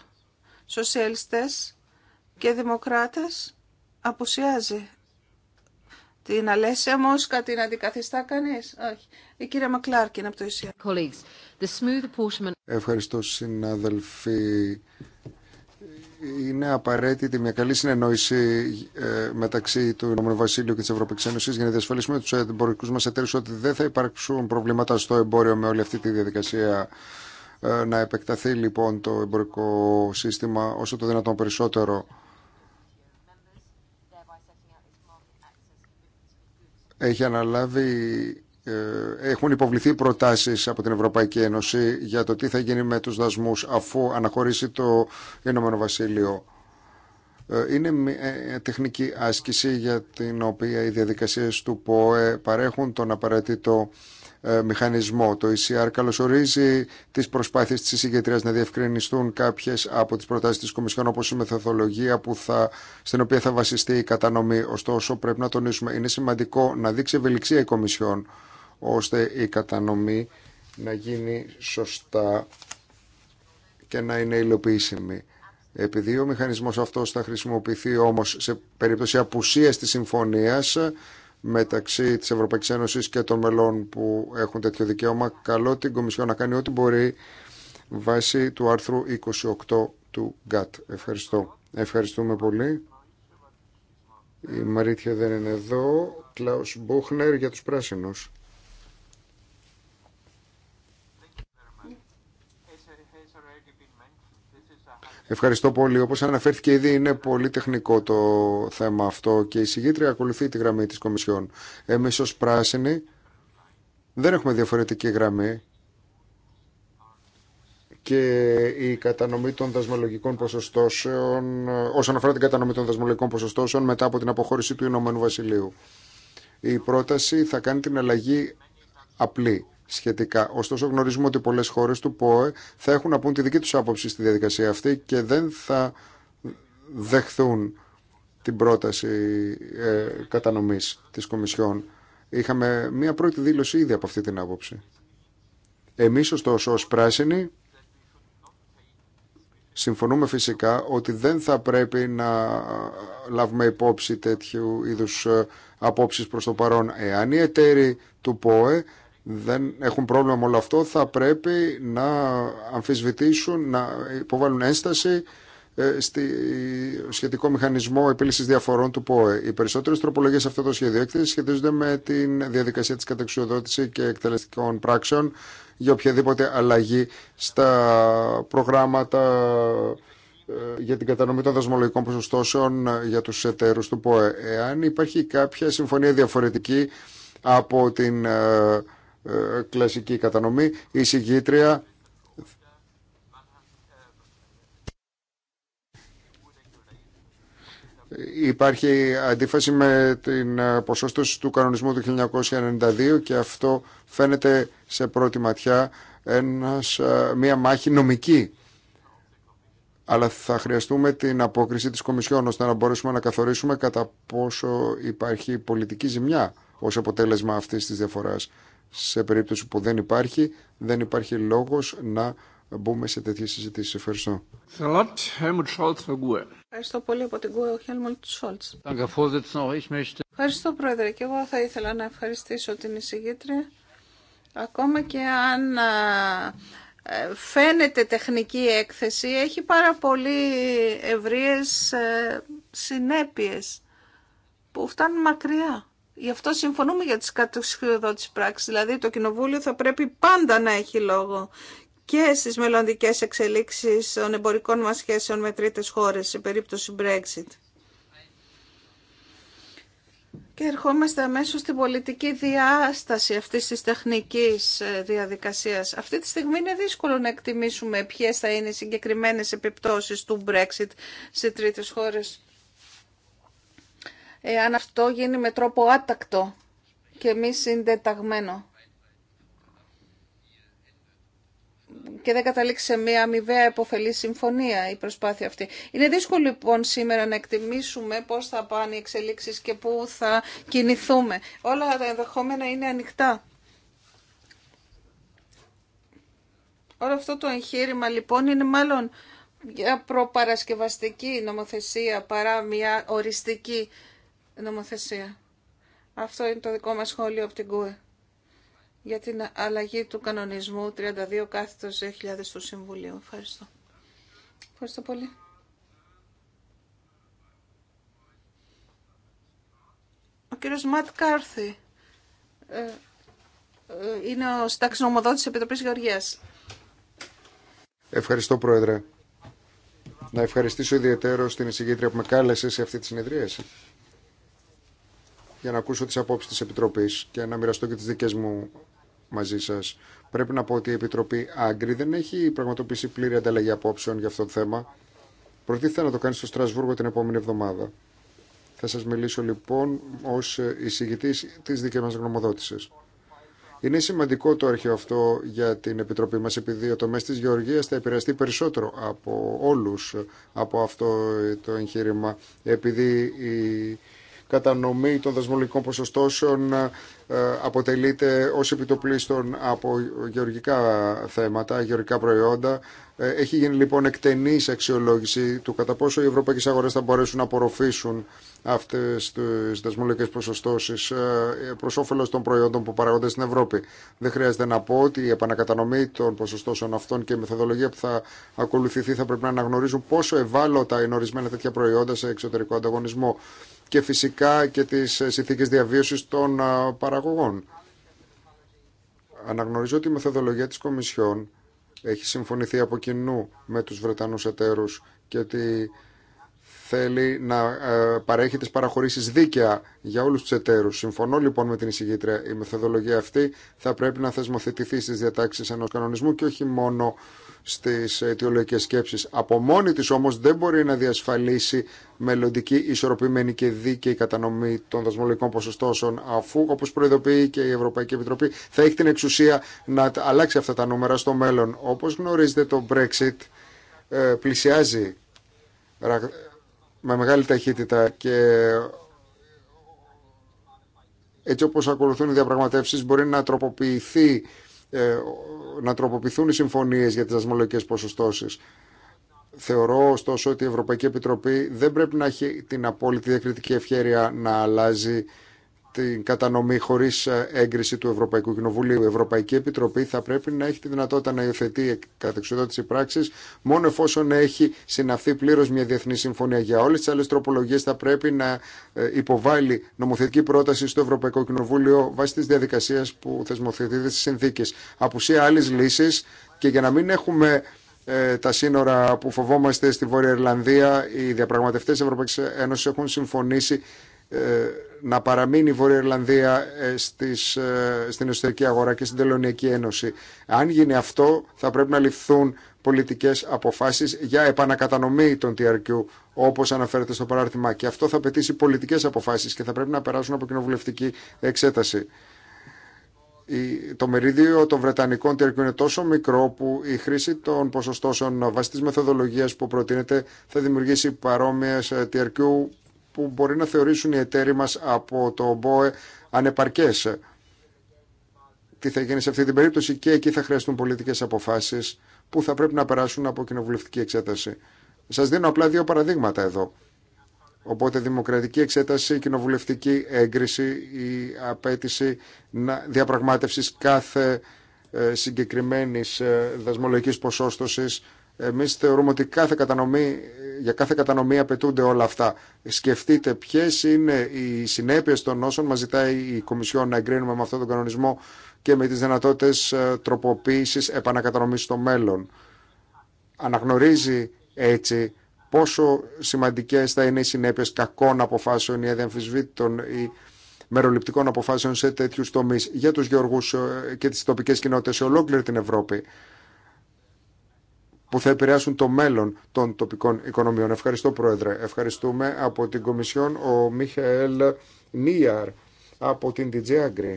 Σοσιαλιστές και Δημοκράτες απουσιάζει. Την Αλέσια Μόσκα την αντικαθιστά κανείς. Όχι. Η κυρία Μακλάρκιν από το ΙΣΙΑ. Ευχαριστώ συνάδελφοι. Είναι απαραίτητη μια καλή συνεννόηση ε, μεταξύ του Ηνωμένου Βασίλειου και τη Ευρωπαϊκή Ένωση για να διασφαλίσουμε του εμπορικού μα εταίρου ότι δεν θα υπάρξουν προβλήματα στο εμπόριο με όλη αυτή τη διαδικασία. Ε, να επεκταθεί λοιπόν το εμπορικό σύστημα όσο το δυνατόν περισσότερο. έχει αναλάβει ε, έχουν υποβληθεί προτάσεις από την Ευρωπαϊκή Ένωση για το τι θα γίνει με τους δασμούς αφού αναχωρήσει το Ηνωμένο Βασίλειο. Ε, είναι μια ε, τεχνική άσκηση για την οποία οι διαδικασίες του ΠΟΕ παρέχουν τον απαραίτητο ε, μηχανισμό. Το ECR καλωσορίζει τι προσπάθειε τη εισηγητρία να διευκρινιστούν κάποιε από τι προτάσει τη Κομισιόν, όπω η μεθοδολογία που θα, στην οποία θα βασιστεί η κατανομή. Ωστόσο, πρέπει να τονίσουμε, είναι σημαντικό να δείξει ευελιξία η Κομισιόν, ώστε η κατανομή να γίνει σωστά και να είναι υλοποιήσιμη. Επειδή ο μηχανισμός αυτός θα χρησιμοποιηθεί όμως σε περίπτωση απουσίας της συμφωνίας, μεταξύ τη Ευρωπαϊκή Ένωση και των μελών που έχουν τέτοιο δικαίωμα. Καλό την Κομισιόν να κάνει ό,τι μπορεί βάσει του άρθρου 28 του ΓΚΑΤ. Ευχαριστώ. Ευχαριστούμε πολύ. Η Μαρίτια δεν είναι εδώ. Κλάους Μπούχνερ για τους πράσινους. Ευχαριστώ πολύ. Όπως αναφέρθηκε ήδη είναι πολύ τεχνικό το θέμα αυτό και η συγγήτρια ακολουθεί τη γραμμή της Κομισιόν. Εμείς ως πράσινοι δεν έχουμε διαφορετική γραμμή και η κατανομή των δασμολογικών ποσοστώσεων, όσον αφορά την κατανομή των δασμολογικών ποσοστώσεων μετά από την αποχώρηση του Ηνωμένου Βασιλείου. Η πρόταση θα κάνει την αλλαγή απλή σχετικά. Ωστόσο, γνωρίζουμε ότι πολλέ χώρε του ΠΟΕ θα έχουν να πούν τη δική του άποψη στη διαδικασία αυτή και δεν θα δεχθούν την πρόταση ε, κατανομής της Κομισιόν. Είχαμε μία πρώτη δήλωση ήδη από αυτή την άποψη. Εμείς ωστόσο ω πράσινοι συμφωνούμε φυσικά ότι δεν θα πρέπει να λάβουμε υπόψη τέτοιου είδου ε, απόψει προ το παρόν εάν οι εταίροι του ΠΟΕ δεν έχουν πρόβλημα με όλο αυτό, θα πρέπει να αμφισβητήσουν, να υποβάλουν ένσταση ε, στη σχετικό μηχανισμό επίλυση διαφορών του ΠΟΕ. Οι περισσότερε τροπολογίε σε αυτό το σχέδιο έκθεση σχετίζονται με τη διαδικασία τη καταξιοδότησης και εκτελεστικών πράξεων για οποιαδήποτε αλλαγή στα προγράμματα ε, για την κατανομή των δασμολογικών ποσοστώσεων ε, για τους εταίρους του ΠΟΕ. Εάν υπάρχει κάποια συμφωνία διαφορετική από την κλασική κατανομή. Η συγγήτρια Υπάρχει αντίφαση με την ποσόστοση του κανονισμού του 1992 και αυτό φαίνεται σε πρώτη ματιά ένας, μια μάχη νομική. Αλλά θα χρειαστούμε την απόκριση της Κομισιόν ώστε να μπορέσουμε να καθορίσουμε κατά πόσο υπάρχει πολιτική ζημιά ως αποτέλεσμα αυτής της διαφοράς. Σε περίπτωση που δεν υπάρχει, δεν υπάρχει λόγος να μπούμε σε τέτοιε συζητήσει. Ευχαριστώ. Ευχαριστώ πολύ από την ΚΟΕ, ο Χέλμοντ Σόλτ. Ευχαριστώ, Πρόεδρε. Και εγώ θα ήθελα να ευχαριστήσω την εισηγήτρια. Ακόμα και αν ε, φαίνεται τεχνική έκθεση, έχει πάρα πολύ ευρείες ε, συνέπειες που φτάνουν μακριά. Γι' αυτό συμφωνούμε για τις της πράξεις. Δηλαδή το Κοινοβούλιο θα πρέπει πάντα να έχει λόγο και στις μελλοντικέ εξελίξεις των εμπορικών μας σχέσεων με τρίτες χώρες σε περίπτωση Brexit. Και ερχόμαστε αμέσως στην πολιτική διάσταση αυτής της τεχνικής ε, διαδικασίας. Αυτή τη στιγμή είναι δύσκολο να εκτιμήσουμε ποιες θα είναι οι συγκεκριμένες επιπτώσεις του Brexit σε τρίτες χώρες εάν αυτό γίνει με τρόπο άτακτο και μη συντεταγμένο. και δεν καταλήξει σε μια αμοιβαία υποφελη συμφωνία η προσπάθεια αυτή. Είναι δύσκολο λοιπόν σήμερα να εκτιμήσουμε πώς θα πάνε οι εξελίξεις και πού θα κινηθούμε. Όλα τα ενδεχόμενα είναι ανοιχτά. Όλο αυτό το εγχείρημα λοιπόν είναι μάλλον μια προπαρασκευαστική νομοθεσία παρά μια οριστική νομοθεσία. Αυτό είναι το δικό μας σχόλιο από την ΚΟΕ για την αλλαγή του κανονισμού 32 κάθετος 2000 του Συμβουλίου. Ευχαριστώ. Ευχαριστώ πολύ. Ο κύριος Ματ Κάρθη ε, ε, είναι ο συνταξινομοδότης της Επιτροπής Γεωργίας. Ευχαριστώ Πρόεδρε. Να ευχαριστήσω ιδιαίτερο στην εισηγήτρια που με κάλεσε σε αυτή τη συνεδρίαση για να ακούσω τι απόψει τη επιτροπή και να μοιραστώ και τι δικέ μου μαζί σα. Πρέπει να πω ότι η Επιτροπή Άγκρη δεν έχει πραγματοποιήσει πλήρη ανταλλαγή απόψεων για αυτό το θέμα. Προτίθεται να το κάνει στο Στρασβούργο την επόμενη εβδομάδα. Θα σα μιλήσω λοιπόν ω εισηγητή τη δική μας γνωμοδότησης. Είναι σημαντικό το αρχείο αυτό για την Επιτροπή μα επειδή ο τομέα τη γεωργίας θα επηρεαστεί περισσότερο από όλου από αυτό το εγχείρημα επειδή κατανομή των δασμολογικών ποσοστώσεων ε, αποτελείται ως επιτοπλίστων από γεωργικά θέματα, γεωργικά προϊόντα. Ε, έχει γίνει λοιπόν εκτενής αξιολόγηση του κατά πόσο οι ευρωπαϊκές αγορές θα μπορέσουν να απορροφήσουν αυτές τις δασμολογικές ποσοστώσεις ε, προς όφελος των προϊόντων που παραγόνται στην Ευρώπη. Δεν χρειάζεται να πω ότι η επανακατανομή των ποσοστώσεων αυτών και η μεθοδολογία που θα ακολουθηθεί θα πρέπει να αναγνωρίζουν πόσο ευάλωτα είναι ορισμένα τέτοια προϊόντα σε εξωτερικό ανταγωνισμό και φυσικά και τις ε, συνθήκες διαβίωσης των ε, παραγωγών. Αναγνωρίζω ότι η μεθοδολογία της Κομισιόν έχει συμφωνηθεί από κοινού με τους Βρετανούς εταίρους και ότι θέλει να ε, παρέχει τις παραχωρήσεις δίκαια για όλους τους εταίρους. Συμφωνώ λοιπόν με την εισηγήτρια. Η μεθοδολογία αυτή θα πρέπει να θεσμοθετηθεί στις διατάξεις ενός κανονισμού και όχι μόνο στις αιτιολογικές σκέψεις. Από μόνη τη όμως δεν μπορεί να διασφαλίσει μελλοντική ισορροπημένη και δίκαιη κατανομή των δασμολογικών ποσοστώσεων αφού όπω προειδοποιεί και η Ευρωπαϊκή Επιτροπή θα έχει την εξουσία να αλλάξει αυτά τα νούμερα στο μέλλον. Όπως γνωρίζετε το Brexit ε, πλησιάζει με μεγάλη ταχύτητα και έτσι όπως ακολουθούν οι διαπραγματεύσεις μπορεί να τροποποιηθεί ε, να τροποποιηθούν οι συμφωνίες για τις ασμολογικές ποσοστώσεις. Θεωρώ ωστόσο ότι η Ευρωπαϊκή Επιτροπή δεν πρέπει να έχει την απόλυτη διακριτική ευχαίρεια να αλλάζει την κατανομή χωρί ε, έγκριση του Ευρωπαϊκού Κοινοβουλίου. Η Ευρωπαϊκή Επιτροπή θα πρέπει να έχει τη δυνατότητα να υιοθετεί ε, κατεξοδότηση πράξη μόνο εφόσον έχει συναυθεί πλήρω μια διεθνή συμφωνία. Για όλε τι άλλε τροπολογίε θα πρέπει να ε, υποβάλει νομοθετική πρόταση στο Ευρωπαϊκό Κοινοβούλιο βάσει τη διαδικασία που θεσμοθετείται στι συνθήκε. Απουσία άλλη λύση και για να μην έχουμε τα σύνορα που φοβόμαστε στη Βόρεια Ιρλανδία, οι διαπραγματευτέ της Ευρωπαϊκής Ένωσης έχουν συμφωνήσει ε, να παραμείνει η Βόρεια Ιρλανδία ε, στις, ε, στην εσωτερική αγορά και στην Τελωνιακή Ένωση. Αν γίνει αυτό θα πρέπει να ληφθούν πολιτικές αποφάσεις για επανακατανομή των TRQ όπως αναφέρεται στο παράρτημα και αυτό θα απαιτήσει πολιτικές αποφάσεις και θα πρέπει να περάσουν από κοινοβουλευτική εξέταση. Το μερίδιο των Βρετανικών TRQ είναι τόσο μικρό που η χρήση των ποσοστώσεων βάσει τη μεθοδολογία που προτείνεται θα δημιουργήσει παρόμοιε TRQ που μπορεί να θεωρήσουν οι εταίροι μας από το ΜΠΟΕ ανεπαρκές. Τι θα γίνει σε αυτή την περίπτωση και εκεί θα χρειαστούν πολιτικές αποφάσεις που θα πρέπει να περάσουν από κοινοβουλευτική εξέταση. Σας δίνω απλά δύο παραδείγματα εδώ. Οπότε δημοκρατική εξέταση, κοινοβουλευτική έγκριση ή απέτηση διαπραγμάτευσης κάθε ε, συγκεκριμένης ε, δασμολογικής ποσόστοσης. Εμείς θεωρούμε ότι κάθε κατανομή για κάθε κατανομή απαιτούνται όλα αυτά. Σκεφτείτε ποιε είναι οι συνέπειε των όσων μα ζητάει η Κομισιόν να εγκρίνουμε με αυτόν τον κανονισμό και με τι δυνατότητε τροποποίηση επανακατανομή στο μέλλον. Αναγνωρίζει έτσι πόσο σημαντικέ θα είναι οι συνέπειε κακών αποφάσεων ή αδιαμφισβήτητων ή μεροληπτικών αποφάσεων σε τέτοιου τομεί για του γεωργού ε, και τι τοπικέ κοινότητε σε ολόκληρη την Ευρώπη που θα επηρεάσουν το μέλλον των τοπικών οικονομιών. Ευχαριστώ Πρόεδρε. Ευχαριστούμε από την Κομισιόν ο Μιχαέλ Νίαρ από την DJ Agri.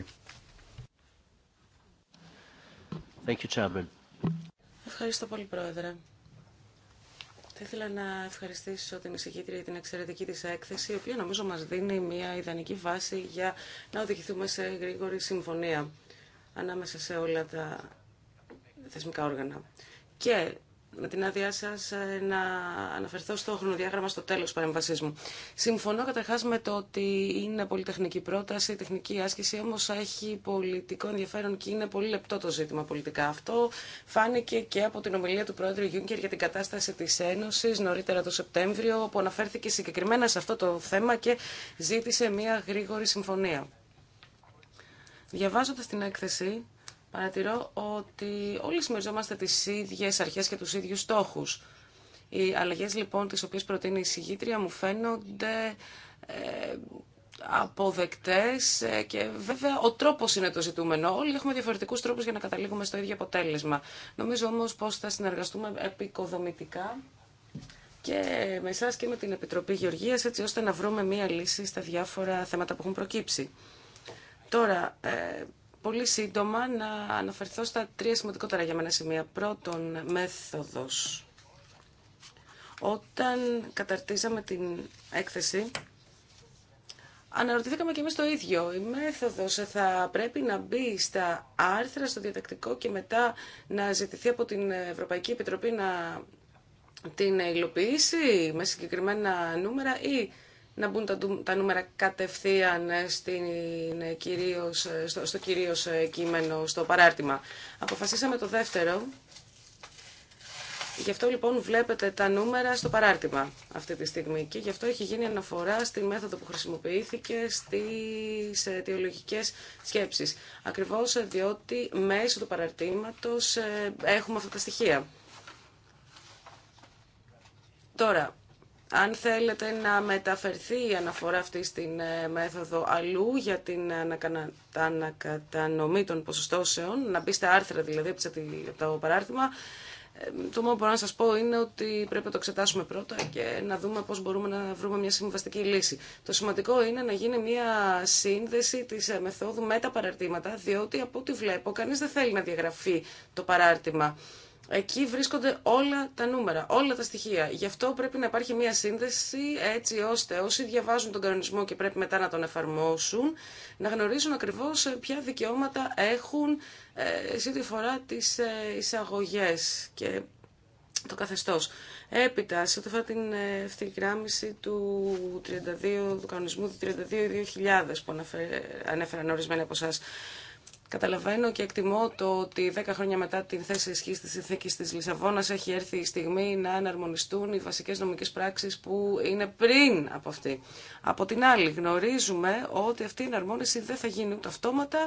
Ευχαριστώ πολύ Πρόεδρε. Θα ήθελα να ευχαριστήσω την εισηγήτρια για την εξαιρετική της έκθεση, η οποία νομίζω μας δίνει μια ιδανική βάση για να οδηγηθούμε σε γρήγορη συμφωνία ανάμεσα σε όλα τα θεσμικά όργανα. Και με την άδειά σα ε, να αναφερθώ στο χρονοδιάγραμμα στο τέλο παρέμβασή μου. Συμφωνώ καταρχά με το ότι είναι πολυτεχνική πρόταση, τεχνική άσκηση, όμω έχει πολιτικό ενδιαφέρον και είναι πολύ λεπτό το ζήτημα πολιτικά. Αυτό φάνηκε και από την ομιλία του Πρόεδρου Γιούγκερ για την κατάσταση τη Ένωση νωρίτερα το Σεπτέμβριο, όπου αναφέρθηκε συγκεκριμένα σε αυτό το θέμα και ζήτησε μια γρήγορη συμφωνία. Διαβάζοντα την έκθεση, παρατηρώ ότι όλοι συμμεριζόμαστε τι ίδιε αρχέ και του ίδιου στόχου. Οι αλλαγέ λοιπόν τις οποίες προτείνει η συγγήτρια μου φαίνονται ε, αποδεκτές ε, και βέβαια ο τρόπο είναι το ζητούμενο. Όλοι έχουμε διαφορετικού τρόπου για να καταλήγουμε στο ίδιο αποτέλεσμα. Νομίζω όμω πώ θα συνεργαστούμε επικοδομητικά και με εσά και με την Επιτροπή Γεωργία, έτσι ώστε να βρούμε μία λύση στα διάφορα θέματα που έχουν προκύψει. Τώρα, ε, πολύ σύντομα να αναφερθώ στα τρία σημαντικότερα για μένα σημεία. Πρώτον, μέθοδος. Όταν καταρτίζαμε την έκθεση, αναρωτηθήκαμε και εμείς το ίδιο. Η μέθοδος θα πρέπει να μπει στα άρθρα, στο διατακτικό και μετά να ζητηθεί από την Ευρωπαϊκή Επιτροπή να την υλοποιήσει με συγκεκριμένα νούμερα ή να μπουν τα νούμερα κατευθείαν στην, ε, κυρίως, ε, στο, στο κυρίως ε, κείμενο, στο παράρτημα. Αποφασίσαμε το δεύτερο. Γι' αυτό λοιπόν βλέπετε τα νούμερα στο παράρτημα αυτή τη στιγμή και γι' αυτό έχει γίνει αναφορά στη μέθοδο που χρησιμοποιήθηκε στις αιτιολογικές σκέψεις. Ακριβώς διότι μέσω του παραρτήματος έχουμε αυτά τα στοιχεία. Τώρα, αν θέλετε να μεταφερθεί η αναφορά αυτή στην ε, μέθοδο αλλού για την ανακατανομή των ποσοστώσεων, να μπει στα άρθρα δηλαδή από το παράρτημα, ε, το μόνο που μπορώ να σας πω είναι ότι πρέπει να το εξετάσουμε πρώτα και να δούμε πώς μπορούμε να βρούμε μια συμβαστική λύση. Το σημαντικό είναι να γίνει μια σύνδεση της ε, μεθόδου με τα παραρτήματα, διότι από ό,τι βλέπω κανείς δεν θέλει να διαγραφεί το παράρτημα. Εκεί βρίσκονται όλα τα νούμερα, όλα τα στοιχεία. Γι' αυτό πρέπει να υπάρχει μια σύνδεση έτσι ώστε όσοι διαβάζουν τον κανονισμό και πρέπει μετά να τον εφαρμόσουν να γνωρίζουν ακριβώς ποια δικαιώματα έχουν ε, σε τη φορά τις ε, εισαγωγές και το καθεστώς. Έπειτα, σε ό,τι αφορά την ε, ευθυγράμμιση του, 32, του κανονισμού του 32-2000 που ανέφεραν ορισμένοι από εσάς, Καταλαβαίνω και εκτιμώ το ότι 10 χρόνια μετά την θέση ισχύ τη συνθήκη τη Λισαβόνα έχει έρθει η στιγμή να εναρμονιστούν οι βασικέ νομικέ πράξει που είναι πριν από αυτή. Από την άλλη, γνωρίζουμε ότι αυτή η εναρμόνιση δεν θα γίνει ούτε αυτόματα,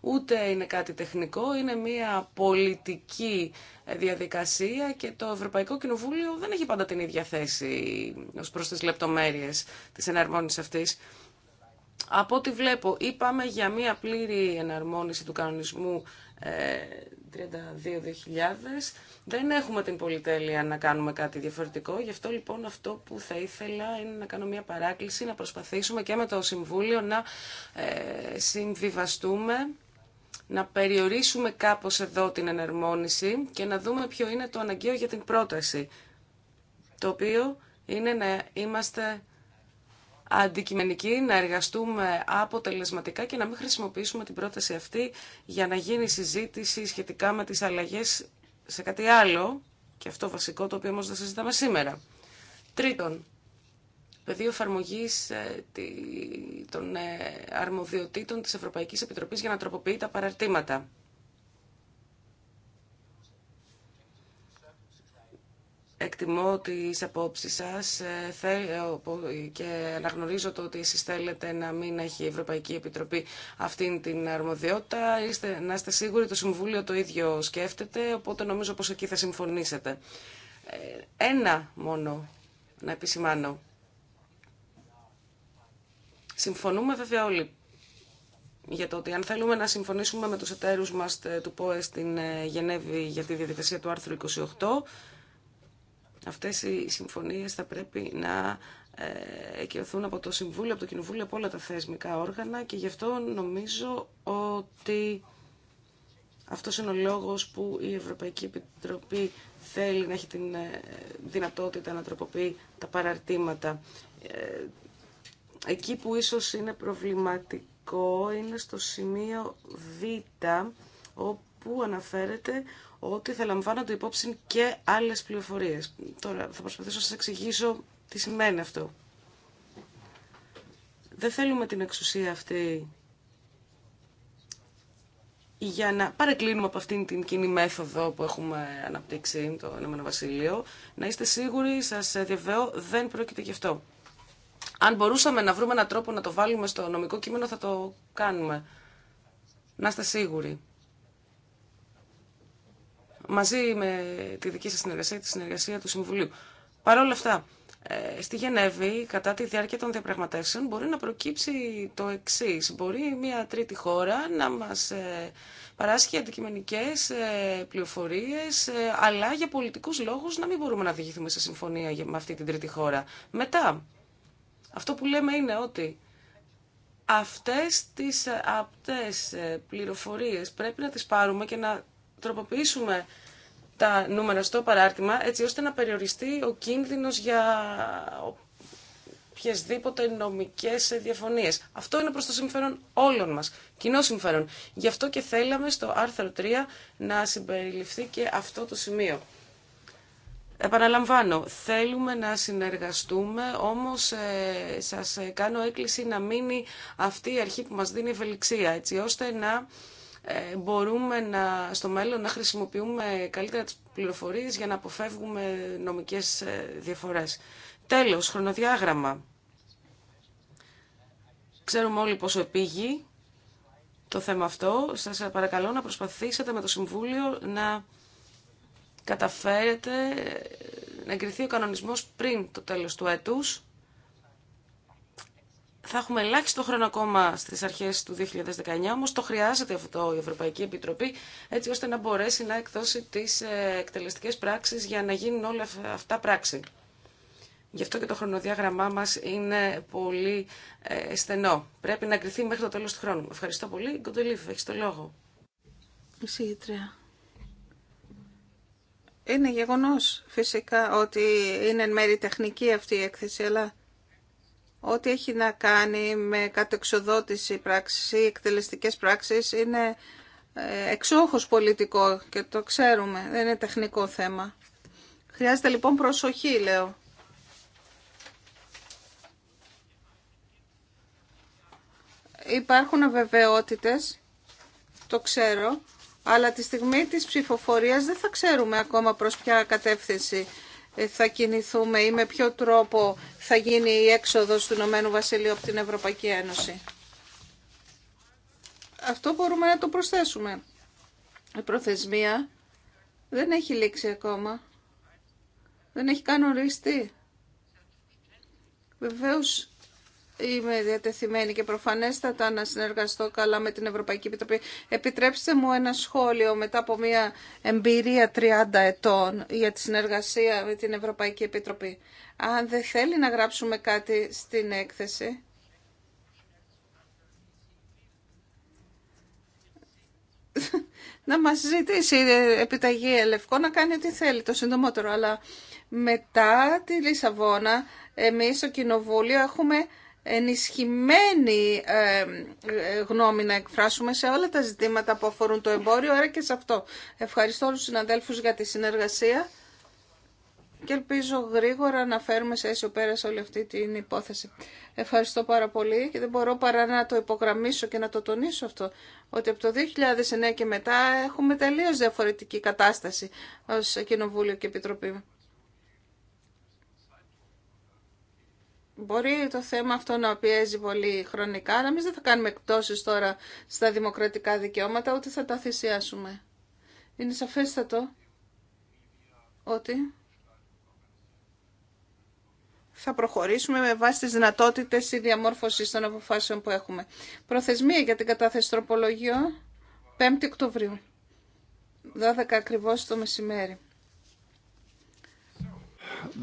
ούτε είναι κάτι τεχνικό. Είναι μια πολιτική διαδικασία και το Ευρωπαϊκό Κοινοβούλιο δεν έχει πάντα την ίδια θέση ω προ τι λεπτομέρειε τη εναρμόνιση αυτή. Από ό,τι βλέπω, είπαμε για μία πλήρη εναρμόνιση του κανονισμού 32.000. Ε, Δεν έχουμε την πολυτέλεια να κάνουμε κάτι διαφορετικό. Γι' αυτό λοιπόν αυτό που θα ήθελα είναι να κάνω μια παράκληση, να προσπαθήσουμε και με το Συμβούλιο να ε, συμβιβαστούμε, να περιορίσουμε κάπως εδώ την εναρμόνιση και να δούμε ποιο είναι το αναγκαίο για την πρόταση, το οποίο είναι να είμαστε αντικειμενικοί, να εργαστούμε αποτελεσματικά και να μην χρησιμοποιήσουμε την πρόταση αυτή για να γίνει συζήτηση σχετικά με τις αλλαγές σε κάτι άλλο, και αυτό βασικό το οποίο όμως δεν συζητάμε σήμερα. Τρίτον, πεδίο εφαρμογή ε, των ε, αρμοδιοτήτων της Ευρωπαϊκής Επιτροπής για να τροποποιεί τα παραρτήματα. εκτιμώ τις απόψεις σας ε, ε, και αναγνωρίζω το ότι εσείς θέλετε να μην έχει η Ευρωπαϊκή Επιτροπή αυτήν την αρμοδιότητα. Είστε, να είστε σίγουροι το Συμβούλιο το ίδιο σκέφτεται, οπότε νομίζω πως εκεί θα συμφωνήσετε. Ε, ένα μόνο να επισημάνω. Συμφωνούμε βέβαια όλοι για το ότι αν θέλουμε να συμφωνήσουμε με τους εταίρους μας του ΠΟΕ στην Γενέβη για τη διαδικασία του άρθρου 28, Αυτές οι συμφωνίες θα πρέπει να ε, εκειωθούν από το Συμβούλιο, από το Κοινοβούλιο, από όλα τα θεσμικά όργανα και γι' αυτό νομίζω ότι αυτός είναι ο λόγος που η Ευρωπαϊκή Επιτροπή θέλει να έχει την ε, δυνατότητα να τροποποιεί τα παραρτήματα. Ε, εκεί που ίσως είναι προβληματικό είναι στο σημείο Β, που αναφέρεται ότι θα λαμβάνονται υπόψη και άλλες πληροφορίες. Τώρα θα προσπαθήσω να σας εξηγήσω τι σημαίνει αυτό. Δεν θέλουμε την εξουσία αυτή για να παρεκκλίνουμε από αυτήν την κοινή μέθοδο που έχουμε αναπτύξει το Ηνωμένο Βασίλειο. Να είστε σίγουροι, σας διαβέω, δεν πρόκειται γι' αυτό. Αν μπορούσαμε να βρούμε έναν τρόπο να το βάλουμε στο νομικό κείμενο θα το κάνουμε. Να είστε σίγουροι μαζί με τη δική σας συνεργασία και τη συνεργασία του Συμβουλίου. Παρ' όλα αυτά, ε, στη Γενέβη, κατά τη διάρκεια των διαπραγματεύσεων, μπορεί να προκύψει το εξή. Μπορεί μια τρίτη χώρα να μας ε, παράσχει αντικειμενικές ε, πληροφορίες, αλλά για πολιτικούς λόγους να μην μπορούμε να διηγηθούμε σε συμφωνία με αυτή την τρίτη χώρα. Μετά, αυτό που λέμε είναι ότι αυτές τις απτές πληροφορίες πρέπει να τις πάρουμε και να τροποποιήσουμε τα νούμερα στο παράρτημα έτσι ώστε να περιοριστεί ο κίνδυνος για οποιασδήποτε νομικές διαφωνίες. Αυτό είναι προς το συμφέρον όλων μας, κοινό συμφέρον. Γι' αυτό και θέλαμε στο άρθρο 3 να συμπεριληφθεί και αυτό το σημείο. Επαναλαμβάνω, θέλουμε να συνεργαστούμε, όμως ε, σας κάνω έκκληση να μείνει αυτή η αρχή που μας δίνει ευελιξία, έτσι ώστε να ε, μπορούμε να, στο μέλλον να χρησιμοποιούμε καλύτερα τις πληροφορίες για να αποφεύγουμε νομικές ε, διαφορές. Τέλος, χρονοδιάγραμμα. Ξέρουμε όλοι πόσο επίγει το θέμα αυτό. Σας παρακαλώ να προσπαθήσετε με το Συμβούλιο να καταφέρετε να εγκριθεί ο κανονισμός πριν το τέλος του έτους θα έχουμε ελάχιστο χρόνο ακόμα στι αρχέ του 2019, όμω το χρειάζεται αυτό η Ευρωπαϊκή Επιτροπή, έτσι ώστε να μπορέσει να εκδώσει τι ε, εκτελεστικέ πράξει για να γίνουν όλα αυτά πράξη. Γι' αυτό και το χρονοδιάγραμμά μα είναι πολύ ε, στενό. Πρέπει να κρυθεί μέχρι το τέλο του χρόνου. Ευχαριστώ πολύ. Γκοντολίφ, έχει το λόγο. Είναι γεγονός φυσικά ότι είναι εν μέρη τεχνική αυτή η έκθεση, αλλά ό,τι έχει να κάνει με κατεξοδότηση πράξη ή εκτελεστικές πράξεις είναι ε, εξόχως πολιτικό και το ξέρουμε, δεν είναι τεχνικό θέμα. Χρειάζεται λοιπόν προσοχή, λέω. Υπάρχουν αβεβαιότητες, το ξέρω, αλλά τη στιγμή της ψηφοφορίας δεν θα ξέρουμε ακόμα προς ποια κατεύθυνση ε, θα κινηθούμε ή με ποιο τρόπο θα γίνει η έξοδος του Ηνωμένου Βασιλείου από την Ευρωπαϊκή Ένωση. Αυτό μπορούμε να το προσθέσουμε. Η προθεσμία δεν έχει λήξει ακόμα. Δεν έχει καν οριστεί. Βεβαίως είμαι διατεθειμένη και προφανέστατα να συνεργαστώ καλά με την Ευρωπαϊκή Επιτροπή. Επιτρέψτε μου ένα σχόλιο μετά από μια εμπειρία 30 ετών για τη συνεργασία με την Ευρωπαϊκή Επιτροπή. Αν δεν θέλει να γράψουμε κάτι στην έκθεση... να μας ζητήσει επιταγή ελευκό να κάνει ό,τι θέλει το συντομότερο. Αλλά μετά τη Λισαβόνα εμείς στο Κοινοβούλιο έχουμε ενισχυμένη ε, ε, γνώμη να εκφράσουμε σε όλα τα ζητήματα που αφορούν το εμπόριο, άρα και σε αυτό. Ευχαριστώ όλους τους συναδέλφους για τη συνεργασία και ελπίζω γρήγορα να φέρουμε σε αίσιο πέρα σε όλη αυτή την υπόθεση. Ευχαριστώ πάρα πολύ και δεν μπορώ παρά να το υπογραμμίσω και να το τονίσω αυτό, ότι από το 2009 και μετά έχουμε τελείως διαφορετική κατάσταση ως Κοινοβούλιο και Επιτροπή. Μπορεί το θέμα αυτό να πιέζει πολύ χρονικά, αλλά εμεί δεν θα κάνουμε εκπτώσει τώρα στα δημοκρατικά δικαιώματα, ούτε θα τα θυσιάσουμε. Είναι σαφέστατο ότι θα προχωρήσουμε με βάση τις δυνατότητες ή διαμόρφωση των αποφάσεων που έχουμε. Προθεσμία για την καταθεση τροπολογιου τροπολογιών 5η Οκτωβρίου, 12 ακριβώς το μεσημέρι.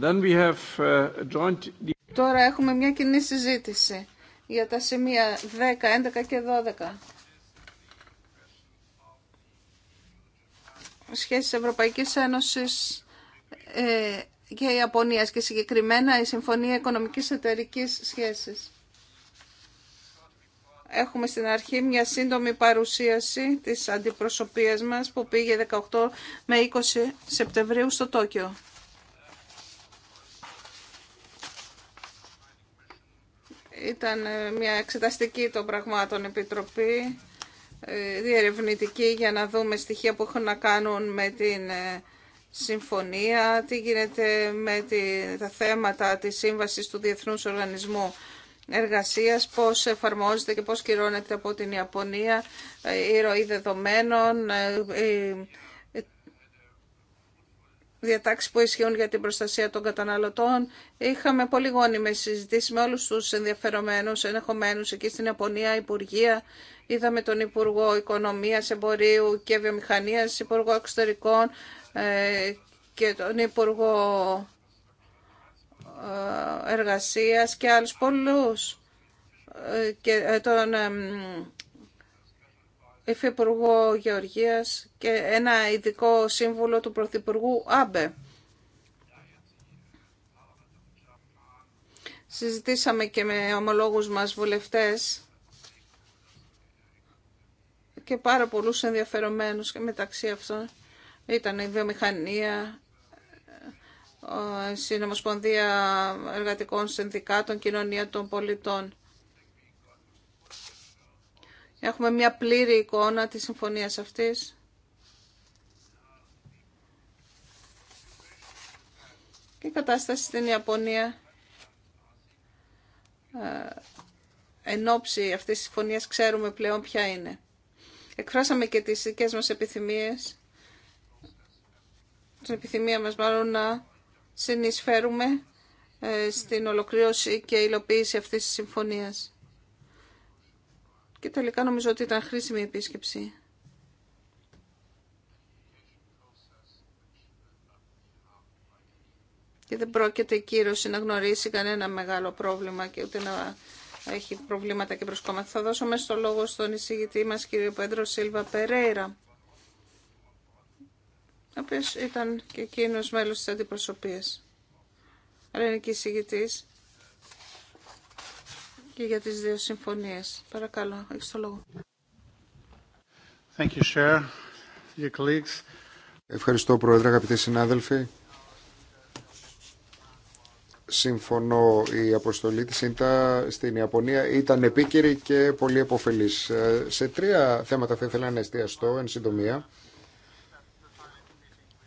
Then we have uh, Τώρα έχουμε μια κοινή συζήτηση για τα σημεία 10, 11 και 12. Σχέσεις Ευρωπαϊκής Ένωσης ε, και Ιαπωνίας και συγκεκριμένα η Συμφωνία Οικονομικής Εταιρικής Σχέσης. Έχουμε στην αρχή μια σύντομη παρουσίαση της αντιπροσωπείας μας που πήγε 18 με 20 Σεπτεμβρίου στο Τόκιο. Ήταν ε, μια εξεταστική των πραγμάτων επιτροπή, ε, διερευνητική για να δούμε στοιχεία που έχουν να κάνουν με την ε, συμφωνία, τι γίνεται με τα θέματα της σύμβασης του Διεθνούς Οργανισμού Εργασίας, πώς εφαρμόζεται και πώς κυρώνεται από την Ιαπωνία η ροή δεδομένων, διατάξεις που ισχύουν για την προστασία των καταναλωτών. Είχαμε πολύ γόνιμε συζητήσει με όλου τους ενδιαφερομένους, ενεχομένους εκεί στην Ιαπωνία, Υπουργεία. Είδαμε τον Υπουργό Οικονομίας, Εμπορίου και Βιομηχανίας, Υπουργό Εξωτερικών ε, και τον Υπουργό ε, εργασία και άλλους πολλούς ε, και τον Υφυπουργό Γεωργίας και ένα ειδικό σύμβολο του Πρωθυπουργού Άμπε. Συζητήσαμε και με ομολόγους μας βουλευτές και πάρα πολλούς ενδιαφερομένους και μεταξύ αυτών ήταν η βιομηχανία, η Συνομοσπονδία Εργατικών Συνδικάτων, Κοινωνία των Πολιτών. Έχουμε μια πλήρη εικόνα της συμφωνίας αυτής. Και η κατάσταση στην Ιαπωνία ε, εν ώψη αυτής της συμφωνίας ξέρουμε πλέον ποια είναι. Εκφράσαμε και τις δικές μας επιθυμίες, την επιθυμία μας μάλλον να συνεισφέρουμε ε, στην ολοκλήρωση και υλοποίηση αυτής της συμφωνίας και τελικά νομίζω ότι ήταν χρήσιμη η επίσκεψη. Και δεν πρόκειται η κύρωση να γνωρίσει κανένα μεγάλο πρόβλημα και ούτε να έχει προβλήματα και προσκόμματα. Θα δώσω μέσα το λόγο στον εισηγητή μας κύριο Πέντρο Σίλβα Περέιρα, ο οποίος ήταν και εκείνο μέλος της αντιπροσωπείας. Ρενική εισηγητής και για τις δύο συμφωνίες. Παρακαλώ, έχεις το λόγο. Ευχαριστώ, Πρόεδρε, αγαπητοί συνάδελφοι. Συμφωνώ, η αποστολή της ΣΥΝΤΑ στην Ιαπωνία ήταν επίκαιρη και πολύ επωφελής. Ε, σε τρία θέματα θα ήθελα να εστιαστώ, εν συντομία.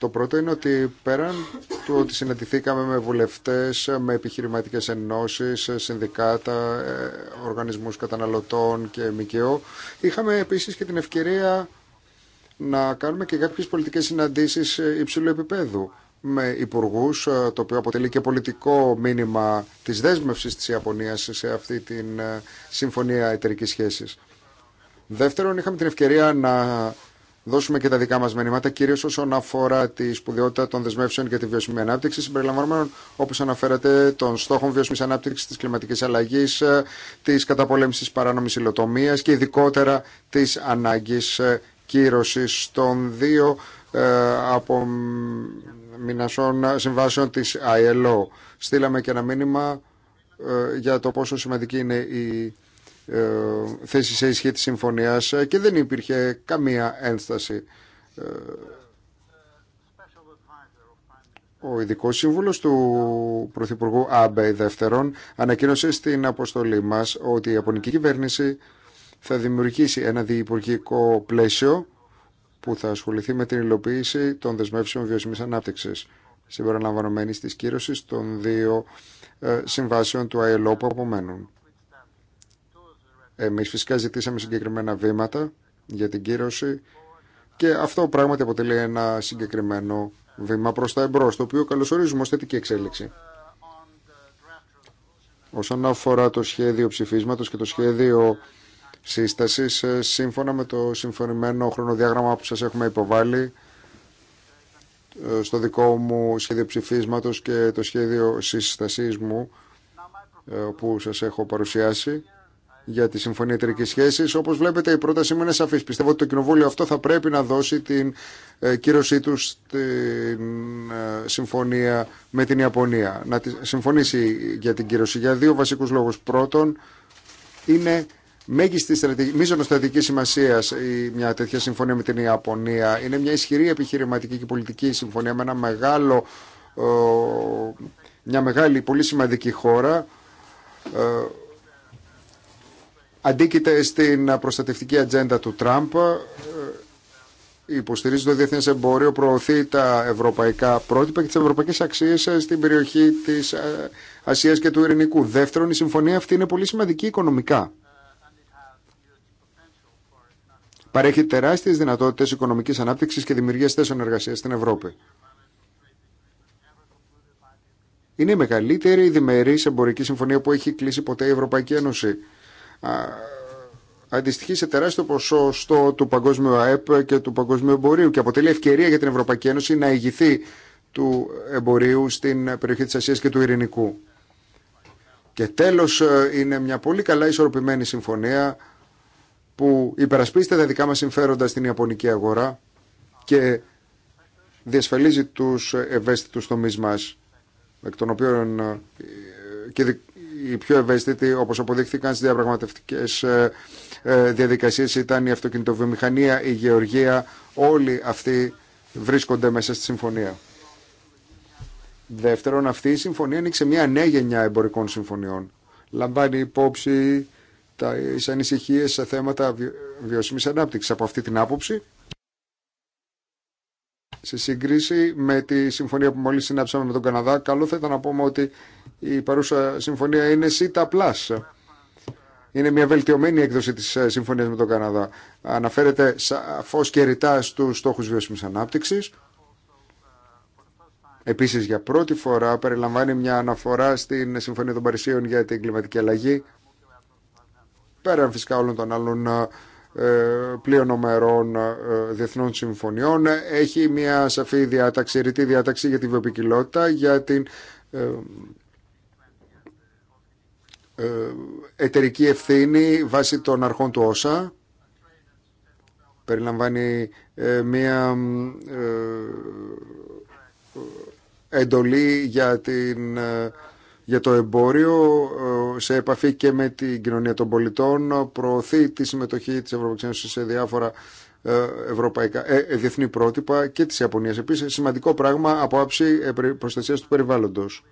Το πρώτο είναι ότι πέραν του ότι συναντηθήκαμε με βουλευτές, με επιχειρηματικές ενώσεις, συνδικάτα, ε, οργανισμούς καταναλωτών και ΜΚΟ, είχαμε επίσης και την ευκαιρία να κάνουμε και κάποιες πολιτικές συναντήσεις ε, υψηλού επίπεδου με υπουργού, ε, το οποίο αποτελεί και πολιτικό μήνυμα της δέσμευσης της Ιαπωνίας σε αυτή την Συμφωνία εταιρική σχέση. Δεύτερον, είχαμε την ευκαιρία να δώσουμε και τα δικά μα μηνύματα, κυρίω όσον αφορά τη σπουδαιότητα των δεσμεύσεων για τη βιώσιμη ανάπτυξη, συμπεριλαμβανομένων, όπω αναφέρατε, των στόχων βιώσιμη ανάπτυξη, τη κλιματική αλλαγή, ε, τη καταπολέμηση παράνομη υλοτομία και ειδικότερα τη ανάγκη ε, κύρωση των δύο ε, από μηνασών συμβάσεων τη ILO. Στείλαμε και ένα μήνυμα για το πόσο σημαντική είναι η ε, θέση σε ισχύ της συμφωνίας ε, και δεν υπήρχε καμία ένσταση. Ε, ο ειδικό σύμβουλος του Πρωθυπουργού Άμπε Δεύτερον ανακοίνωσε στην αποστολή μας ότι η Ιαπωνική κυβέρνηση θα δημιουργήσει ένα διυπουργικό πλαίσιο που θα ασχοληθεί με την υλοποίηση των δεσμεύσεων βιώσιμης ανάπτυξης συμπεριλαμβανομένης τη κύρωσης των δύο συμβάσεων του ΑΕΛΟ που απομένουν. Εμείς φυσικά ζητήσαμε συγκεκριμένα βήματα για την κύρωση και αυτό πράγματι αποτελεί ένα συγκεκριμένο βήμα προς τα εμπρός, το οποίο καλωσορίζουμε ως θετική εξέλιξη. Όσον αφορά το σχέδιο ψηφίσματος και το σχέδιο σύστασης, ε, σύμφωνα με το συμφωνημένο χρονοδιάγραμμα που σας έχουμε υποβάλει, ε, στο δικό μου σχέδιο ψηφίσματος και το σχέδιο σύστασής μου ε, που σας έχω παρουσιάσει για τη Συμφωνία Εταιρική Σχέση. Όπω βλέπετε, η πρότασή μου είναι σαφή. Πιστεύω ότι το Κοινοβούλιο αυτό θα πρέπει να δώσει την ε, κύρωσή του στην ε, συμφωνία με την Ιαπωνία. Να συμφωνήσει για την κύρωση για δύο βασικού λόγου. Πρώτον, είναι μέγιστη στρατηγική, μείζονο στρατηγική σημασία μια τέτοια συμφωνία με την Ιαπωνία. Είναι μια ισχυρή επιχειρηματική και πολιτική συμφωνία με ένα μεγάλο, ε, μια μεγάλη, πολύ σημαντική χώρα αντίκειται στην προστατευτική ατζέντα του Τραμπ, ε, υποστηρίζει το διεθνέ εμπόριο, προωθεί τα ευρωπαϊκά πρότυπα και τι ευρωπαϊκέ αξίε ε, στην περιοχή τη ε, Ασία και του Ειρηνικού. Δεύτερον, η συμφωνία αυτή είναι πολύ σημαντική οικονομικά. Παρέχει τεράστιε δυνατότητε οικονομική ανάπτυξη και δημιουργία θέσεων εργασία στην Ευρώπη. Είναι η μεγαλύτερη διμερή εμπορική συμφωνία που έχει κλείσει ποτέ η Ευρωπαϊκή Ένωση αντιστοιχεί σε τεράστιο στο του παγκόσμιου ΑΕΠ και του παγκόσμιου εμπορίου και αποτελεί ευκαιρία για την Ευρωπαϊκή Ένωση να ηγηθεί του εμπορίου στην περιοχή της Ασίας και του Ειρηνικού. Και τέλος ε, είναι μια πολύ καλά ισορροπημένη συμφωνία που υπερασπίζεται τα δικά μας συμφέροντα στην Ιαπωνική αγορά και διασφαλίζει τους ευαίσθητους τομείς μας εκ των ε, οι πιο ευαίσθητοι όπως αποδείχθηκαν στις διαπραγματευτικές ε, ε, διαδικασίες ήταν η αυτοκινητοβιομηχανία, η γεωργία, όλοι αυτοί βρίσκονται μέσα στη συμφωνία. Δεύτερον, αυτή η συμφωνία ανοίξε μια νέα γενιά εμπορικών συμφωνιών. Λαμβάνει υπόψη τι ανησυχίε σε θέματα βιώσιμη ανάπτυξη. Από αυτή την άποψη, σε σύγκριση με τη συμφωνία που μόλις συνάψαμε με τον Καναδά, καλό θα ήταν να πούμε ότι η παρούσα συμφωνία είναι ΣΥΤΑ Είναι μια βελτιωμένη έκδοση της ε, συμφωνίας με τον Καναδά. Αναφέρεται σαφώς και ρητά στους στόχους βιώσιμης ανάπτυξης. Επίσης, για πρώτη φορά περιλαμβάνει μια αναφορά στην Συμφωνία των Παρισίων για την κλιματική αλλαγή, πέραν φυσικά όλων των άλλων ε, ε, πλειονομερών ομερών διεθνών συμφωνιών. Έχει μια σαφή διάταξη, ρητή διάταξη για τη βιοπικιλότητα, για την ε, ε, εταιρική ευθύνη βάσει των αρχών του ΩΣΑ. Περιλαμβάνει μια εντολή για την για το εμπόριο ε, σε επαφή και με την κοινωνία των πολιτών προωθεί τη συμμετοχή της Ευρωπαϊκής Ένωσης σε διάφορα ε, ευρωπαϊκά, ε, ε, διεθνή πρότυπα και της Ιαπωνίας. Επίσης σημαντικό πράγμα από άψη προστασίας του περιβάλλοντος.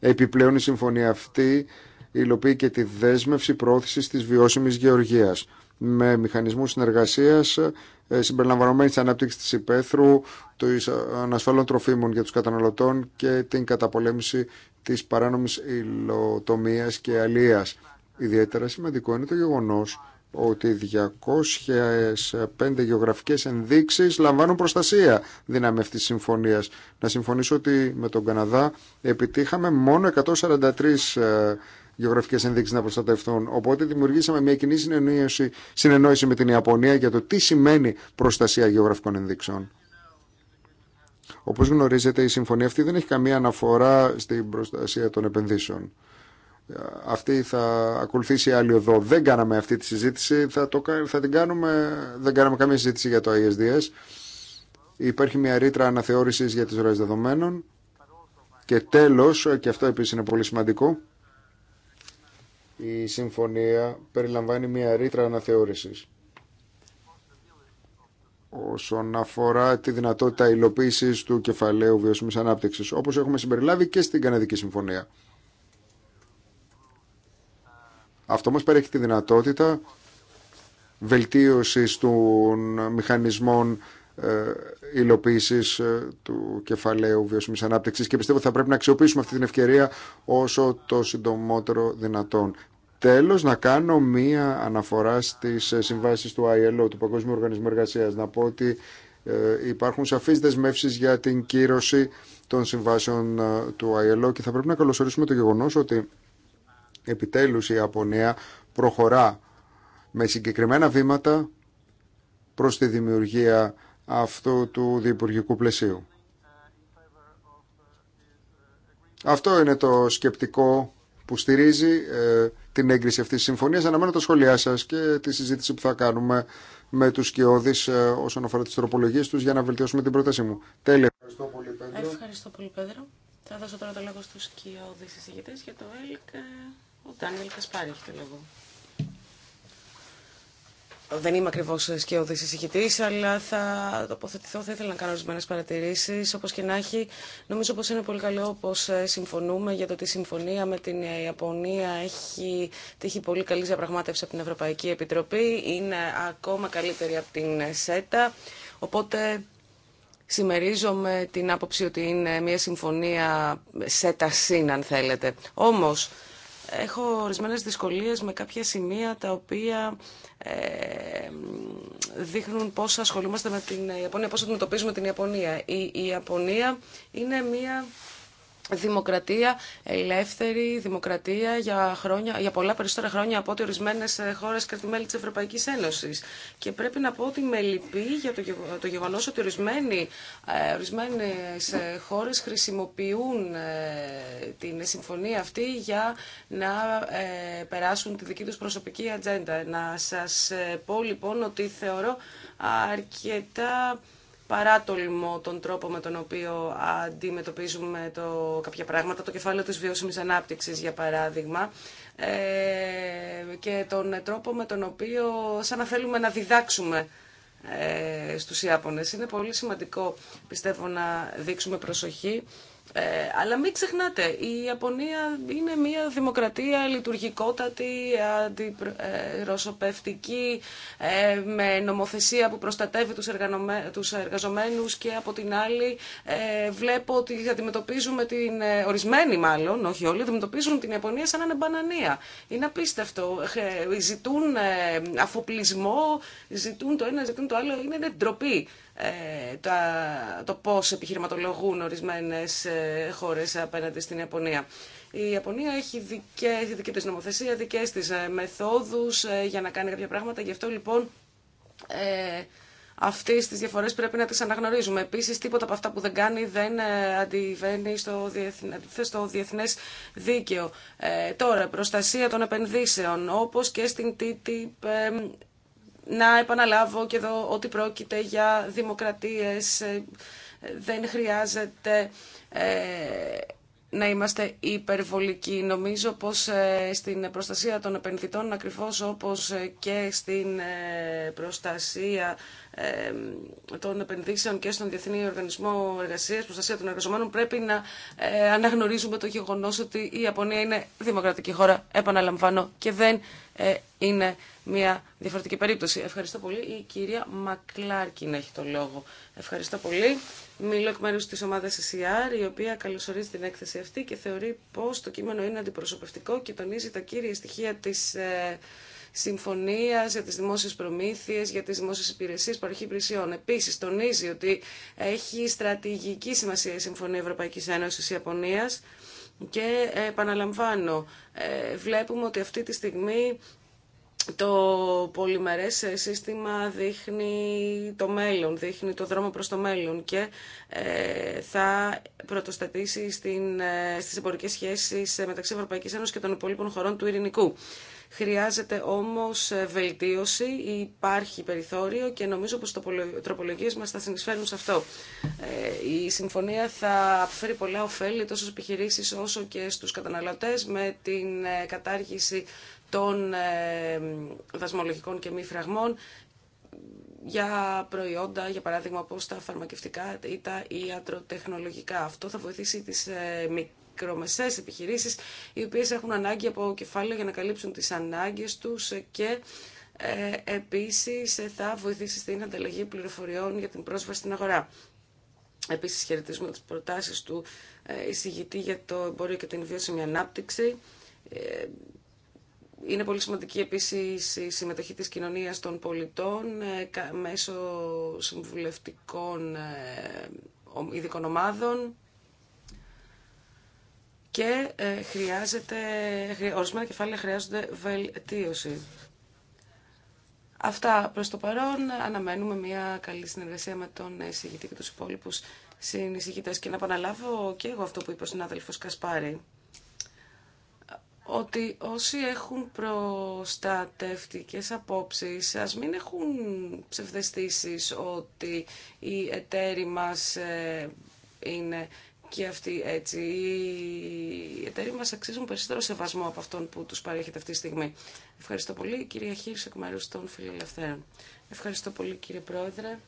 Επιπλέον η συμφωνία αυτή υλοποιεί και τη δέσμευση προώθησης της βιώσιμης γεωργίας με μηχανισμούς συνεργασίας συμπεριλαμβανομένης της ανάπτυξης της υπαίθρου, των ανασφαλών τροφίμων για τους καταναλωτών και την καταπολέμηση της παράνομης υλοτομίας και αλίας. Ιδιαίτερα σημαντικό είναι το γεγονός ότι 205 γεωγραφικές ενδείξεις λαμβάνουν προστασία δύναμη αυτής της συμφωνίας. Να συμφωνήσω ότι με τον Καναδά επιτύχαμε μόνο 143 ε, γεωγραφικές ενδείξεις να προστατευτούν. Οπότε δημιουργήσαμε μια κοινή συνεννόηση με την Ιαπωνία για το τι σημαίνει προστασία γεωγραφικών ενδείξεων. Όπω γνωρίζετε, η συμφωνία αυτή δεν έχει καμία αναφορά στην προστασία των επενδύσεων. Αυτή θα ακολουθήσει άλλη οδό. Δεν κάναμε αυτή τη συζήτηση, θα, το, θα την κάνουμε, δεν κάναμε καμία συζήτηση για το ISDS. Υπάρχει μια ρήτρα αναθεώρηση για τι ροέ δεδομένων. Και τέλος, και αυτό επίσης είναι πολύ σημαντικό, η συμφωνία περιλαμβάνει μια ρήτρα αναθεώρησης όσον αφορά τη δυνατότητα υλοποίηση του κεφαλαίου βιώσιμη ανάπτυξη, όπω έχουμε συμπεριλάβει και στην Καναδική Συμφωνία. Αυτό όμω παρέχει τη δυνατότητα βελτίωσης των μηχανισμών ε, υλοποίηση ε, του κεφαλαίου βιώσιμη ανάπτυξη και πιστεύω θα πρέπει να αξιοποιήσουμε αυτή την ευκαιρία όσο το συντομότερο δυνατόν. Τέλος, να κάνω μία αναφορά στις ε, συμβάσεις του ILO, του Παγκόσμιου Οργανισμού Εργασίας. Να πω ότι ε, υπάρχουν σαφείς δεσμεύσεις για την κύρωση των συμβάσεων ε, του ILO και θα πρέπει να καλωσορίσουμε το γεγονός ότι επιτέλους η Ιαπωνία προχωρά με συγκεκριμένα βήματα προς τη δημιουργία αυτού του διπουργικού πλαισίου. Αυτό είναι το σκεπτικό που στηρίζει την έγκριση αυτής της συμφωνίας. Αναμένω τα σχόλιά σα και τη συζήτηση που θα κάνουμε με τους σκιώδεις ε, όσον αφορά τι τροπολογίε του, για να βελτιώσουμε την πρότασή μου. Τέλεια. Ευχαριστώ πολύ, Πέντρο. Ευχαριστώ πολύ, Πέντρο. Θα δώσω τώρα το λόγο στους σκιώδεις συζητητέ για το ΕΛΚ. Ε, ο Ντάνιελ Κασπάρη έχει το λόγο δεν είμαι ακριβώ σκιώδη εισηγητή, αλλά θα τοποθετηθώ. Θα ήθελα να κάνω ορισμένε παρατηρήσει. Όπω και να έχει, νομίζω πω είναι πολύ καλό πω ε, συμφωνούμε για το ότι η συμφωνία με την ε, Ιαπωνία έχει τύχει πολύ καλή διαπραγμάτευση από την Ευρωπαϊκή Επιτροπή. Είναι ακόμα καλύτερη από την ε, ΣΕΤΑ. Οπότε συμμερίζομαι την άποψη ότι είναι μια συμφωνία ΣΕΤΑ-ΣΥΝ, αν θέλετε. Όμως, έχω ορισμένε δυσκολίε με κάποια σημεία τα οποία ε, δείχνουν πώ ασχολούμαστε με την Ιαπωνία, πώ αντιμετωπίζουμε την Ιαπωνία. Η, η Ιαπωνία είναι μια δημοκρατία, ελεύθερη δημοκρατία για, χρόνια, για πολλά περισσότερα χρόνια από ότι ορισμένε ε, χώρε κρατημέλη τη Ευρωπαϊκή Ένωση. Και πρέπει να πω ότι με λυπεί για το, το γεγονό ότι ε, ορισμένε ε, χώρε χρησιμοποιούν την συμφωνία αυτή για να περάσουν τη δική του προσωπική ατζέντα. Να σα πω λοιπόν ότι θεωρώ αρκετά παρά τολμώ τον τρόπο με τον οποίο αντιμετωπίζουμε το, κάποια πράγματα, το κεφάλαιο της βιώσιμης ανάπτυξης για παράδειγμα, ε, και τον τρόπο με τον οποίο σαν να θέλουμε να διδάξουμε ε, στους Ιάπωνες. Είναι πολύ σημαντικό, πιστεύω, να δείξουμε προσοχή ε, αλλά μην ξεχνάτε, η Ιαπωνία είναι μια δημοκρατία λειτουργικότατη, αντιρωσοπευτική, ε, ε, με νομοθεσία που προστατεύει τους, εργαζομένους και από την άλλη ε, βλέπω ότι αντιμετωπίζουμε την, ορισμένη μάλλον, όχι όλοι, αντιμετωπίζουν την Ιαπωνία σαν να είναι μπανανία. Είναι απίστευτο. Ζητούν αφοπλισμό, ζητούν το ένα, ζητούν το άλλο, είναι ντροπή. Ε, το πώς επιχειρηματολογούν ορισμένες ε, χώρες απέναντι στην Ιαπωνία. Η Ιαπωνία έχει δικές, δική της νομοθεσία, δικές της ε, μεθόδους για να κάνει κάποια πράγματα. Γι' αυτό λοιπόν ε, αυτές τις διαφορές πρέπει να τις αναγνωρίζουμε. Επίσης τίποτα από αυτά που δεν κάνει δεν αντιβαίνει στο, διεθνέ, στο διεθνές δίκαιο. τώρα, προστασία των επενδύσεων, όπως και στην TTIP, να επαναλάβω και εδώ ότι πρόκειται για δημοκρατίες, ε, δεν χρειάζεται ε, να είμαστε υπερβολικοί. Νομίζω πως ε, στην προστασία των επενδυτών, ακριβώς όπως και στην προστασία των επενδύσεων και στον Διεθνή Οργανισμό Εργασία, Προστασία των Εργαζομένων, πρέπει να ε, αναγνωρίζουμε το γεγονό ότι η Ιαπωνία είναι δημοκρατική χώρα, επαναλαμβάνω, και δεν ε, είναι μια διαφορετική περίπτωση. Ευχαριστώ πολύ. Η κυρία Μακλάρκιν έχει το λόγο. Ευχαριστώ πολύ. Μιλώ εκ μέρου τη ομάδα SCR, η οποία καλωσορίζει την έκθεση αυτή και θεωρεί πω το κείμενο είναι αντιπροσωπευτικό και τονίζει τα κύρια στοιχεία τη ε, συμφωνία για τις δημόσιες προμήθειες, για τις δημόσιες υπηρεσίες, παροχή υπηρεσιών. Επίσης, τονίζει ότι έχει στρατηγική σημασία η Συμφωνία Ευρωπαϊκής Ένωσης Ιαπωνίας και ε, επαναλαμβάνω, ε, βλέπουμε ότι αυτή τη στιγμή το πολυμερές ε, σύστημα δείχνει το μέλλον, δείχνει το δρόμο προς το μέλλον και θα πρωτοστατήσει στην, στις εμπορικές σχέσεις μεταξύ Ευρωπαϊκής Ένωσης και των υπόλοιπων χωρών του Ειρηνικού. Χρειάζεται όμως ε, βελτίωση, υπάρχει περιθώριο και νομίζω πως το τροπολογίες μας θα συνεισφέρουν σε αυτό. Ε, η συμφωνία θα φέρει πολλά ωφέλη τόσο στις επιχειρήσεις όσο και στους καταναλωτές με την ε, κατάργηση των δασμολογικών και μη φραγμών για προϊόντα, για παράδειγμα, όπως τα φαρμακευτικά ή τα ιατροτεχνολογικά. Αυτό θα βοηθήσει τις μικρομεσαίες επιχειρήσεις οι οποίες έχουν ανάγκη από κεφάλαιο για να καλύψουν τις ανάγκες τους και ε, επίσης ε, θα βοηθήσει στην ανταλλαγή πληροφοριών για την πρόσβαση στην αγορά. Επίσης χαιρετίζουμε τις προτάσεις του ε, εισηγητή για το εμπόριο και την βιώσιμη ανάπτυξη. Ε, είναι πολύ σημαντική επίσης η συμμετοχή της κοινωνίας των πολιτών μέσω συμβουλευτικών ειδικών ομάδων και ε, χρειάζεται, ορισμένα κεφάλαια χρειάζονται βελτίωση. Αυτά προς το παρόν. Αναμένουμε μια καλή συνεργασία με τον εισηγητή και τους υπόλοιπους συνεισηγητές. Και να επαναλάβω και εγώ αυτό που είπε ο συνάδελφος Κασπάρη ότι όσοι έχουν προστατευτικές απόψεις, ας μην έχουν ψευδεστήσεις ότι οι εταίροι μας ε, είναι και αυτοί έτσι. Οι εταίροι μας αξίζουν περισσότερο σεβασμό από αυτόν που τους παρέχεται αυτή τη στιγμή. Ευχαριστώ πολύ, κυρία Χίρς, εκ μέρου των Φιλελευθέρων. Ευχαριστώ πολύ, κύριε Πρόεδρε.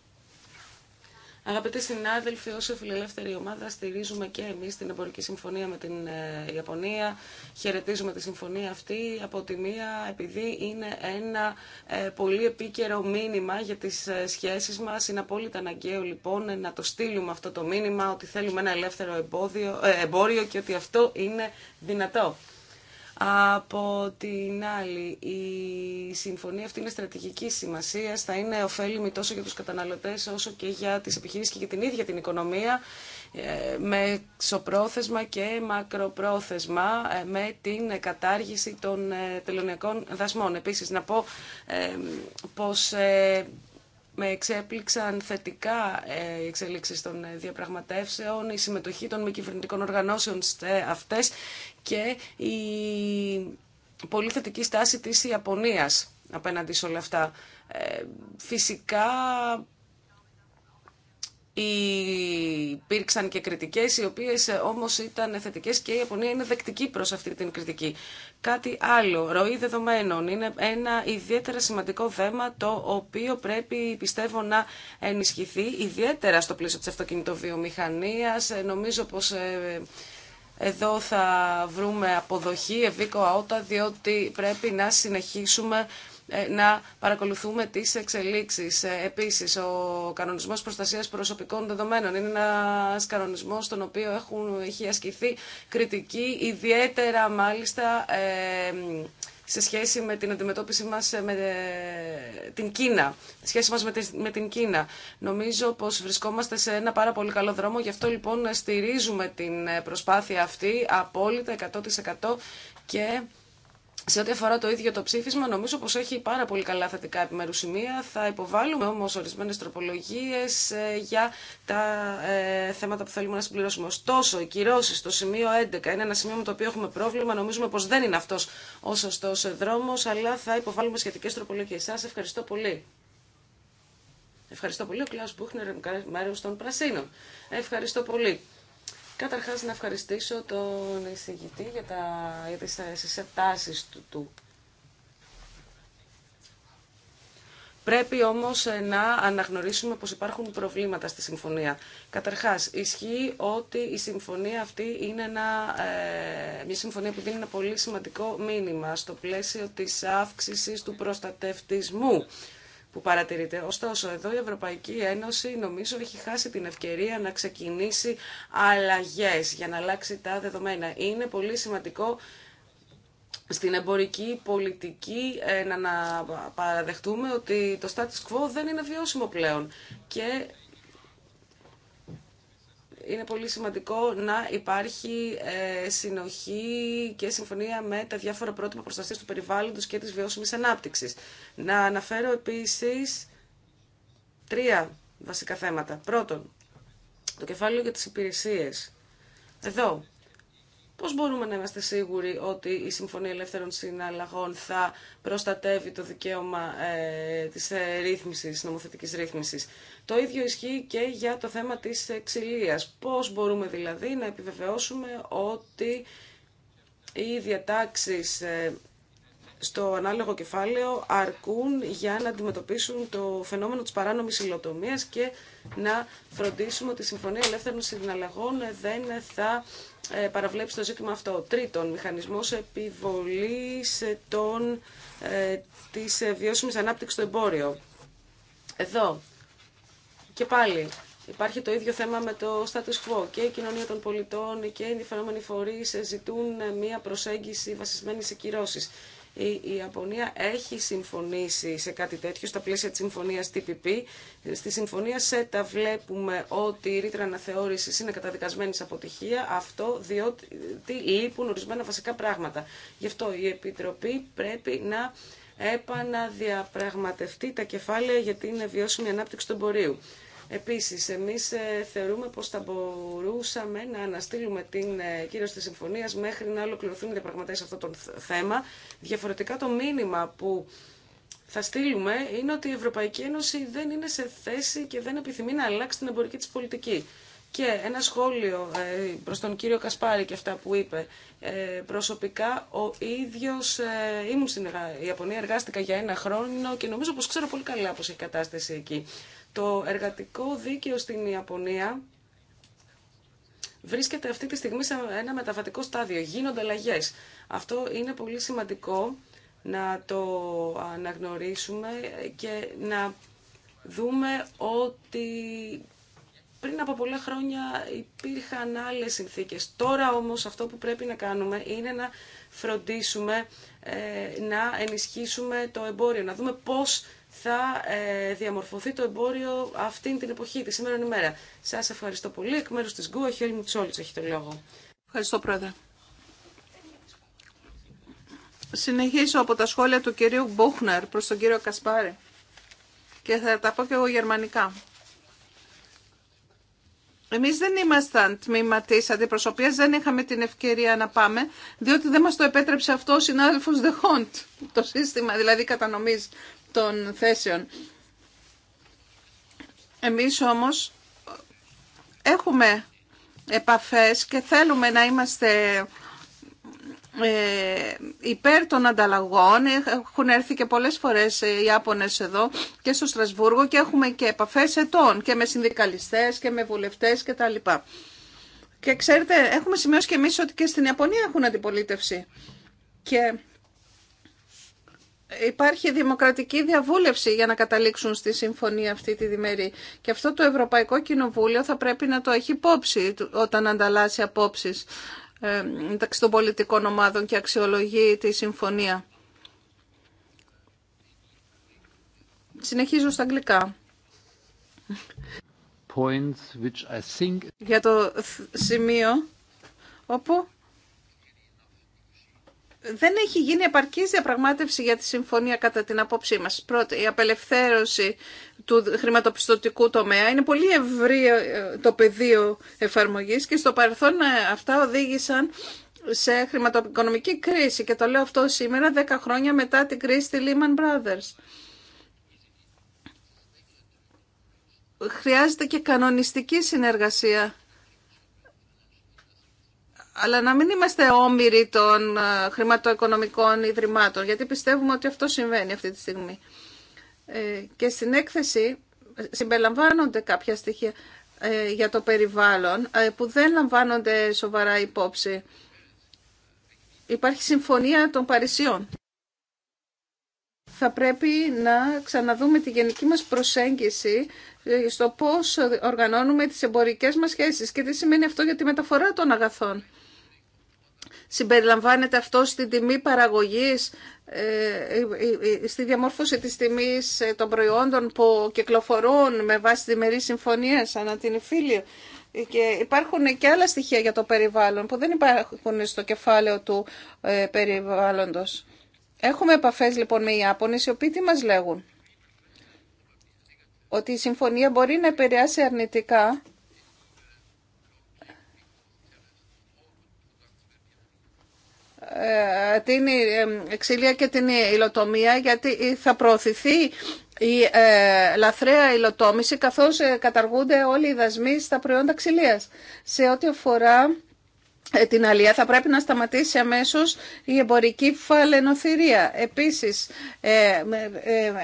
Αγαπητοί συνάδελφοι, όσο φιλελεύθερη ομάδα στηρίζουμε και εμείς την εμπορική συμφωνία με την ε, Ιαπωνία. Χαιρετίζουμε τη συμφωνία αυτή από τη μία επειδή είναι ένα ε, πολύ επίκαιρο μήνυμα για τις ε, σχέσεις μας. Είναι απόλυτα αναγκαίο λοιπόν να το στείλουμε αυτό το μήνυμα ότι θέλουμε ένα ελεύθερο εμπόδιο, εμπόριο και ότι αυτό είναι δυνατό. Από την άλλη, η συμφωνία αυτή είναι στρατηγική σημασία, θα είναι ωφέλιμη τόσο για τους καταναλωτές όσο και για τις επιχειρήσεις και για την ίδια την οικονομία, ε, με ξοπρόθεσμα και μακροπρόθεσμα, ε, με την κατάργηση των ε, τελωνιακών δασμών. Επίσης, να πω πως με εξέπληξαν θετικά ε, οι εξελίξει των ε, διαπραγματεύσεων, η συμμετοχή των μη κυβερνητικών οργανώσεων σε αυτές και η πολύ θετική στάση τη Ιαπωνία απέναντι σε όλα αυτά. Ε, φυσικά Υπήρξαν και κριτικές, οι οποίες ε, όμως ήταν θετικές και η Ιαπωνία είναι δεκτική προς αυτή την κριτική. Κάτι άλλο, ροή δεδομένων, είναι ένα ιδιαίτερα σημαντικό θέμα το οποίο πρέπει πιστεύω να ενισχυθεί, ιδιαίτερα στο πλαίσιο της αυτοκινητοβιομηχανίας. Ε, νομίζω πως ε, εδώ θα βρούμε αποδοχή ευήκο αότα διότι πρέπει να συνεχίσουμε ε, να παρακολουθούμε τις εξελίξεις. Ε, επίσης, ο κανονισμός προστασίας προσωπικών δεδομένων είναι ένας κανονισμός στον οποίο έχουν, έχει ασκηθεί κριτική, ιδιαίτερα μάλιστα ε, σε σχέση με την αντιμετώπιση μας με την Κίνα. Σχέση μας με την Κίνα. Νομίζω πως βρισκόμαστε σε ένα πάρα πολύ καλό δρόμο, γι' αυτό λοιπόν στηρίζουμε την προσπάθεια αυτή απόλυτα 100% και σε ό,τι αφορά το ίδιο το ψήφισμα, νομίζω πω έχει πάρα πολύ καλά θετικά επιμέρου σημεία. Θα υποβάλουμε όμως ορισμένες τροπολογίες ε, για τα ε, θέματα που θέλουμε να συμπληρώσουμε. Ωστόσο, οι κυρώσει στο σημείο 11 είναι ένα σημείο με το οποίο έχουμε πρόβλημα. Νομίζουμε πω δεν είναι αυτό ο σωστό δρόμο, αλλά θα υποβάλουμε σχετικέ τροπολογίε. Σα ευχαριστώ πολύ. Ευχαριστώ πολύ ο Κλάου Μπούχνερ, μέρο των Πρασίνων. Ευχαριστώ πολύ. Καταρχάς να ευχαριστήσω τον εισηγητή για, τα, για του, του. Πρέπει όμως ε, να αναγνωρίσουμε πως υπάρχουν προβλήματα στη συμφωνία. Καταρχάς, ισχύει ότι η συμφωνία αυτή είναι ε, μια συμφωνία που δίνει ένα πολύ σημαντικό μήνυμα στο πλαίσιο της αύξησης του προστατευτισμού που παρατηρείται. Ωστόσο, εδώ η Ευρωπαϊκή Ένωση νομίζω έχει χάσει την ευκαιρία να ξεκινήσει αλλαγές για να αλλάξει τα δεδομένα. Είναι πολύ σημαντικό στην εμπορική πολιτική ε, να παραδεχτούμε ότι το status quo δεν είναι βιώσιμο πλέον και είναι πολύ σημαντικό να υπάρχει ε, συνοχή και συμφωνία με τα διάφορα πρότυπα προστασίας του περιβάλλοντος και της βιώσιμης ανάπτυξης. Να αναφέρω επίσης τρία βασικά θέματα. Πρώτον, το κεφάλαιο για τις υπηρεσίες. Εδώ, πώς μπορούμε να είμαστε σίγουροι ότι η Συμφωνία Ελεύθερων Συναλλαγών θα προστατεύει το δικαίωμα ε, της ε, ρύθμισης, νομοθετικής ρύθμισης. Το ίδιο ισχύει και για το θέμα της ξυλίας. Πώς μπορούμε δηλαδή να επιβεβαιώσουμε ότι οι διατάξεις ε, στο ανάλογο κεφάλαιο αρκούν για να αντιμετωπίσουν το φαινόμενο της παράνομης υλοτομίας και να φροντίσουμε ότι η Συμφωνία Ελεύθερων Συναλλαγών δεν θα ε, παραβλέψει το ζήτημα αυτό. Τρίτον, μηχανισμός επιβολής ε, των, της βιώσιμης ανάπτυξης στο εμπόριο. Εδώ και πάλι υπάρχει το ίδιο θέμα με το status quo. Και η κοινωνία των πολιτών και οι ενδιαφερόμενοι φορεί ε, ζητούν ε, μια προσέγγιση βασισμένη σε κυρώσει. Η Ιαπωνία έχει συμφωνήσει σε κάτι τέτοιο στα πλαίσια της συμφωνίας TPP. Στη συμφωνία ΣΕΤΑ βλέπουμε ότι η ρήτρα αναθεώρησης είναι καταδικασμένη σε αποτυχία, αυτό διότι λείπουν ορισμένα βασικά πράγματα. Γι' αυτό η Επιτροπή πρέπει να επαναδιαπραγματευτεί τα κεφάλαια για την βιώσιμη ανάπτυξη του εμπορίου. Επίσης, εμείς ε, θεωρούμε πως θα μπορούσαμε να αναστείλουμε την ε, κύρωση της συμφωνίας μέχρι να ολοκληρωθούν οι διαπραγματεύσεις σε αυτό το θέμα. Διαφορετικά το μήνυμα που θα στείλουμε είναι ότι η Ευρωπαϊκή Ένωση δεν είναι σε θέση και δεν επιθυμεί να αλλάξει την εμπορική της πολιτική. Και ένα σχόλιο ε, προς τον κύριο Κασπάρη και αυτά που είπε. Προσωπικά ο ίδιος ήμουν στην Ιαπωνία, εργάστηκα για ένα χρόνο και νομίζω πως ξέρω πολύ καλά πως έχει κατάσταση εκεί. Το εργατικό δίκαιο στην Ιαπωνία βρίσκεται αυτή τη στιγμή σε ένα μεταβατικό στάδιο. Γίνονται αλλαγέ. Αυτό είναι πολύ σημαντικό να το αναγνωρίσουμε και να δούμε ότι πριν από πολλά χρόνια υπήρχαν άλλες συνθήκες. Τώρα όμως αυτό που πρέπει να κάνουμε είναι να φροντίσουμε, ε, να ενισχύσουμε το εμπόριο, να δούμε πώς θα ε, διαμορφωθεί το εμπόριο αυτήν την εποχή, τη σήμερα ημέρα. Σα ευχαριστώ πολύ. Εκ μέρου τη ΓΚΟ, ο έχει το λόγο. Ευχαριστώ, Πρόεδρε. Συνεχίζω από τα σχόλια του κυρίου Μπούχνερ προ τον κύριο Κασπάρη και θα τα πω και εγώ γερμανικά. Εμείς δεν ήμασταν τμήμα τη αντιπροσωπείας, δεν είχαμε την ευκαιρία να πάμε, διότι δεν μας το επέτρεψε αυτό ο συνάδελφος Δεχόντ, το σύστημα δηλαδή κατανομής των θέσεων. Εμείς όμως έχουμε επαφές και θέλουμε να είμαστε ε, υπέρ των ανταλλαγών. Έχουν έρθει και πολλές φορές οι Ιάπωνες εδώ και στο Στρασβούργο και έχουμε και επαφές ετών και με συνδικαλιστές και με βουλευτές και τα λοιπά. Και ξέρετε, έχουμε σημειώσει και εμείς ότι και στην Ιαπωνία έχουν αντιπολίτευση. Και υπάρχει δημοκρατική διαβούλευση για να καταλήξουν στη συμφωνία αυτή τη διμερή. Και αυτό το Ευρωπαϊκό Κοινοβούλιο θα πρέπει να το έχει υπόψη όταν ανταλλάσσει απόψεις ε, μεταξύ των πολιτικών ομάδων και αξιολογεί τη συμφωνία. Συνεχίζω στα αγγλικά. Για το σημείο όπου δεν έχει γίνει επαρκή διαπραγμάτευση για τη συμφωνία κατά την απόψή μας. Πρώτη, η απελευθέρωση του χρηματοπιστωτικού τομέα είναι πολύ ευρύ ε, το πεδίο εφαρμογής και στο παρελθόν ε, αυτά οδήγησαν σε χρηματοοικονομική κρίση και το λέω αυτό σήμερα 10 χρόνια μετά την κρίση της Lehman Brothers. Χρειάζεται και κανονιστική συνεργασία αλλά να μην είμαστε όμοιροι των ε, χρηματοοικονομικών ιδρυμάτων, γιατί πιστεύουμε ότι αυτό συμβαίνει αυτή τη στιγμή. Ε, και στην έκθεση ε, συμπεριλαμβάνονται κάποια στοιχεία για το περιβάλλον που δεν λαμβάνονται σοβαρά υπόψη. Υπάρχει συμφωνία των Παρισιών. Θα πρέπει να ξαναδούμε τη γενική μας προσέγγιση στο πώς οργανώνουμε τις εμπορικές μας σχέσεις και τι σημαίνει αυτό για τη μεταφορά των αγαθών συμπεριλαμβάνεται αυτό στην τιμή παραγωγής, ε, στη διαμόρφωση της τιμής ε, των προϊόντων που κυκλοφορούν με βάση τη μερή συμφωνία ανά την υφήλιο. Και υπάρχουν και άλλα στοιχεία για το περιβάλλον που δεν υπάρχουν στο κεφάλαιο του ε, περιβάλλοντος. Έχουμε επαφές λοιπόν με οι Ιάπωνες οι οποίοι τι μας λέγουν. Ότι η συμφωνία μπορεί να επηρεάσει αρνητικά Ε, την ε, ξυλία και την υλοτομία γιατί θα προωθηθεί η ε, λαθρέα υλοτόμηση καθώς καταργούνται όλοι οι δασμοί στα προϊόντα ξυλίας. Σε ό,τι αφορά την αλία θα πρέπει να σταματήσει αμέσως η εμπορική φαλενοθυρία. Επίσης,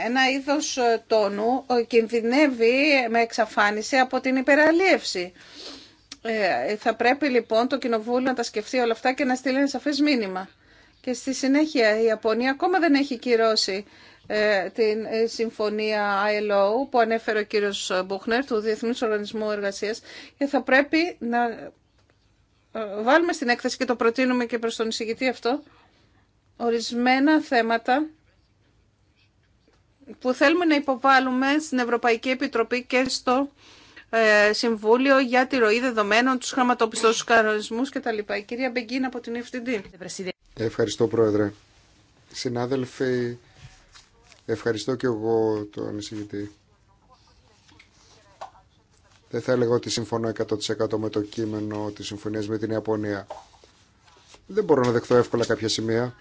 ένα είδος τόνου κινδυνεύει με εξαφάνιση από την υπεραλίευση. Ε, θα πρέπει λοιπόν το Κοινοβούλιο να τα σκεφτεί όλα αυτά και να στείλει ένα σαφές μήνυμα. Και στη συνέχεια η Ιαπωνία ακόμα δεν έχει κυρώσει ε, την ε, συμφωνία ILO που ανέφερε ο κύριος Μπούχνερ του Διεθνούς Οργανισμού Εργασίας και θα πρέπει να βάλουμε στην έκθεση και το προτείνουμε και προς τον εισηγητή αυτό ορισμένα θέματα που θέλουμε να υποβάλουμε στην Ευρωπαϊκή Επιτροπή και στο ε, Συμβούλιο για τη ροή δεδομένων, τους του κανονισμούς κτλ. Η κυρία Μπεγκίν από την FTD. Ευχαριστώ Πρόεδρε. Συνάδελφοι, ευχαριστώ και εγώ τον εισηγητή. Δεν θα έλεγα ότι συμφωνώ 100% με το κείμενο τη συμφωνία με την Ιαπωνία. Δεν μπορώ να δεχθώ εύκολα κάποια σημεία.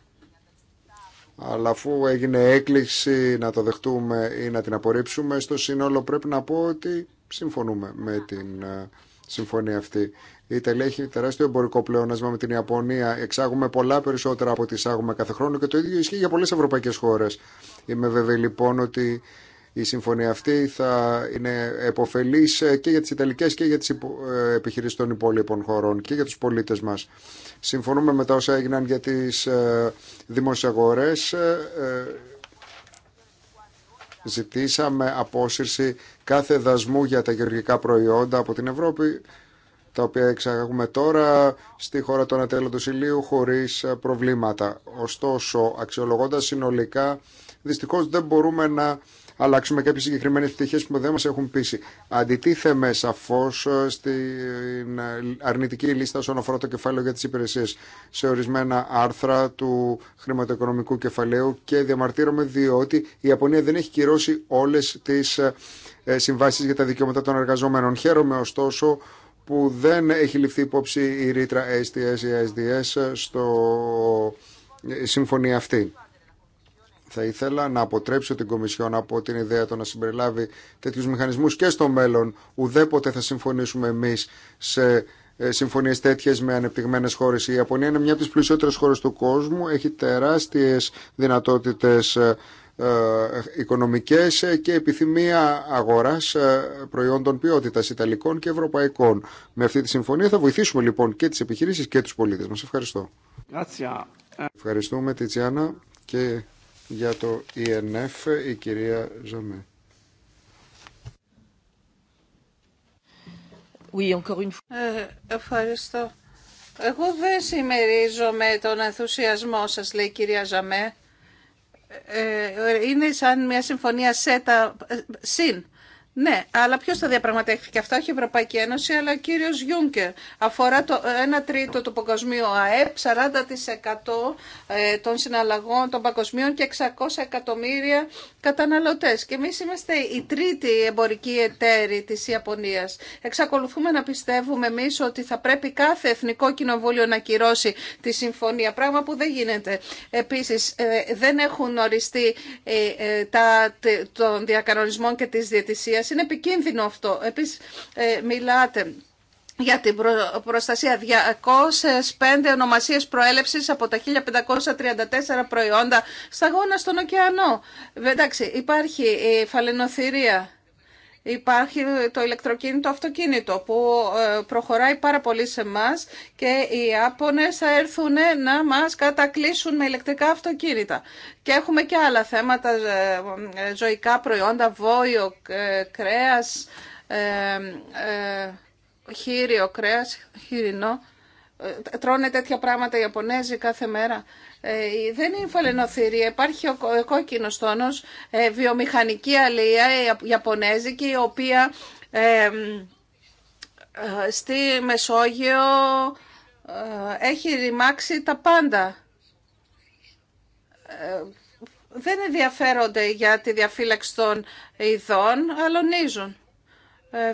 Αλλά αφού έγινε έκκληση να το δεχτούμε ή να την απορρίψουμε, στο σύνολο πρέπει να πω ότι συμφωνούμε με την ε, συμφωνία αυτή. Η Ιταλία έχει τεράστιο εμπορικό πλεόνασμα με την Ιαπωνία. Εξάγουμε πολλά περισσότερα από ό,τι εισάγουμε κάθε χρόνο και το ίδιο ισχύει για πολλέ ευρωπαϊκέ χώρε. Είμαι βέβαιη λοιπόν ότι η συμφωνία αυτή θα είναι επωφελή ε, και για τι Ιταλικέ και για τι ε, επιχειρήσει των υπόλοιπων χωρών και για του πολίτε μα. Συμφωνούμε με τα όσα έγιναν για τι δημοσιογορέ. Ζητήσαμε απόσυρση κάθε δασμού για τα γεωργικά προϊόντα από την Ευρώπη, τα οποία εξαγαγούμε τώρα στη χώρα των ατέλων του Σιλίου χωρίς προβλήματα. Ωστόσο, αξιολογώντας συνολικά, δυστυχώς δεν μπορούμε να αλλάξουμε κάποιε συγκεκριμένε πτυχέ που δεν μα έχουν πείσει. Αντιτίθεμε σαφώ ε, στην ε, αρνητική λίστα όσον αφορά το κεφάλαιο για τις υπηρεσίες σε ορισμένα άρθρα του χρηματοοικονομικού κεφαλαίου και διαμαρτύρομαι διότι η Ιαπωνία δεν έχει κυρώσει όλες τις ε, συμβάσεις για τα δικαιώματα των εργαζομένων. Χαίρομαι ωστόσο που δεν έχει ληφθεί υπόψη η ρήτρα STS ή SDS στο συμφωνία αυτή. Θα ήθελα να αποτρέψω την Κομισιόν από την ιδέα το να συμπεριλάβει τέτοιου μηχανισμού και στο μέλλον. Ουδέποτε θα συμφωνήσουμε εμεί σε ε, συμφωνίε τέτοιε με ανεπτυγμένε χώρε. Η Ιαπωνία είναι μια από τι πλουσιότερε χώρε του κόσμου. Έχει τεράστιε δυνατότητε ε, ε, οικονομικές και επιθυμία αγοράς προϊόντων ποιότητας Ιταλικών και Ευρωπαϊκών. Με αυτή τη συμφωνία θα βοηθήσουμε λοιπόν και τις επιχειρήσεις και τους πολίτες μας. Ευχαριστώ. Ευχαριστούμε Τιτσιάνα και για το ΙΕΝΕΦ, e η κυρία Ζαμέ. Ε, ευχαριστώ. Εγώ δεν συμμερίζομαι τον ενθουσιασμό σας, λέει η κυρία Ζαμέ. Ε, ε είναι σαν μια συμφωνία ΣΕΤΑ ε, ΣΥΝ. Ναι, αλλά ποιο θα διαπραγματεύτηκε αυτά, όχι η Ευρωπαϊκή Ένωση, αλλά ο κύριο Γιούγκερ Αφορά το 1 τρίτο του παγκοσμίου ΑΕΠ, 40% ε, των συναλλαγών των παγκοσμίων και 600 εκατομμύρια καταναλωτέ. Και εμεί είμαστε η τρίτη εμπορική εταίρη τη Ιαπωνία. Εξακολουθούμε να πιστεύουμε εμεί ότι θα πρέπει κάθε εθνικό κοινοβούλιο να κυρώσει τη συμφωνία, πράγμα που δεν γίνεται. Επίση, ε, δεν έχουν οριστεί ε, τα, των διακανονισμών και τη διαιτησία είναι επικίνδυνο αυτό. Επίσης ε, μιλάτε για την προστασία 205 ονομασίες προέλευσης από τα 1534 προϊόντα σταγόνα στον ωκεανό. Εντάξει, υπάρχει η φαλαινοθυρία Υπάρχει το ηλεκτροκίνητο αυτοκίνητο που ε, προχωράει πάρα πολύ σε εμά και οι Ιάπωνες θα έρθουν να μας κατακλείσουν με ηλεκτρικά αυτοκίνητα. Και έχουμε και άλλα θέματα, ε, ε, ζωικά προϊόντα, βόλιο, κρέας, χείριο κρέας, χοιρινό. Τρώνε τέτοια πράγματα οι Ιαπωνέζοι κάθε μέρα. Ε, δεν είναι φαλαινοθυρία. Υπάρχει ο κόκκινο τόνο, ε, βιομηχανική αλεία, η Ιαπωνέζικη, η οποία ε, στη Μεσόγειο έχει ρημάξει τα πάντα. Δεν ενδιαφέρονται για τη διαφύλαξη των ειδών, αλωνίζουν.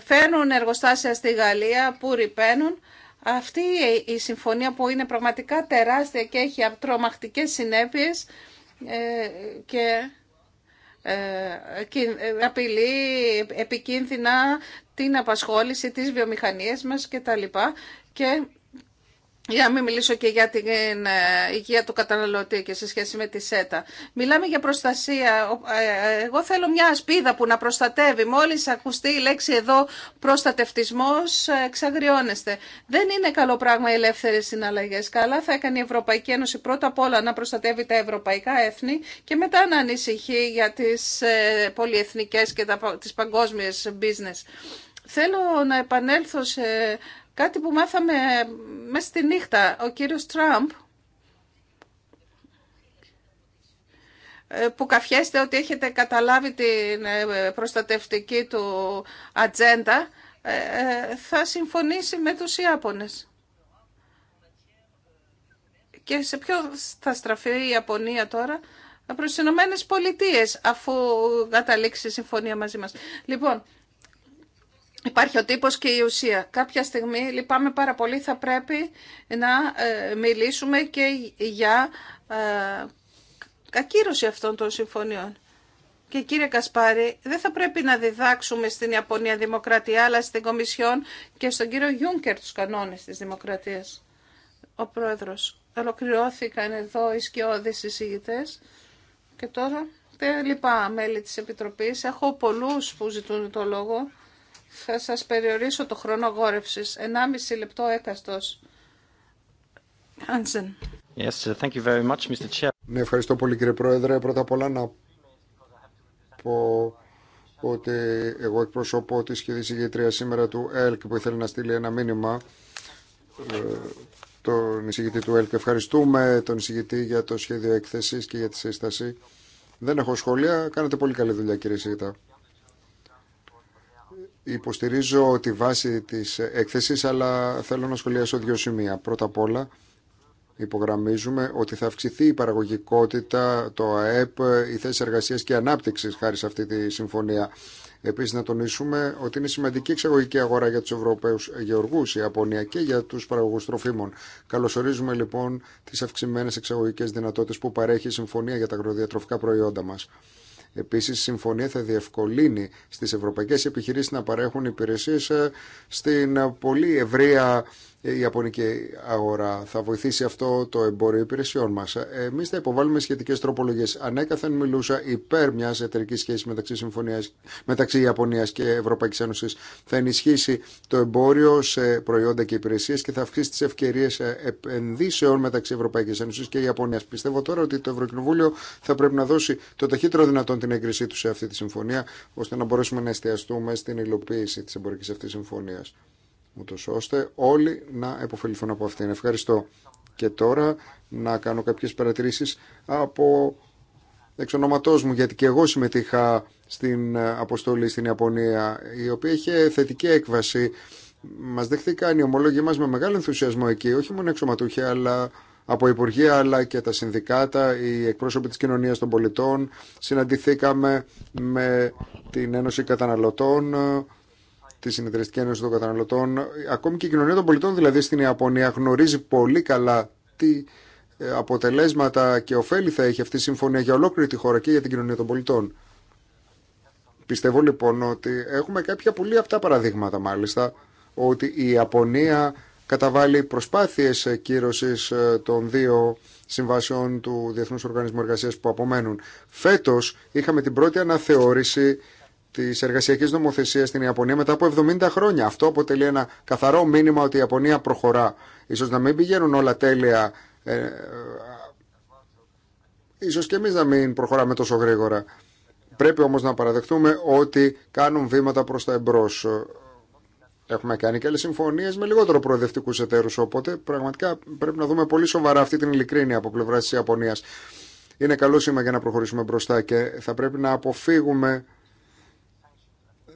Φέρνουν εργοστάσια στη Γαλλία που ρηπαίνουν αυτή η συμφωνία που είναι πραγματικά τεράστια και έχει τρομακτικές συνέπειες ε, ε, και απειλεί επικίνδυνα την απασχόληση της βιομηχανίας μας και τα λοιπά και για να μην μιλήσω και για την ε, υγεία του καταναλωτή και σε σχέση με τη ΣΕΤΑ. Μιλάμε για προστασία. Ε, εγώ θέλω μια ασπίδα που να προστατεύει. Μόλις ακουστεί η λέξη εδώ προστατευτισμός, εξαγριώνεστε. Δεν είναι καλό πράγμα οι ελεύθερε συναλλαγέ. Καλά θα έκανε η Ευρωπαϊκή Ένωση πρώτα απ' όλα να προστατεύει τα ευρωπαϊκά έθνη και μετά να ανησυχεί για τι ε, πολιεθνικέ και τι παγκόσμιες business. Θέλω να επανέλθω σε Κάτι που μάθαμε μέσα στη νύχτα. Ο κύριος Τραμπ ε, που καφιέστε ότι έχετε καταλάβει την ε, προστατευτική του ατζέντα, ε, θα συμφωνήσει με τους Ιάπωνες. Και σε ποιο θα στραφεί η Ιαπωνία τώρα, προς τις Ηνωμένε Πολιτείες, αφού καταλήξει η συμφωνία μαζί μας. Λοιπόν, Υπάρχει ο τύπος και η ουσία. Κάποια στιγμή, λυπάμαι πάρα πολύ, θα πρέπει να ε, μιλήσουμε και για ε, ακύρωση αυτών των συμφωνιών. Και κύριε Κασπάρη, δεν θα πρέπει να διδάξουμε στην Ιαπωνία Δημοκρατία, αλλά στην Κομισιόν και στον κύριο Γιούνκερ τους κανόνες της Δημοκρατίας. Ο Πρόεδρος. Ολοκληρώθηκαν εδώ οι σκιώδεις εισηγητές. Και τώρα, λυπάμαι μέλη της Επιτροπής, έχω πολλούς που ζητούν το λόγο. Θα σας περιορίσω το χρόνο γόρευσης. 1,5 λεπτό έκαστος. Hansen. Yes, thank you very much, Mr. Chair. Ναι, ευχαριστώ πολύ κύριε Πρόεδρε. Πρώτα απ' όλα να πω ότι εγώ εκπροσωπώ τη σχεδή ηγετρία σήμερα του ΕΛΚ που ήθελε να στείλει ένα μήνυμα ε, τον εισηγητή του ΕΛΚ. Ευχαριστούμε τον εισηγητή για το σχέδιο έκθεση και για τη σύσταση. Δεν έχω σχόλια. Κάνετε πολύ καλή δουλειά, κύριε Σίγητα. Υποστηρίζω τη βάση της έκθεσης, αλλά θέλω να σχολιάσω δύο σημεία. Πρώτα απ' όλα, υπογραμμίζουμε ότι θα αυξηθεί η παραγωγικότητα, το ΑΕΠ, οι θέσει εργασία και ανάπτυξη χάρη σε αυτή τη συμφωνία. Επίση, να τονίσουμε ότι είναι σημαντική εξαγωγική αγορά για του Ευρωπαίου γεωργού, η Ιαπωνία και για του παραγωγού τροφίμων. Καλωσορίζουμε λοιπόν τι αυξημένε εξαγωγικέ δυνατότητε που παρέχει η συμφωνία για τα αγροδιατροφικά προϊόντα μα. Επίσης, η συμφωνία θα διευκολύνει στις ευρωπαϊκές επιχειρήσεις να παρέχουν υπηρεσίες ε, στην πολύ ευρεία η Ιαπωνική αγορά. Θα βοηθήσει αυτό το εμπόριο υπηρεσιών μα. Εμεί θα υποβάλουμε σχετικέ τροπολογίε. Ανέκαθεν μιλούσα υπέρ μια εταιρική σχέση μεταξύ, μεταξύ Ιαπωνία και Ευρωπαϊκή Ένωση. Θα ενισχύσει το εμπόριο σε προϊόντα και υπηρεσίε και θα αυξήσει τι ευκαιρίε ε, επενδύσεων μεταξύ Ευρωπαϊκή Ένωση και Ιαπωνία. Πιστεύω τώρα ότι το Ευρωκοινοβούλιο θα πρέπει να δώσει το ταχύτερο δυνατόν την έγκρισή του σε αυτή τη συμφωνία, ώστε να μπορέσουμε να εστιαστούμε στην υλοποίηση τη εμπορική αυτή συμφωνία ούτως ώστε όλοι να επωφεληθούν από αυτήν. Ευχαριστώ. Και τώρα να κάνω κάποιες παρατηρήσεις από εξ μου, γιατί και εγώ συμμετείχα στην αποστολή στην Ιαπωνία, η οποία είχε θετική έκβαση. Μας δεχθήκαν οι ομολόγοι μας με μεγάλο ενθουσιασμό εκεί, όχι μόνο εξωματούχοι, αλλά από υπουργεία, αλλά και τα συνδικάτα, οι εκπρόσωποι της κοινωνίας των πολιτών. Συναντηθήκαμε με την Ένωση Καταναλωτών, τη Συνεταιριστική Ένωση των Καταναλωτών, ακόμη και η κοινωνία των πολιτών δηλαδή στην Ιαπωνία γνωρίζει πολύ καλά τι ε, αποτελέσματα και ωφέλη θα έχει αυτή η συμφωνία για ολόκληρη τη χώρα και για την κοινωνία των πολιτών. Πιστεύω λοιπόν ότι έχουμε κάποια πολύ αυτά παραδείγματα μάλιστα, ότι η Ιαπωνία καταβάλει προσπάθειες κύρωσης ε, των δύο συμβάσεων του Διεθνούς Οργανισμού Εργασίας που απομένουν. Φέτος είχαμε την πρώτη αναθεώρηση τη εργασιακή νομοθεσία στην Ιαπωνία μετά από 70 χρόνια. Αυτό αποτελεί ένα καθαρό μήνυμα ότι η Ιαπωνία προχωρά. Σω να μην πηγαίνουν όλα τέλεια. Ε, ε ίσως και εμεί να μην προχωράμε τόσο γρήγορα. Πρέπει όμω να παραδεχτούμε ότι κάνουν βήματα προ τα εμπρό. Έχουμε κάνει και άλλε συμφωνίε με λιγότερο προοδευτικού εταίρου. Οπότε πραγματικά πρέπει να δούμε πολύ σοβαρά αυτή την ειλικρίνεια από πλευρά τη Ιαπωνία. Είναι καλό σήμα για να προχωρήσουμε μπροστά και θα πρέπει να αποφύγουμε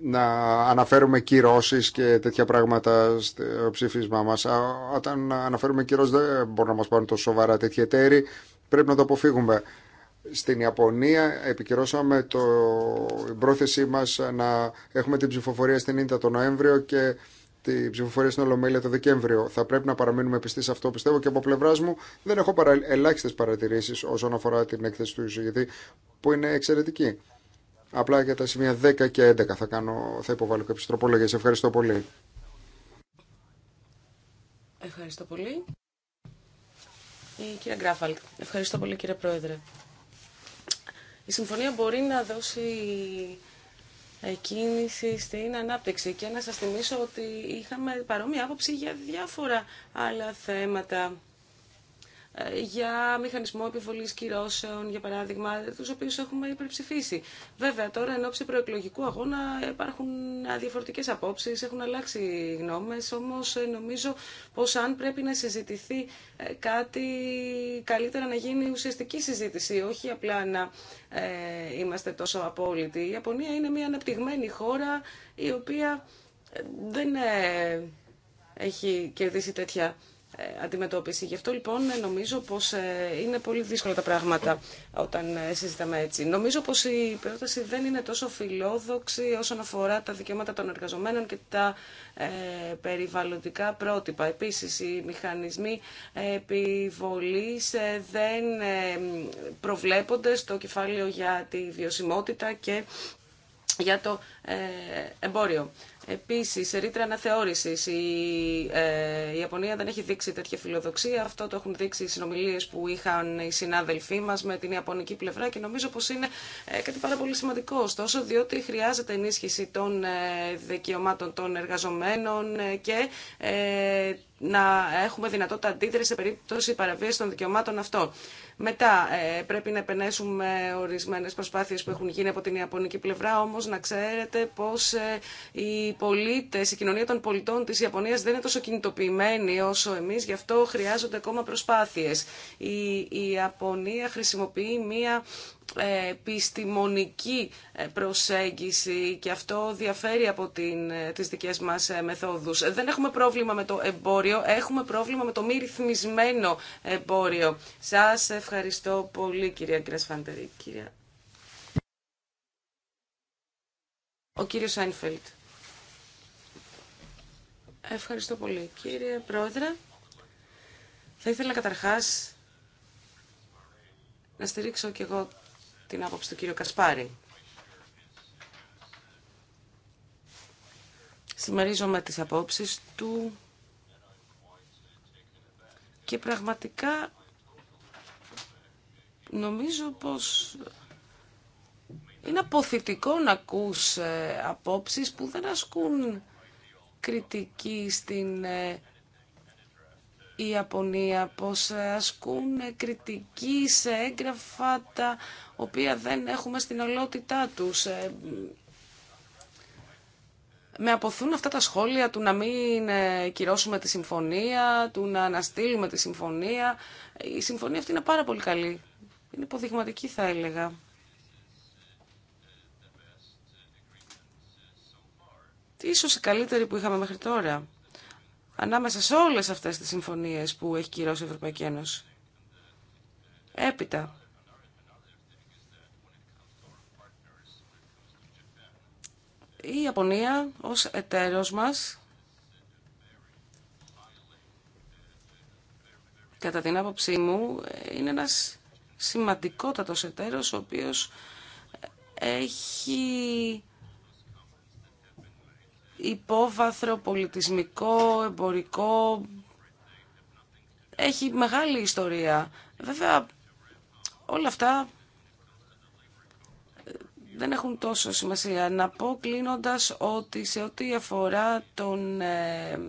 να αναφέρουμε κυρώσει και τέτοια πράγματα στο ψήφισμά μα. Όταν αναφέρουμε κυρώσει, δεν μπορούν να μα πάρουν τόσο σοβαρά τέτοια εταίροι. Πρέπει να το αποφύγουμε. Στην Ιαπωνία επικυρώσαμε το, την πρόθεσή μας να έχουμε την ψηφοφορία στην Ίντα το Νοέμβριο και την ψηφοφορία στην Ολομέλεια το Δεκέμβριο. Θα πρέπει να παραμείνουμε πιστοί σε αυτό, πιστεύω, και από πλευρά μου δεν έχω παρα... ελάχιστε παρατηρήσει όσον αφορά την έκθεση του εισηγητή, που είναι εξαιρετική. Απλά για τα σημεία 10 και 11 θα, κάνω, θα υποβάλω κάποιε τροπολογίες. Ευχαριστώ πολύ. Ευχαριστώ πολύ. Η κυρία Γκράφαλτ. Ευχαριστώ πολύ κύριε Πρόεδρε. Η συμφωνία μπορεί να δώσει κίνηση στην ανάπτυξη και να σας θυμίσω ότι είχαμε παρόμοια άποψη για διάφορα άλλα θέματα για μηχανισμό επιβολή κυρώσεων, για παράδειγμα, τους οποίου έχουμε υπερψηφίσει. Βέβαια, τώρα εν ώψη προεκλογικού αγώνα υπάρχουν διαφορετικέ απόψει, έχουν αλλάξει οι γνώμες, όμως ε, νομίζω πως αν πρέπει να συζητηθεί ε, κάτι, καλύτερα να γίνει ουσιαστική συζήτηση, όχι απλά να ε, είμαστε τόσο απόλυτοι. Η Ιαπωνία είναι μια αναπτυγμένη χώρα η οποία δεν έχει κερδίσει τέτοια ε, αντιμετώπιση. Γι' αυτό λοιπόν ε, νομίζω πως ε, είναι πολύ δύσκολα τα πράγματα όταν συζητάμε έτσι. Νομίζω πως η πρόταση δεν είναι τόσο φιλόδοξη όσον αφορά τα δικαιώματα των εργαζομένων και τα περιβαλλοντικά πρότυπα. Επίσης οι μηχανισμοί επιβολής δεν προβλέπονται στο κεφάλαιο για τη βιωσιμότητα και για το εμπόριο. Επίση, σε ρήτρα αναθεώρηση, ε, η, Ιαπωνία δεν έχει δείξει τέτοια φιλοδοξία. Αυτό το έχουν δείξει οι συνομιλίες που είχαν οι συνάδελφοί μα με την Ιαπωνική πλευρά και νομίζω πω είναι ε, κάτι πάρα πολύ σημαντικό. Ωστόσο, διότι χρειάζεται ενίσχυση των ε, δικαιωμάτων των εργαζομένων ε, και να έχουμε δυνατότητα αντίδραση σε περίπτωση παραβίαση των δικαιωμάτων αυτών. Μετά ε, πρέπει να επενέσουμε ορισμένες προσπάθειες που έχουν γίνει από την Ιαπωνική πλευρά, όμως να ξέρετε πως ε, οι πολίτε, η κοινωνία των πολιτών της Ιαπωνίας δεν είναι τόσο κινητοποιημένη όσο εμείς, γι' αυτό χρειάζονται ακόμα προσπάθειες. Η, η Ιαπωνία χρησιμοποιεί μία επιστημονική ε, προσέγγιση και αυτό διαφέρει από την, ε, τις δικές μας ε, μεθόδους. Δεν έχουμε πρόβλημα με το εμπόριο, έχουμε πρόβλημα με το μη ρυθμισμένο εμπόριο. Σας ευχαριστώ πολύ κυρία Γκρασφαντερή. Ο κύριος Σάινφελτ. Ευχαριστώ πολύ κύριε Πρόεδρε. Θα ήθελα καταρχάς να στηρίξω και εγώ την άποψη του κύριου Κασπάρη. Συμμερίζομαι τις απόψεις του και πραγματικά νομίζω πως είναι αποθητικό να ακούς ε, απόψεις που δεν ασκούν κριτική στην ε, η Ιαπωνία, πως ασκούν κριτική σε έγγραφα τα οποία δεν έχουμε στην ολότητά τους. Ε, με αποθούν αυτά τα σχόλια του να μην ε, κυρώσουμε τη συμφωνία, του να αναστείλουμε τη συμφωνία. Η συμφωνία αυτή είναι πάρα πολύ καλή. Είναι υποδειγματική θα έλεγα. Ίσως η καλύτερη που είχαμε μέχρι τώρα ανάμεσα σε όλες αυτές τις συμφωνίες που έχει κυρώσει η Ευρωπαϊκή Ένωση. Έπειτα. Η Ιαπωνία ως εταίρος μας κατά την άποψή μου είναι ένας σημαντικότατος εταίρος ο οποίος έχει υπόβαθρο, πολιτισμικό, εμπορικό. Έχει μεγάλη ιστορία. Βέβαια, όλα αυτά ε, δεν έχουν τόσο σημασία. Να πω κλείνοντας ότι σε ό,τι αφορά τον ε,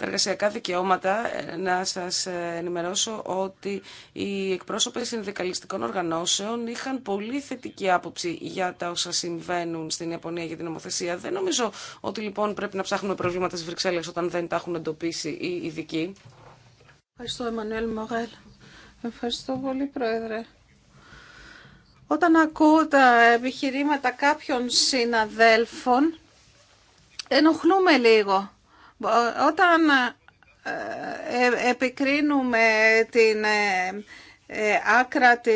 τα εργασιακά δικαιώματα, ε, να σας ε, ενημερώσω ότι οι εκπρόσωποι συνδικαλιστικών οργανώσεων είχαν πολύ θετική άποψη για τα όσα συμβαίνουν στην Ιαπωνία για την νομοθεσία. Δεν νομίζω ότι λοιπόν πρέπει να ψάχνουμε προβλήματα στις Βρυξέλλες όταν δεν τα έχουν εντοπίσει οι ειδικοί. Ευχαριστώ, Εμμανουέλ Μογέλ. Ευχαριστώ πολύ, Πρόεδρε. Όταν ακούω τα επιχειρήματα κάποιων συναδέλφων, ενοχλούμε λίγο. Όταν ε, ε, επικρίνουμε την ε, άκρατη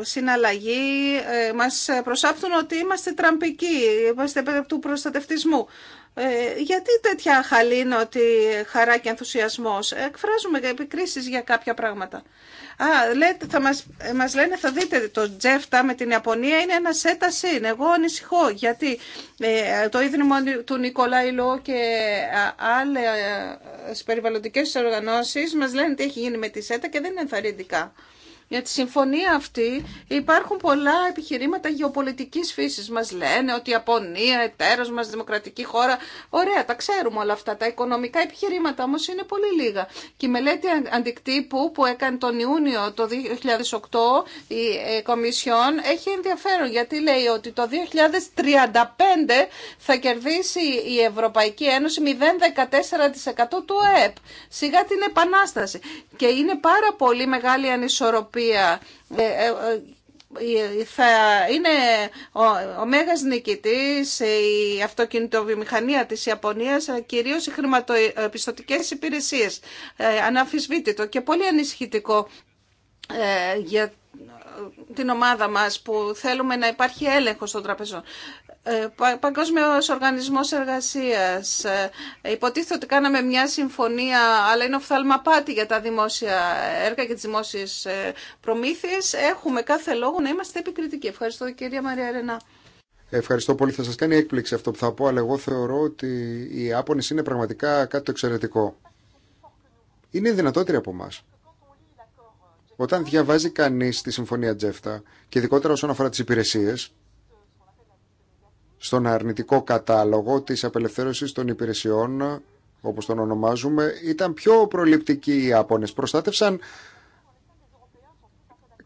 τη συναλλαγή, μας προσάπτουν ότι είμαστε τραμπικοί, είμαστε του προστατευτισμού. Ε, γιατί τέτοια χαλήνωτη χαρά και ενθουσιασμός. Εκφράζουμε επικρίσεις για κάποια πράγματα. Α, λέτε, θα μας, ε, μας λένε, θα δείτε, το Τζέφτα με την Ιαπωνία είναι ένα σέτα συν. Εγώ ανησυχώ, γιατί ε, το Ίδρυμα του Λό και άλλε περιβαλλοντικές οργανώσεις μας λένε τι έχει γίνει με τη ΣΕΤΑ και δεν είναι ενθαρρυντικά. Για τη συμφωνία αυτή υπάρχουν πολλά επιχειρήματα γεωπολιτικής φύσης. Μας λένε ότι η Ιαπωνία, εταίρος μας, δημοκρατική χώρα. Ωραία, τα ξέρουμε όλα αυτά. Τα οικονομικά επιχειρήματα όμως είναι πολύ λίγα. Και η μελέτη αντικτύπου που έκανε τον Ιούνιο το 2008 η ε, Κομισιόν έχει ενδιαφέρον γιατί λέει ότι το 2035 θα κερδίσει η Ευρωπαϊκή Ένωση 0,14% του ΕΕΠ. Σιγά την επανάσταση. Και είναι πάρα πολύ μεγάλη ανισορροπία οποία ε, ε, ε, θα είναι ο, ο μέγας νικητής η αυτοκινητοβιομηχανία της Ιαπωνίας κυρίως οι χρηματοπιστωτικές υπηρεσίες αναφυσβήτητο και πολύ ανησυχητικό για την ομάδα μας που θέλουμε να υπάρχει έλεγχο των τραπεζών. Ε, Παγκόσμιο Οργανισμό εργασία. Ε, υποτίθεται ότι κάναμε μια συμφωνία, αλλά είναι οφθαλμαπάτη για τα δημόσια έργα και τι δημόσιε προμήθειε, Έχουμε κάθε λόγο να είμαστε επικριτικοί. Ευχαριστώ κυρία Μαρία Ρενά. Ευχαριστώ πολύ. Θα σα κάνει έκπληξη αυτό που θα πω, αλλά εγώ θεωρώ ότι η άπονε είναι πραγματικά κάτι το εξαιρετικό. Είναι δυνατότεροι από εμά. Όταν διαβάζει κανεί τη Συμφωνία Τζέφτα και ειδικότερα όσον αφορά τι υπηρεσίε, στον αρνητικό κατάλογο της απελευθέρωσης των υπηρεσιών, όπως τον ονομάζουμε, ήταν πιο προληπτικοί οι Ιάπωνες. Προστάτευσαν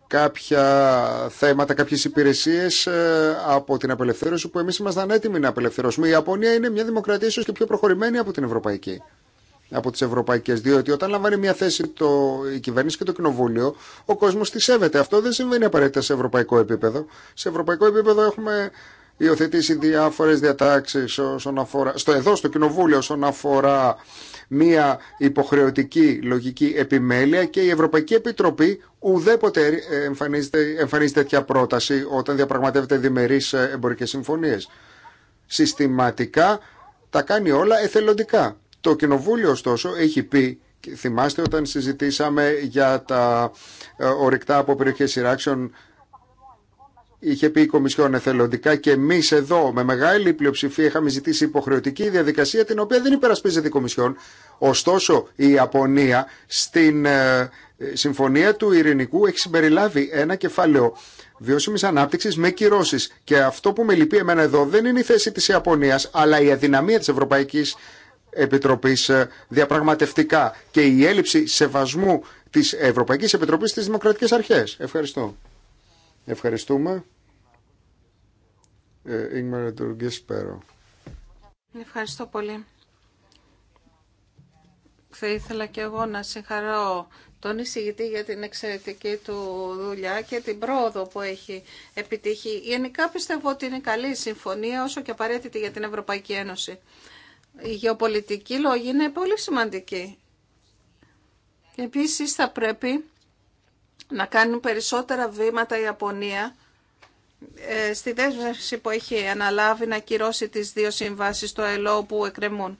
κάποια θέματα, κάποιες υπηρεσίες ε, από την απελευθέρωση που εμείς ήμασταν έτοιμοι να απελευθερώσουμε. Η Ιαπωνία είναι μια δημοκρατία ίσως και πιο προχωρημένη από την Ευρωπαϊκή από τις ευρωπαϊκές, διότι όταν λαμβάνει μια θέση το, η κυβέρνηση και το κοινοβούλιο, ο κόσμος τη σέβεται. Αυτό δεν συμβαίνει απαραίτητα σε ευρωπαϊκό επίπεδο. Σε ευρωπαϊκό επίπεδο έχουμε υιοθετήσει διάφορες διατάξεις όσον αφορά, στο εδώ στο Κοινοβούλιο όσον αφορά μία υποχρεωτική λογική επιμέλεια και η Ευρωπαϊκή Επιτροπή ουδέποτε ε, εμφανίζεται, εμφανίζεται τέτοια πρόταση όταν διαπραγματεύεται διμερείς ε, εμπορικές συμφωνίες. Συστηματικά τα κάνει όλα εθελοντικά. Το Κοινοβούλιο ωστόσο έχει πει Θυμάστε όταν συζητήσαμε για τα ε, ορυκτά από περιοχές σειράξεων είχε πει η Κομισιόν εθελοντικά και εμεί εδώ με μεγάλη πλειοψηφία είχαμε ζητήσει υποχρεωτική διαδικασία την οποία δεν υπερασπίζεται η Κομισιόν. Ωστόσο η Ιαπωνία στην ε, Συμφωνία του Ειρηνικού έχει συμπεριλάβει ένα κεφάλαιο βιώσιμη ανάπτυξη με κυρώσει. Και αυτό που με λυπεί εμένα εδώ δεν είναι η θέση τη Ιαπωνία αλλά η αδυναμία τη Ευρωπαϊκή Επιτροπή ε, διαπραγματευτικά και η έλλειψη σεβασμού τη Ευρωπαϊκή Επιτροπή στι Δημοκρατικέ Αρχέ. Ευχαριστώ. Ευχαριστούμε. Ε, Ευχαριστώ πολύ. Θα ήθελα και εγώ να συγχαρώ τον εισηγητή για την εξαιρετική του δουλειά και την πρόοδο που έχει επιτύχει. Γενικά πιστεύω ότι είναι καλή η συμφωνία όσο και απαραίτητη για την Ευρωπαϊκή Ένωση. Η γεωπολιτική λόγη είναι πολύ σημαντική. Επίσης θα πρέπει να κάνουν περισσότερα βήματα η Ιαπωνία ε, στη δέσμευση που έχει αναλάβει να κυρώσει τις δύο συμβάσεις στο ΕΛΟ που εκκρεμούν.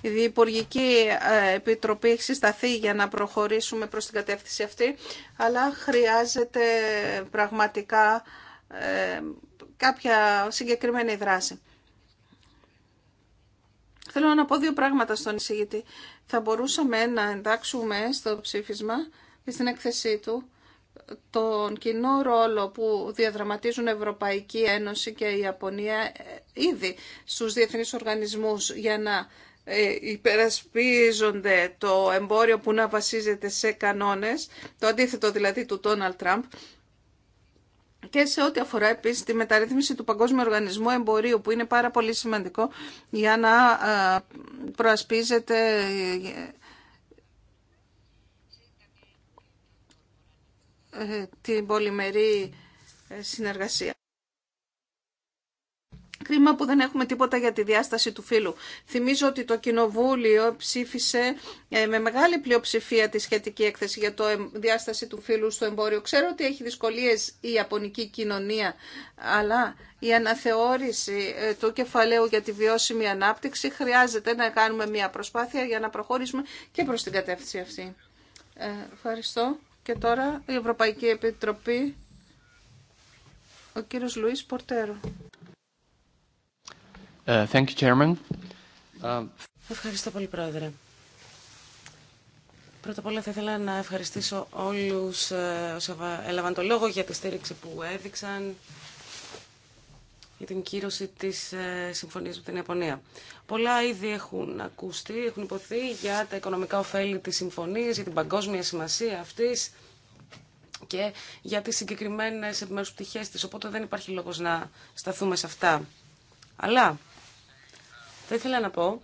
Η Διευπουργική ε, Επιτροπή έχει συσταθεί για να προχωρήσουμε προς την κατεύθυνση αυτή, αλλά χρειάζεται πραγματικά ε, κάποια συγκεκριμένη δράση. Θέλω να πω δύο πράγματα στον εισηγητή. Θα μπορούσαμε να εντάξουμε στο ψήφισμα στην έκθεσή του τον κοινό ρόλο που διαδραματίζουν η Ευρωπαϊκή Ένωση και η Ιαπωνία ε, ήδη στους διεθνείς οργανισμούς για να ε, υπερασπίζονται το εμπόριο που να βασίζεται σε κανόνες, το αντίθετο δηλαδή του Τόναλτ Τραμπ, και σε ό,τι αφορά επίσης τη μεταρρύθμιση του Παγκόσμιου Οργανισμού Εμπορίου, που είναι πάρα πολύ σημαντικό για να ε, προασπίζεται Ε, την πολυμερή ε, συνεργασία. Κρίμα που δεν έχουμε τίποτα για τη διάσταση του φύλου. Θυμίζω ότι το Κοινοβούλιο ψήφισε ε, με μεγάλη πλειοψηφία τη σχετική έκθεση για το διάσταση του φύλου στο εμπόριο. Ξέρω ότι έχει δυσκολίες η ιαπωνική κοινωνία, αλλά η αναθεώρηση του κεφαλαίου για τη βιώσιμη ανάπτυξη χρειάζεται να κάνουμε μια προσπάθεια για να προχωρήσουμε και προς την κατεύθυνση αυτή. ευχαριστώ. Και τώρα η Ευρωπαϊκή Επιτροπή, ο κύριος Λουίς Πορτέρο. Ε, thank you, Chairman. Ε, Ευχαριστώ πολύ, Πρόεδρε. Πρώτα απ' όλα θα ήθελα να ευχαριστήσω όλους ε, όσοι έλαβαν το λόγο για τη στήριξη που έδειξαν για την κύρωση της ε, συμφωνίας με την Ιαπωνία. Πολλά ήδη έχουν ακουστεί, έχουν υποθεί για τα οικονομικά ωφέλη της συμφωνίας, για την παγκόσμια σημασία αυτή και για τι συγκεκριμένε επιμέρους πτυχέ τη. οπότε δεν υπάρχει λόγος να σταθούμε σε αυτά. Αλλά θα ήθελα να πω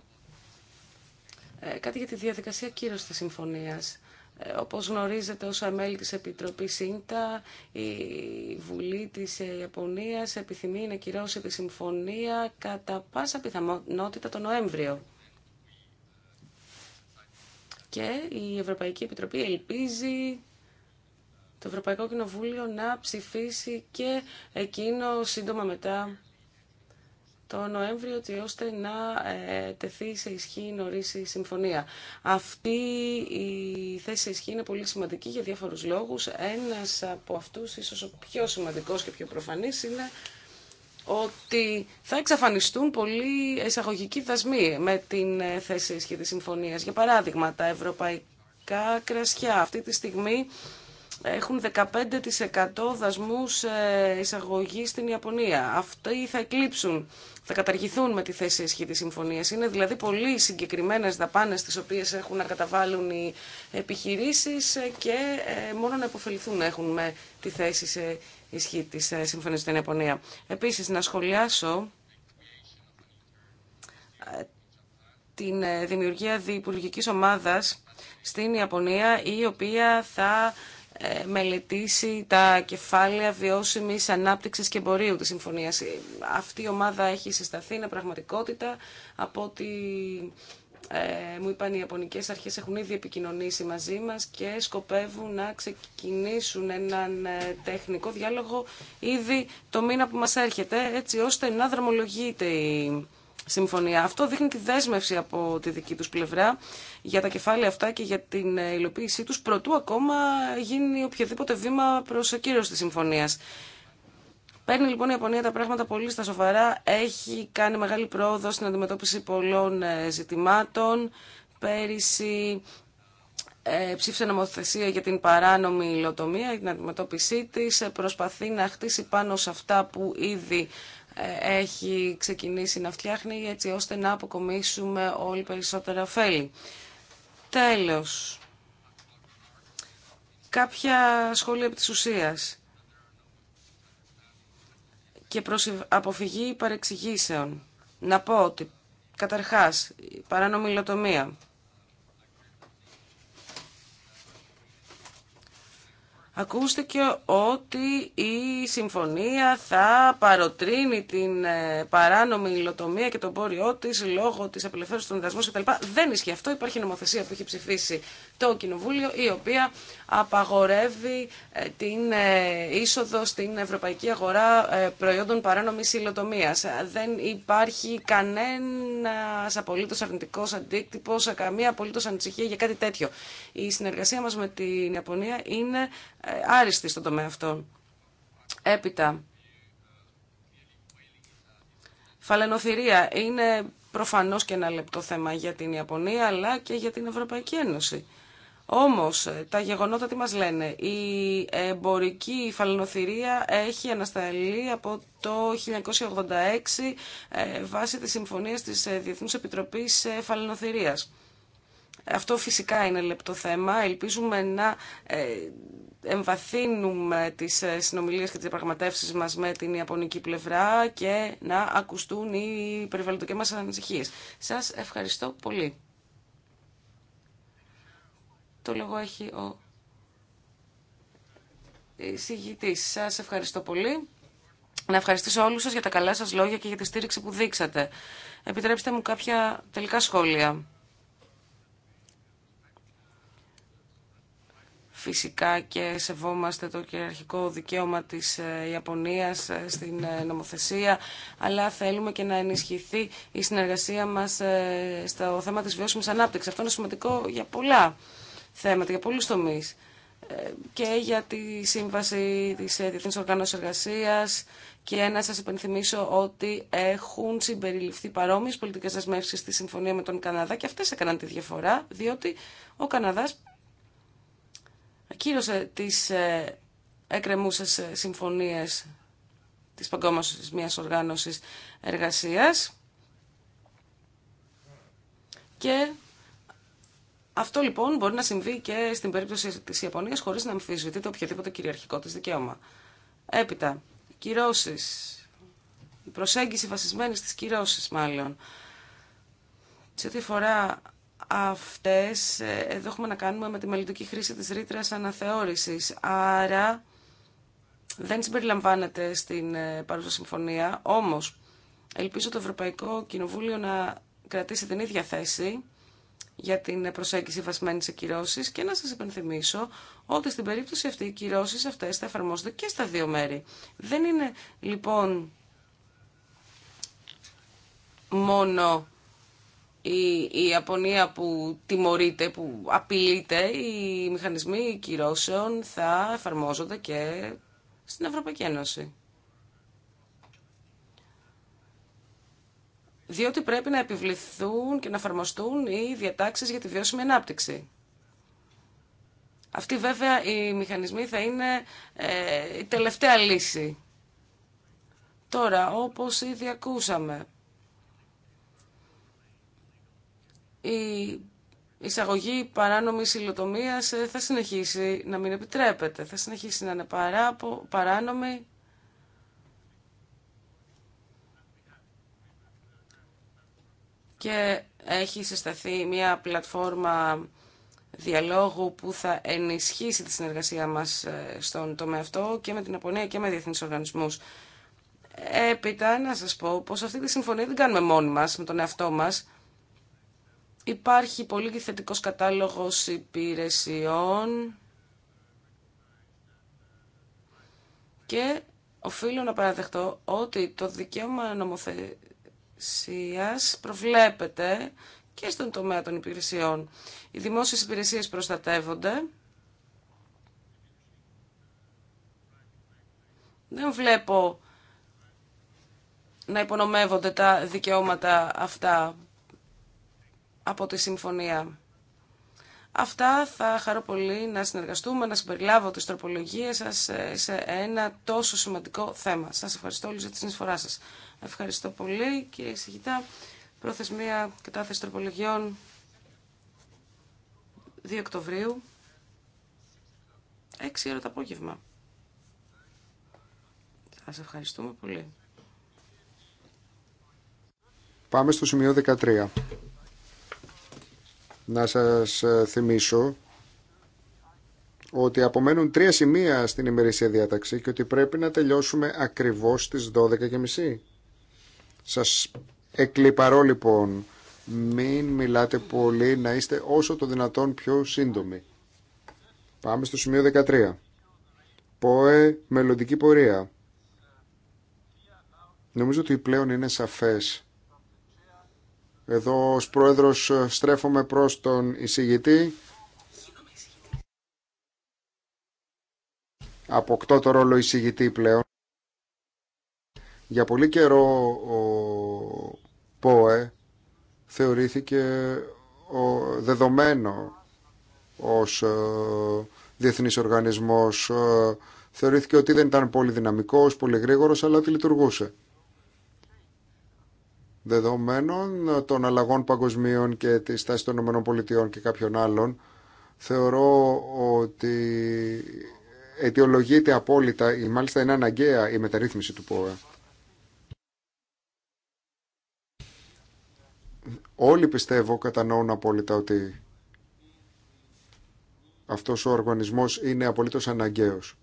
ε, κάτι για τη διαδικασία κύρωση τη συμφωνία. Ε, όπως γνωρίζετε ως μέλη της Επιτροπής ΣΥΝΤΑ, η Βουλή της Ιαπωνίας επιθυμεί να κυρώσει τη συμφωνία κατά πάσα πιθανότητα τον Νοέμβριο. Και η Ευρωπαϊκή Επιτροπή ελπίζει το Ευρωπαϊκό Κοινοβούλιο να ψηφίσει και εκείνο σύντομα μετά το Νοέμβριο έτσι ώστε να ε, τεθεί σε ισχύ νωρί η συμφωνία. Αυτή η θέση σε ισχύ είναι πολύ σημαντική για διάφορους λόγους. Ένας από αυτού ίσως ο πιο σημαντικός και πιο προφανής, είναι ότι θα εξαφανιστούν πολλοί εισαγωγικοί δασμοί με την ε, θέση ισχύ της συμφωνίας. Για παράδειγμα, τα ευρωπαϊκά κρασιά αυτή τη στιγμή έχουν 15% δασμού ε, εισαγωγή στην Ιαπωνία. Αυτοί θα εκλείψουν, θα καταργηθούν με τη θέση ισχύ τη συμφωνίας. Είναι δηλαδή πολύ συγκεκριμένες δαπάνε τι οποίες έχουν να καταβάλουν οι επιχειρήσει και ε, μόνο να υποφεληθούν έχουν με τη θέση σε ισχύ τη ε, συμφωνίας στην Ιαπωνία. Επίσης, να σχολιάσω την δημιουργία διπουργικής ομάδας στην Ιαπωνία η οποία θα ε, μελετήσει τα κεφάλαια βιώσιμης ανάπτυξης και εμπορίου της συμφωνίας. Ε, αυτή η ομάδα έχει συσταθεί, είναι πραγματικότητα από ό,τι ε, μου είπαν οι ιαπωνικέ αρχές έχουν ήδη επικοινωνήσει μαζί μας και σκοπεύουν να ξεκινήσουν έναν τεχνικό διάλογο ήδη το μήνα που μας έρχεται έτσι ώστε να δρομολογείται η συμφωνία. Αυτό δείχνει τη δέσμευση από τη δική τους πλευρά για τα κεφάλαια αυτά και για την ε, υλοποίησή τους προτού ακόμα γίνει οποιοδήποτε βήμα προς ακύρωση της συμφωνίας. Παίρνει λοιπόν η Ιαπωνία τα πράγματα πολύ στα σοβαρά, έχει κάνει μεγάλη πρόοδο στην αντιμετώπιση πολλών ε, ζητημάτων. Πέρυσι ε, ψήφισε νομοθεσία για την παράνομη υλοτομία, την αντιμετώπιση της, ε, προσπαθεί να χτίσει πάνω σε αυτά που ήδη έχει ξεκινήσει να φτιάχνει έτσι ώστε να αποκομίσουμε όλοι περισσότερα ωφέλη. Τέλος, κάποια σχόλια από της ουσίας και προς αποφυγή παρεξηγήσεων. Να πω ότι καταρχάς παράνομη υλοτομία Ακούστηκε ότι η συμφωνία θα παροτρύνει την ε, παράνομη υλοτομία και τον πόριό τη λόγω τη απελευθέρωση των δασμών κτλ. Δεν ισχύει αυτό. Υπάρχει νομοθεσία που έχει ψηφίσει το Κοινοβούλιο, η οποία απαγορεύει ε, την ε, είσοδο στην ευρωπαϊκή αγορά ε, προϊόντων παράνομης υλοτομίας. Δεν υπάρχει κανένας απολύτως αρνητικός αντίκτυπος, καμία απολύτως ανησυχία για κάτι τέτοιο. Η συνεργασία μας με την Ιαπωνία είναι άριστη στον τομέα αυτό. Έπειτα, φαλαινοθυρία είναι προφανώς και ένα λεπτό θέμα για την Ιαπωνία αλλά και για την Ευρωπαϊκή Ένωση. Όμως, ε, τα γεγονότα τι μας λένε. Η εμπορική φαλαινοθυρία έχει ανασταλεί από το 1986 ε, βάσει της συμφωνίας της ε, Διεθνούς Επιτροπής Φαλαινοθυρίας. Αυτό φυσικά είναι λεπτό θέμα. Ελπίζουμε να εμβαθύνουμε τις συνομιλίες και τις διαπραγματεύσεις μας με την Ιαπωνική πλευρά και να ακουστούν οι περιβαλλοντικές μας ανησυχίες. Σας ευχαριστώ πολύ. Το λόγο έχει ο εισηγητής. Σας ευχαριστώ πολύ. Να ευχαριστήσω όλους σας για τα καλά σας λόγια και για τη στήριξη που δείξατε. Επιτρέψτε μου κάποια τελικά σχόλια. Φυσικά και σεβόμαστε το κυριαρχικό δικαίωμα της ε, Ιαπωνίας ε, στην ε, νομοθεσία, αλλά θέλουμε και να ενισχυθεί η συνεργασία μας στο θέμα της βιώσιμης ανάπτυξης. Αυτό είναι σημαντικό για πολλά θέματα, για πολλούς τομείς ε, και για τη σύμβαση της ε, διεθνή οργάνωση εργασία και να σα υπενθυμίσω ότι έχουν συμπεριληφθεί παρόμοιες πολιτικές δεσμεύσει στη συμφωνία με τον Καναδά και αυτές έκαναν τη διαφορά διότι ο Καναδάς ακύρωσε τις έκρεμούσες ε, συμφωνίες της Παγκόσμια Οργάνωσης εργασία. και αυτό λοιπόν μπορεί να συμβεί και στην περίπτωση της Ιαπωνίας χωρίς να το οποιοδήποτε κυριαρχικό τη δικαίωμα. Έπειτα, κυρώσει, Η προσέγγιση βασισμένη στις κυρώσει μάλλον. Σε ό,τι αφορά αυτές, ε, εδώ έχουμε να κάνουμε με τη μελλοντική χρήση της ρήτρα αναθεώρησης. Άρα δεν συμπεριλαμβάνεται στην ε, παρούσα συμφωνία, Όμω, ελπίζω το Ευρωπαϊκό Κοινοβούλιο να κρατήσει την ίδια θέση για την προσέγγιση βασμένη σε κυρώσει και να σα υπενθυμίσω ότι στην περίπτωση αυτή οι κυρώσει αυτέ θα εφαρμόζονται και στα δύο μέρη. Δεν είναι λοιπόν μόνο η, η που τιμωρείται, που απειλείται, οι μηχανισμοί κυρώσεων θα εφαρμόζονται και στην Ευρωπαϊκή Ένωση. διότι πρέπει να επιβληθούν και να εφαρμοστούν οι διατάξεις για τη βιώσιμη ανάπτυξη. Αυτοί βέβαια οι μηχανισμοί θα είναι ε, η τελευταία λύση. Τώρα, όπως ήδη ακούσαμε, η εισαγωγή παράνομης υλοτομίας ε, θα συνεχίσει να μην επιτρέπεται, θα συνεχίσει να είναι παράνομη και έχει συσταθεί μια πλατφόρμα διαλόγου που θα ενισχύσει τη συνεργασία μας ε, στον τομέα αυτό και με την Απονία και με διεθνείς οργανισμούς. Έπειτα να σας πω πως αυτή τη συμφωνία δεν κάνουμε μόνοι μας, με τον εαυτό μας. Υπάρχει πολύ θετικός κατάλογος υπηρεσιών και οφείλω να παραδεχτώ ότι το δικαίωμα νομοθε... Σίας προβλέπεται και στον τομέα των υπηρεσιών. Οι δημόσιες υπηρεσίες προστατεύονται. Δεν βλέπω να υπονομεύονται τα δικαιώματα αυτά από τη συμφωνία. Αυτά θα χαρώ πολύ να συνεργαστούμε, να συμπεριλάβω τις τροπολογίες σας σε ένα τόσο σημαντικό θέμα. Σας ευχαριστώ όλους για τη συνεισφορά σας. Ευχαριστώ πολύ κύριε Σιγητά. Προθεσμία κατάθεση τροπολογιών 2 Οκτωβρίου, 6 ώρα το απόγευμα. Σας ευχαριστούμε πολύ. Πάμε στο σημείο 13 να σας ε, θυμίσω ότι απομένουν τρία σημεία στην ημερήσια διάταξη και ότι πρέπει να τελειώσουμε ακριβώς στις 12.30. Σας εκλυπαρώ λοιπόν, μην μιλάτε πολύ, να είστε όσο το δυνατόν πιο σύντομοι. Πάμε στο σημείο 13. ΠΟΕ μελλοντική πορεία. Νομίζω ότι πλέον είναι σαφές εδώ ως πρόεδρος ε, στρέφομαι προς τον εισηγητή. Αποκτώ το ρόλο εισηγητή πλέον. Για πολύ καιρό ο ΠΟΕ θεωρήθηκε ο δεδομένο ως ε, διεθνής οργανισμός. Ε, θεωρήθηκε ότι δεν ήταν πολύ δυναμικός, πολύ γρήγορος, αλλά ότι λειτουργούσε δεδομένων των αλλαγών παγκοσμίων και της στάσης των ΗΠΑ και κάποιων άλλων, θεωρώ ότι αιτιολογείται απόλυτα ή μάλιστα είναι αναγκαία η μεταρρύθμιση του ΠΟΕ. Όλοι πιστεύω κατανοούν απόλυτα ότι αυτός ο οργανισμός είναι απολύτως αναγκαίος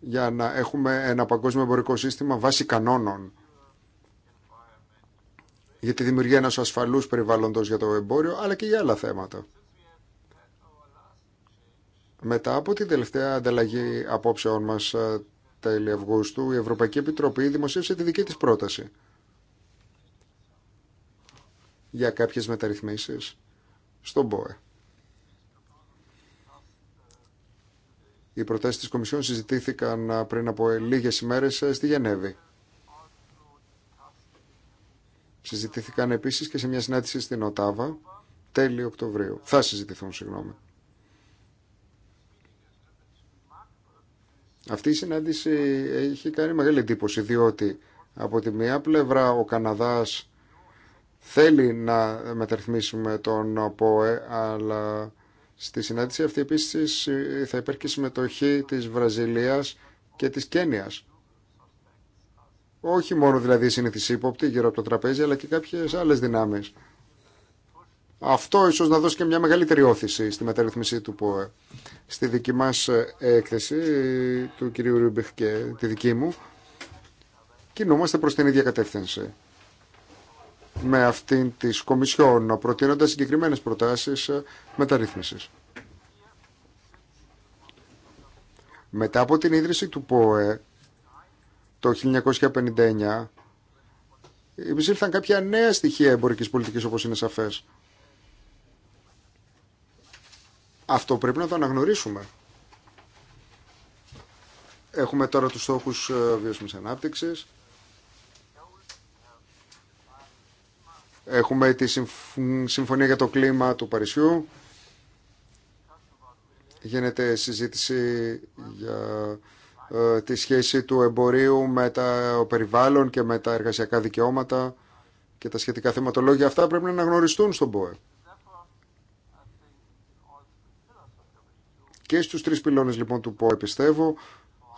για να έχουμε ένα παγκόσμιο εμπορικό σύστημα βάσει κανόνων για τη δημιουργία ενός ασφαλούς περιβάλλοντος για το εμπόριο, αλλά και για άλλα θέματα. Μετά από την τελευταία ανταλλαγή απόψεών μας ε, τέλη Αυγούστου, η Ευρωπαϊκή Επιτροπή δημοσίευσε τη δική της πρόταση για κάποιες μεταρρυθμίσεις στον ΠΟΕ. Οι προτάσεις της Κομισιόν συζητήθηκαν ε, πριν από λίγες ημέρες ε, στη Γενέβη. Συζητηθήκαν επίση και σε μια συνάντηση στην Οτάβα τέλη Οκτωβρίου. Θα συζητηθούν, συγγνώμη. Αυτή η συνάντηση έχει κάνει μεγάλη εντύπωση, διότι από τη μία πλευρά ο Καναδάς θέλει να μεταρρυθμίσουμε τον ΠΟΕ, αλλά στη συνάντηση αυτή επίσης θα υπάρχει και συμμετοχή της Βραζιλίας και της Κένιας. Όχι μόνο δηλαδή η συνήθιση ύποπτη γύρω από το τραπέζι, αλλά και κάποιες άλλες δυνάμεις. Αυτό ίσως να δώσει και μια μεγαλύτερη όθηση στη μεταρρύθμιση του ΠΟΕ. Στη δική μας ε, έκθεση του κυρίου Ρούμπιχ και τη δική μου, κινούμαστε προς την ίδια κατεύθυνση με αυτήν της Κομισιόν, προτείνοντας συγκεκριμένε προτάσει ε, μεταρρύθμιση. Μετά από την ίδρυση του ΠΟΕ, το 1959 υπήρξαν κάποια νέα στοιχεία εμπορικής πολιτικής όπως είναι σαφές. Αυτό πρέπει να το αναγνωρίσουμε. Έχουμε τώρα τους στόχους ε, βιώσιμης ανάπτυξης. Έχουμε τη Συμφωνία για το Κλίμα του Παρισιού. Γίνεται συζήτηση για ε, τη σχέση του εμπορίου με τα περιβάλλον και με τα εργασιακά δικαιώματα και τα σχετικά θεματολόγια. Αυτά πρέπει να αναγνωριστούν στον ΠΟΕ. Και στους τρεις πυλώνες λοιπόν του ΠΟΕ πιστεύω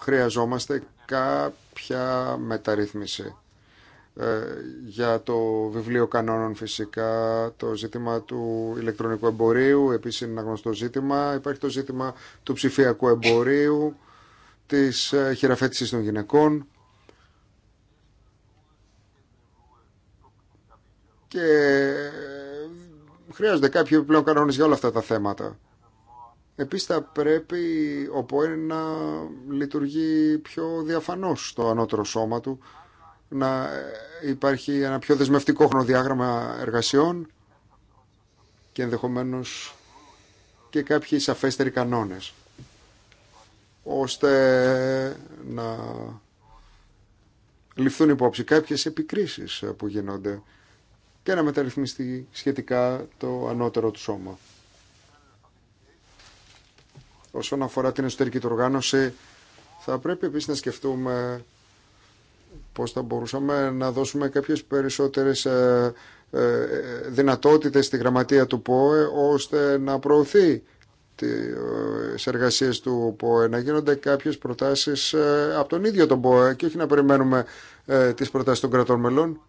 χρειαζόμαστε κάποια μεταρρύθμιση. Ε, για το βιβλίο κανόνων φυσικά, το ζήτημα του ηλεκτρονικού εμπορίου, επίσης είναι ένα γνωστό ζήτημα. Υπάρχει το ζήτημα του ψηφιακού εμπορίου της ε, χειραφέτησης των γυναικών και ε, χρειάζονται κάποιοι επιπλέον κανόνες για όλα αυτά τα θέματα. Επίσης θα πρέπει ο ΠΟΕ να λειτουργεί πιο διαφανώς στο ανώτερο σώμα του, να ε, υπάρχει ένα πιο δεσμευτικό χρονοδιάγραμμα εργασιών και ενδεχομένως και κάποιοι σαφέστεροι κανόνες ώστε να ληφθούν υπόψη κάποιες επικρίσεις που γίνονται και να μεταρρυθμιστεί σχετικά το ανώτερο του σώμα. Όσον αφορά την εσωτερική του οργάνωση, θα πρέπει επίσης να σκεφτούμε πώς θα μπορούσαμε να δώσουμε κάποιες περισσότερες ε, ε, δυνατότητες στη γραμματεία του ΠΟΕ ώστε να προωθεί ε, εργασίες του ΠΟΕ να γίνονται κάποιες προτάσεις ε, από τον ίδιο τον ΠΟΕ και όχι να περιμένουμε ε, τις προτάσεις των κρατών μελών.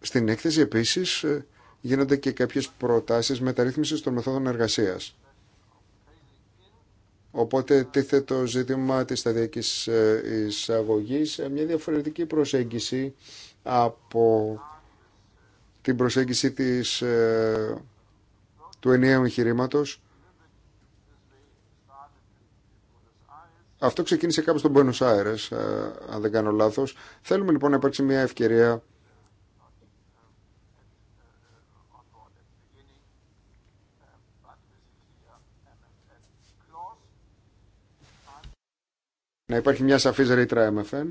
Στην έκθεση επίσης ε, γίνονται και κάποιες προτάσεις μεταρρύθμισης των μεθόδων εργασίας. Οπότε τίθε το ζήτημα της σταδιακής εισαγωγή μια διαφορετική προσέγγιση από την προσέγγιση της, του ενιαίου εγχειρήματο Αυτό ξεκίνησε κάπου στον Buenos Aires, ε, αν δεν κάνω λάθος. Θέλουμε λοιπόν να υπάρξει μια ευκαιρία να υπάρχει μια σαφής ρήτρα MFN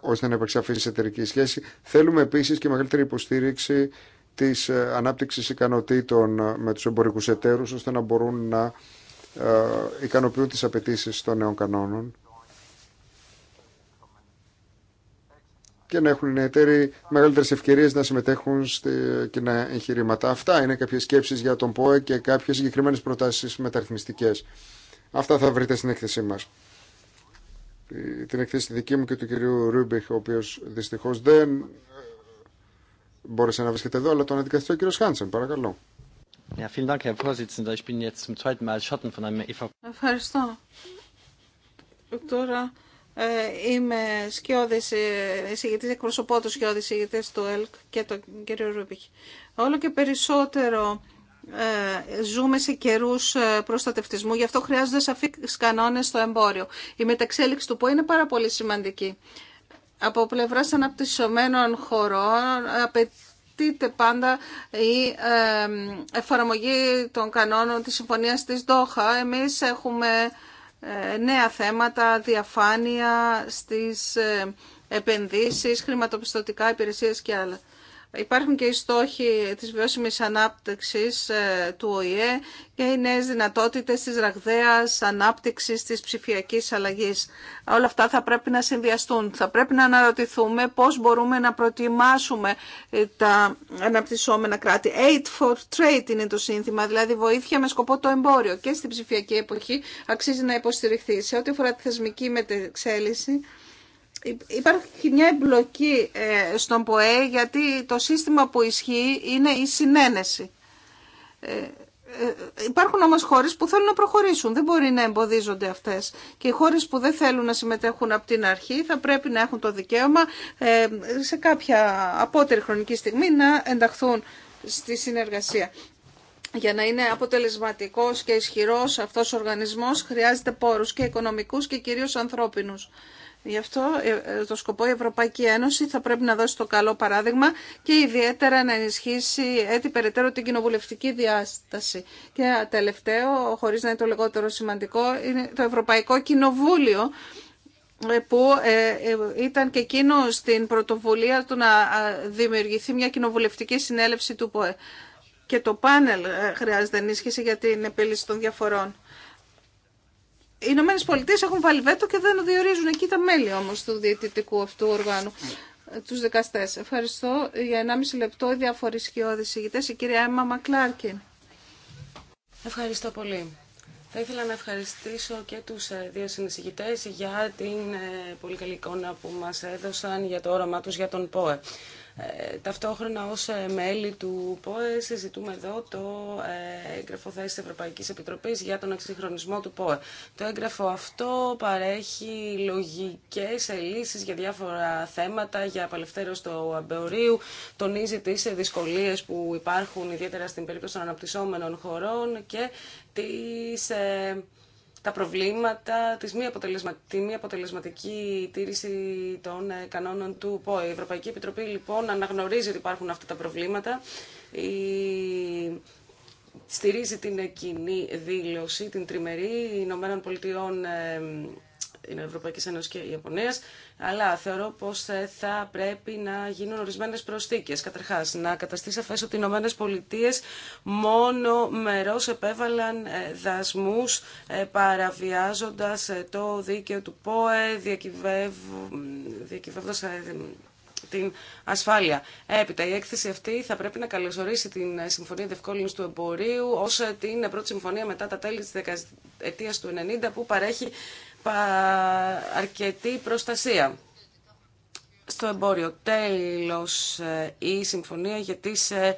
ώστε να υπάρξει σαφής εταιρική σχέση. Θέλουμε επίσης και μεγαλύτερη υποστήριξη της ε, ανάπτυξης ικανοτήτων ε, με τους εμπορικούς εταίρους ώστε να μπορούν να ε, ικανοποιούν τις απαιτήσει των νέων κανόνων και να έχουν οι νεαιτέροι μεγαλύτερες ευκαιρίες να συμμετέχουν στη κοινά εγχειρήματα. Αυτά είναι κάποιες σκέψεις για τον ΠΟΕ και κάποιες συγκεκριμένες προτάσεις μεταρρυθμιστικές. Αυτά θα βρείτε στην έκθεσή μας. Την έκθεση δική μου και του κυρίου Ρούμπιχ, ο οποίος δυστυχώς δεν ε, μπόρεσε να βρίσκεται εδώ, αλλά τον αντικαθιστώ ο κύριος Χάντσεν, παρακαλώ. Ευχαριστώ. Τώρα ε, είμαι σκιώδης ε, εισηγητής, εκπροσωπώ τους σκιώδης εισηγητές του ΕΛΚ και τον κύριο Ρούμπικ. Όλο και περισσότερο ε, ζούμε σε καιρού ε, προστατευτισμού, γι' αυτό χρειάζονται σαφείς κανόνες στο εμπόριο. Η μεταξέλιξη του ΠΟΕ είναι πάρα πολύ σημαντική από πλευράς αναπτυσσομένων χωρών Τίτε πάντα η εφαρμογή των κανόνων της Συμφωνίας της Δόχα. Εμείς έχουμε ε, νέα θέματα, διαφάνεια στις ε, επενδύσεις, χρηματοπιστωτικά υπηρεσίες και άλλα. Υπάρχουν και οι στόχοι της βιώσιμης ανάπτυξης ε, του ΟΗΕ και οι νέες δυνατότητες της ραγδαίας ανάπτυξης της ψηφιακής αλλαγής. Όλα αυτά θα πρέπει να συνδυαστούν. Θα πρέπει να αναρωτηθούμε πώς μπορούμε να προτιμάσουμε ε, τα αναπτυσσόμενα κράτη. Aid for trade είναι το σύνθημα, δηλαδή βοήθεια με σκοπό το εμπόριο. Και στην ψηφιακή εποχή αξίζει να υποστηριχθεί. Σε ό,τι αφορά τη θεσμική μετεξέλιξη, Υπάρχει μια εμπλοκή ε, στον ΠΟΕ γιατί το σύστημα που ισχύει είναι η συνένεση. Ε, ε, υπάρχουν όμως χώρες που θέλουν να προχωρήσουν, δεν μπορεί να εμποδίζονται αυτές και οι χώρες που δεν θέλουν να συμμετέχουν από την αρχή θα πρέπει να έχουν το δικαίωμα σε κάποια απότερη χρονική στιγμή να ενταχθούν στη συνεργασία. Για να είναι αποτελεσματικός και ισχυρός αυτός ο οργανισμός χρειάζεται πόρους και οικονομικούς και κυρίως ανθρώπινους. Γι' αυτό ε, ε, το σκοπό η Ευρωπαϊκή Ένωση θα πρέπει να δώσει το καλό παράδειγμα και ιδιαίτερα να ενισχύσει έτσι περαιτέρω την κοινοβουλευτική διάσταση. Και τελευταίο, χωρίς να είναι το λιγότερο σημαντικό, είναι το Ευρωπαϊκό Κοινοβούλιο ε, που ήταν και εκείνο στην πρωτοβουλία του να δημιουργηθεί μια κοινοβουλευτική συνέλευση του ΠΟΕ. Και το πάνελ χρειάζεται ενίσχυση για την επίλυση των διαφορών. Οι Ηνωμένε Πολιτείε έχουν βάλει βέτο και δεν διορίζουν εκεί τα μέλη όμω του διαιτητικού αυτού οργάνου, ε, του δικαστέ. Ευχαριστώ. Για 1,5 λεπτό οι διάφοροι σκιώδει ηγητέ, η κυρία Έμα Μακλάρκιν. Ευχαριστώ πολύ. Θα ήθελα να ευχαριστήσω και τους ε, δύο συνεισηγητέ για την ε, πολύ καλή εικόνα που μας έδωσαν για το όραμά του για τον ΠΟΕ. Ε, ταυτόχρονα ως ε, μέλη του ΠΟΕ συζητούμε εδώ το ε, έγγραφο θέση Ευρωπαϊκής Επιτροπής για τον εξυγχρονισμό του ΠΟΕ. Το έγγραφο αυτό παρέχει λογικές λύσεις για διάφορα θέματα, για απελευθέρωση του αμπεωρίου, τονίζει τις δυσκολίες που υπάρχουν ιδιαίτερα στην περίπτωση των αναπτυσσόμενων χωρών και τις τα προβλήματα της μη τη μη αποτελεσματική τήρηση των ε, κανόνων του ΠΟΕ. Η Ευρωπαϊκή Επιτροπή λοιπόν αναγνωρίζει ότι υπάρχουν αυτά τα προβλήματα. Η... Στηρίζει την κοινή δήλωση, την τριμερή Ηνωμένων Πολιτειών ε, Ευρωπαϊκή Ένωση και Ιαπωνία, αλλά θεωρώ πω θα πρέπει να γίνουν ορισμένε προσθήκε. Καταρχά, να καταστεί σαφέ ότι οι Ηνωμένε Πολιτείε μόνο μερό επέβαλαν ε, δασμού ε, παραβιάζοντα ε, το δίκαιο του ΠΟΕ, διακυβεύοντα την ασφάλεια. Έπειτα, η έκθεση αυτή θα πρέπει να καλωσορίσει την Συμφωνία Δευκόλυνση του Εμπορίου ω την πρώτη συμφωνία μετά τα τέλη τη δεκαετία του 90 που παρέχει αρκετή προστασία στο εμπόριο. Τέλος, ε, η συμφωνία για τις ε,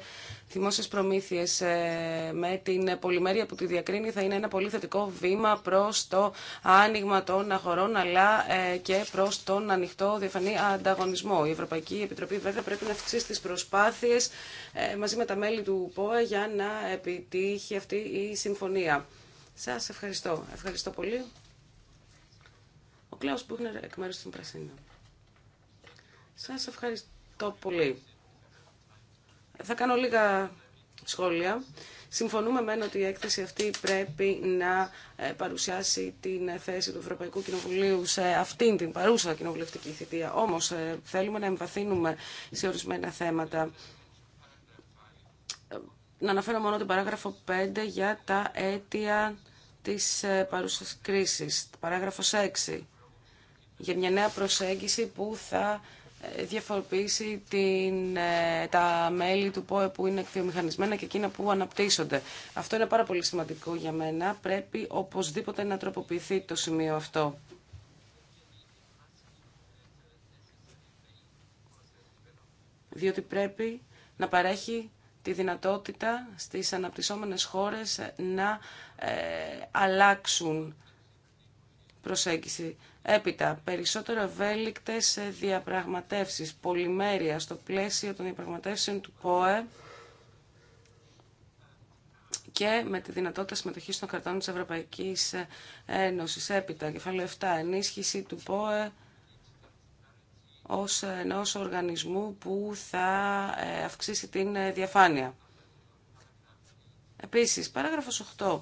δημόσιες προμήθειες ε, με την πολυμέρεια που τη διακρίνει θα είναι ένα πολύ θετικό βήμα προς το άνοιγμα των αγορών αλλά και προς τον ανοιχτό διαφανή ανταγωνισμό. Η Ευρωπαϊκή Επιτροπή βέβαια πρέπει να αυξήσει τις προσπάθειες μαζί με τα μέλη του ΠΟΕ για να επιτύχει αυτή η συμφωνία. Σας ευχαριστώ. Ευχαριστώ πολύ. Ο Μπούχνερ εκ μέρου των Πρασίνων. Σα ευχαριστώ πολύ. Θα κάνω λίγα σχόλια. Συμφωνούμε μεν ότι η έκθεση αυτή πρέπει να ε, παρουσιάσει την θέση του Ευρωπαϊκού Κοινοβουλίου σε αυτήν την παρούσα κοινοβουλευτική θητεία. Όμως ε, θέλουμε να εμβαθύνουμε σε ορισμένα θέματα. Ε, να αναφέρω μόνο τον παράγραφο 5 για τα αίτια της παρούσας κρίσης. Παράγραφος 6 για μια νέα προσέγγιση που θα ε, διαφοροποιήσει την, ε, τα μέλη του ΠΟΕ που είναι εκβιομηχανισμένα και εκείνα που αναπτύσσονται. Αυτό είναι πάρα πολύ σημαντικό για μένα. Πρέπει οπωσδήποτε να τροποποιηθεί το σημείο αυτό. Διότι πρέπει να παρέχει τη δυνατότητα στις αναπτυσσόμενες χώρες να ε, αλλάξουν προσέγγιση. Έπειτα, περισσότερο ευέλικτε διαπραγματεύσει πολυμέρεια στο πλαίσιο των διαπραγματεύσεων του ΠΟΕ και με τη δυνατότητα συμμετοχή των κρατών τη Ευρωπαϊκή Ένωση. Έπειτα, κεφάλαιο 7, ενίσχυση του ΠΟΕ ως ενός οργανισμού που θα ε, αυξήσει την ε, διαφάνεια. Επίσης, παράγραφος 8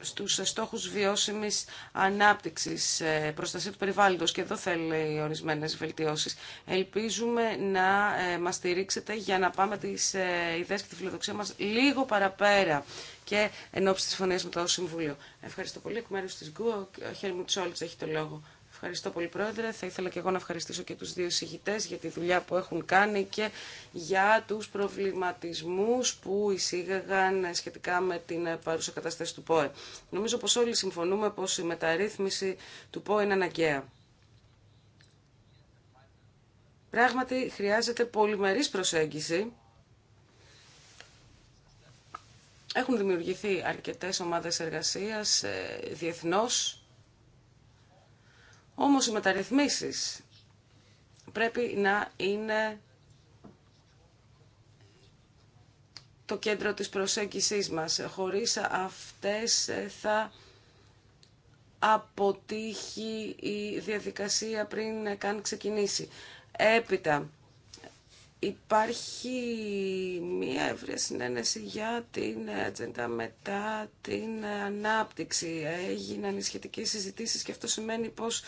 στους στόχους βιώσιμης ανάπτυξης, ε, προστασία του περιβάλλοντος και εδώ θέλει ορισμένες βελτιώσεις. Ελπίζουμε να ε, μας στηρίξετε για να πάμε τις ε, ιδέες και τη φιλοδοξία μας λίγο παραπέρα και εν της φωνίας με το Συμβούλιο. Ευχαριστώ πολύ. Εκ μέρους της ΓΚΟ, ο έχει το λόγο. Ευχαριστώ πολύ Πρόεδρε. Θα ήθελα και εγώ να ευχαριστήσω και τους δύο συγητές για τη δουλειά που έχουν κάνει και για τους προβληματισμούς που εισήγαγαν σχετικά με την παρούσα κατάσταση του ΠΟΕ. Νομίζω πως όλοι συμφωνούμε πως η μεταρρύθμιση του ΠΟΕ είναι αναγκαία. Πράγματι χρειάζεται πολυμερής προσέγγιση. Έχουν δημιουργηθεί αρκετές ομάδες εργασίας ε, διεθνώς όμως οι μεταρρυθμίσεις πρέπει να είναι το κέντρο της προσέγγισής μας. Χωρίς αυτές θα αποτύχει η διαδικασία πριν καν ξεκινήσει. Έπειτα, υπάρχει μία ευρεία συνένεση για την ατζέντα μετά την ανάπτυξη. Έγιναν οι σχετικές συζητήσεις και αυτό σημαίνει πως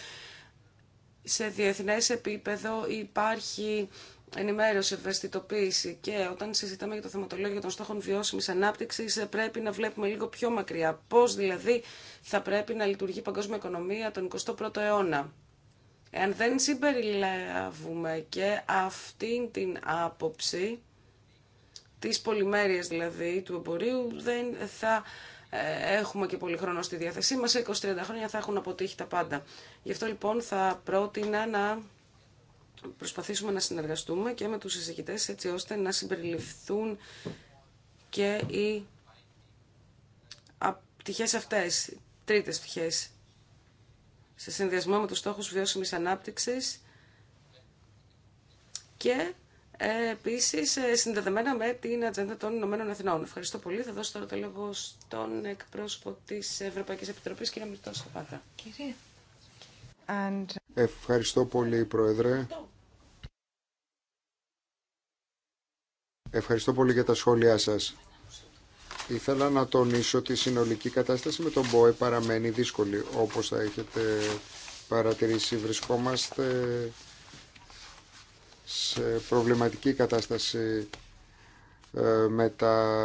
σε διεθνές επίπεδο υπάρχει ενημέρωση, ευαισθητοποίηση και όταν συζητάμε για το θεματολόγιο των στόχων βιώσιμης ανάπτυξης πρέπει να βλέπουμε λίγο πιο μακριά πώς δηλαδή θα πρέπει να λειτουργεί η παγκόσμια οικονομία τον 21ο αιώνα. Εάν δεν συμπεριλάβουμε και αυτή την άποψη, της πολυμέρειας δηλαδή του εμπορίου, δεν θα ε, έχουμε και πολύ χρόνο στη διάθεσή μας. Σε 20-30 χρόνια θα έχουν αποτύχει τα πάντα. Γι' αυτό λοιπόν θα πρότεινα να προσπαθήσουμε να συνεργαστούμε και με τους συζητητές έτσι ώστε να συμπεριληφθούν και οι πτυχές αυτές, τρίτες πτυχές σε συνδυασμό με τους στόχους βιώσιμης ανάπτυξης και ε, επίσης ε, συνδεδεμένα με την ατζέντα των Ηνωμένων Εθνών. Ευχαριστώ πολύ. Θα δώσω τώρα το λόγο στον εκπρόσωπο της Ευρωπαϊκής Επιτροπής, κύριε Μιλτό Σαπάτα. Ευχαριστώ πολύ, Πρόεδρε. Ευχαριστώ πολύ για τα σχόλιά σας. Ήθελα να τονίσω ότι η συνολική κατάσταση με τον ΠΟΕ παραμένει δύσκολη. Όπως θα έχετε παρατηρήσει βρισκόμαστε σε προβληματική κατάσταση ε, με τα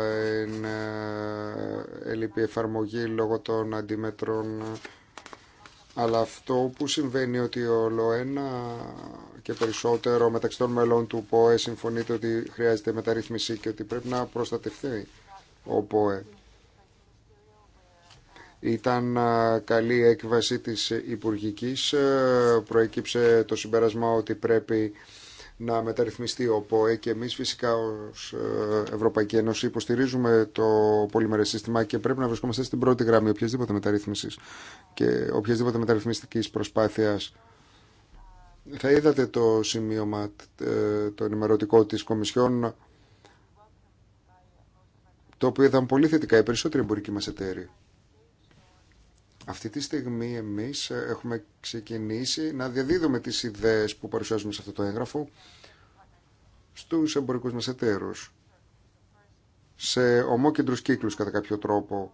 ελλειπή ε, εφαρμογή λόγω των αντιμετρών αλλά αυτό που συμβαίνει ότι όλο ένα και περισσότερο μεταξύ των μελών του ΠΟΕ συμφωνείται ότι χρειάζεται μεταρρύθμιση και ότι πρέπει να προστατευτεί ΠΟΕ. ήταν καλή έκβαση της Υπουργικής. Ε, προέκυψε το συμπέρασμα ότι πρέπει να μεταρρυθμιστεί ο ΠΟΕ και εμείς φυσικά ως ε, Ευρωπαϊκή Ένωση υποστηρίζουμε το πολυμερές σύστημα και πρέπει να βρισκόμαστε στην πρώτη γραμμή οποιασδήποτε μεταρρύθμισης και οποιασδήποτε μεταρρυθμιστικής προσπάθειας. Θα είδατε το σημείωμα, ε, το ενημερωτικό της Κομισιόν το οποίο ήταν πολύ θετικά οι περισσότεροι εμπορικοί μας εταίροι. Αυτή τη στιγμή εμείς έχουμε ξεκινήσει να διαδίδουμε τις ιδέες που παρουσιάζουμε σε αυτό το έγγραφο στους εμπορικούς μας εταίρους. Σε ομόκεντρους κύκλους κατά κάποιο τρόπο.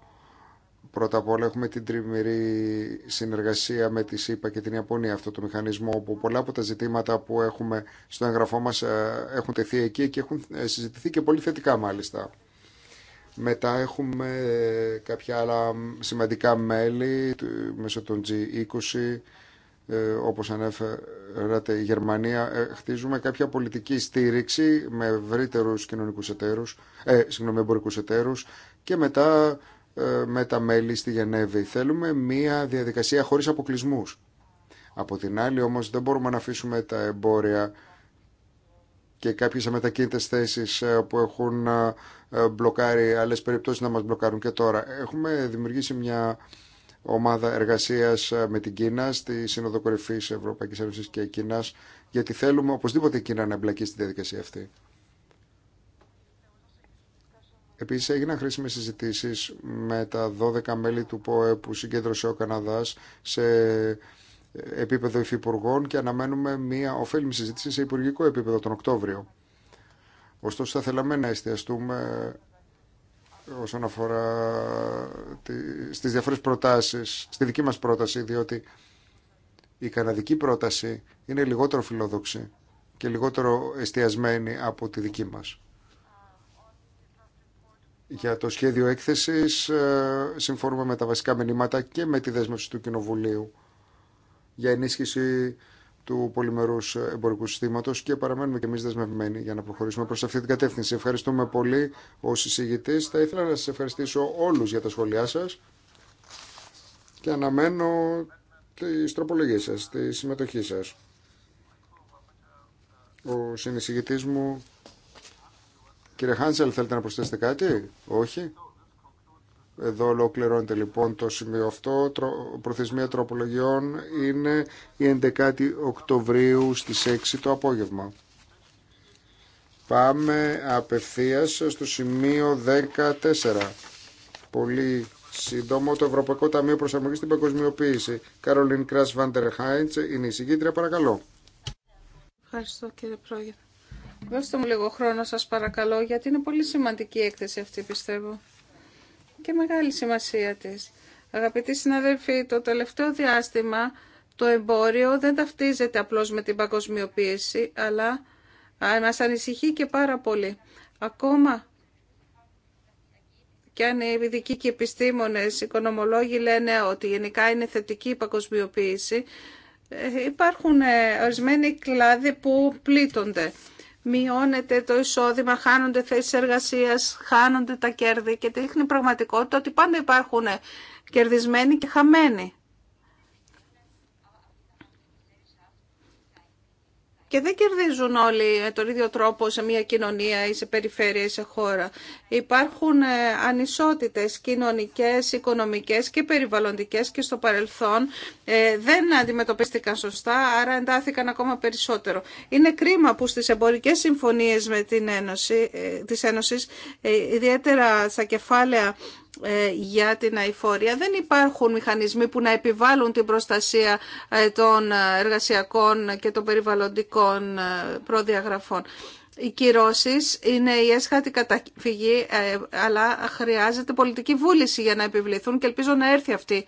Πρώτα απ' όλα έχουμε την τριμηρή συνεργασία με τη ΣΥΠΑ και την Ιαπωνία, αυτό το μηχανισμό που πολλά από τα ζητήματα που έχουμε στο έγγραφό μας ε, έχουν τεθεί εκεί και έχουν ε, συζητηθεί και πολύ θετικά μάλιστα. Μετά έχουμε ε, κάποια άλλα σημαντικά μέλη μέσω των G20, ε, όπως ανέφερατε η Γερμανία. Ε, χτίζουμε κάποια πολιτική στήριξη με ευρύτερους κοινωνικούς εταίρους, ε, συγγνώμη, εμπορικούς εταίρους και μετά με τα μέλη στη Γενέβη. Θέλουμε μία διαδικασία χωρίς αποκλεισμούς. Από την άλλη όμως δεν μπορούμε να αφήσουμε τα εμπόρια και κάποιες αμετακίνητες θέσεις που έχουν ε, μπλοκάρει άλλε περιπτώσει να μα μπλοκάρουν και τώρα. Έχουμε δημιουργήσει μια ομάδα εργασία ε, με την Κίνα στη Σύνοδο Κορυφή Ευρωπαϊκή Ένωση και Κίνα, γιατί θέλουμε οπωσδήποτε η Κίνα να εμπλακεί στη διαδικασία αυτή. Επίση, έγιναν χρήσιμε συζητήσει με τα 12 μέλη του ΠΟΕ που συγκέντρωσε ο Καναδά σε επίπεδο υφυπουργών και αναμένουμε μια ωφέλιμη συζήτηση σε υπουργικό επίπεδο τον Οκτώβριο. Ωστόσο θα θέλαμε να εστιαστούμε όσον αφορά στις διάφορες προτάσεις, στη δική μας πρόταση, διότι η καναδική πρόταση είναι λιγότερο φιλόδοξη και λιγότερο εστιασμένη από τη δική μας. Για το σχέδιο έκθεσης ε, συμφωνούμε με τα βασικά μηνύματα και με τη δέσμευση του Κοινοβουλίου για ενίσχυση του πολυμερού εμπορικού συστήματο και παραμένουμε και εμεί δεσμευμένοι για να προχωρήσουμε προ αυτή την κατεύθυνση. Ευχαριστούμε πολύ ω εισηγητή. Θα ήθελα να σα ευχαριστήσω όλου για τα σχόλιά σα και αναμένω τι τροπολογίε σα, τη συμμετοχή σα. Ο συνεισηγητή μου. Κύριε Χάνσελ, θέλετε να προσθέσετε κάτι, όχι. Εδώ ολοκληρώνεται λοιπόν το σημείο αυτό. Προθεσμία τροπολογιών είναι η 11η Οκτωβρίου στις 6 το απόγευμα. Πάμε απευθείας στο σημείο 14. Πολύ σύντομο το Ευρωπαϊκό Ταμείο Προσαρμογής στην Παγκοσμιοποίηση. Καρολίν Κράς Βάντερ Χάιντς είναι η συγκήτρια. Παρακαλώ. Ευχαριστώ κύριε Πρόεδρε. Δώστε μου λίγο χρόνο σας παρακαλώ γιατί είναι πολύ σημαντική η έκθεση αυτή πιστεύω και μεγάλη σημασία της. Αγαπητοί συναδελφοί, το τελευταίο διάστημα το εμπόριο δεν ταυτίζεται απλώς με την παγκοσμιοποίηση, αλλά μας ανησυχεί και πάρα πολύ. Ακόμα και αν οι ειδικοί και επιστήμονες, οι οικονομολόγοι λένε ότι γενικά είναι θετική η παγκοσμιοποίηση, ε, υπάρχουν ε, ορισμένοι κλάδοι που πλήττονται μειώνεται το εισόδημα, χάνονται θέσεις εργασίας, χάνονται τα κέρδη και δείχνει πραγματικότητα ότι πάντα υπάρχουν κερδισμένοι και χαμένοι. Και δεν κερδίζουν όλοι με τον ίδιο τρόπο σε μια κοινωνία ή σε περιφέρεια ή σε χώρα. Υπάρχουν ε, ανισότητες κοινωνικές, οικονομικές και περιβαλλοντικές και στο παρελθόν ε, δεν αντιμετωπίστηκαν σωστά, άρα εντάθηκαν ακόμα περισσότερο. Είναι κρίμα που στις εμπορικές συμφωνίες με την Ένωση, ε, της Ένωσης, ιδιαίτερα στα κεφάλαια ε, για την αηφορία. Δεν υπάρχουν μηχανισμοί που να επιβάλλουν την προστασία ε, των ε, εργασιακών και των περιβαλλοντικών προδιαγραφών. Οι κυρώσει είναι η έσχατη καταφυγή, αλλά χρειάζεται πολιτική βούληση για να επιβληθούν και ελπίζω να έρθει αυτή.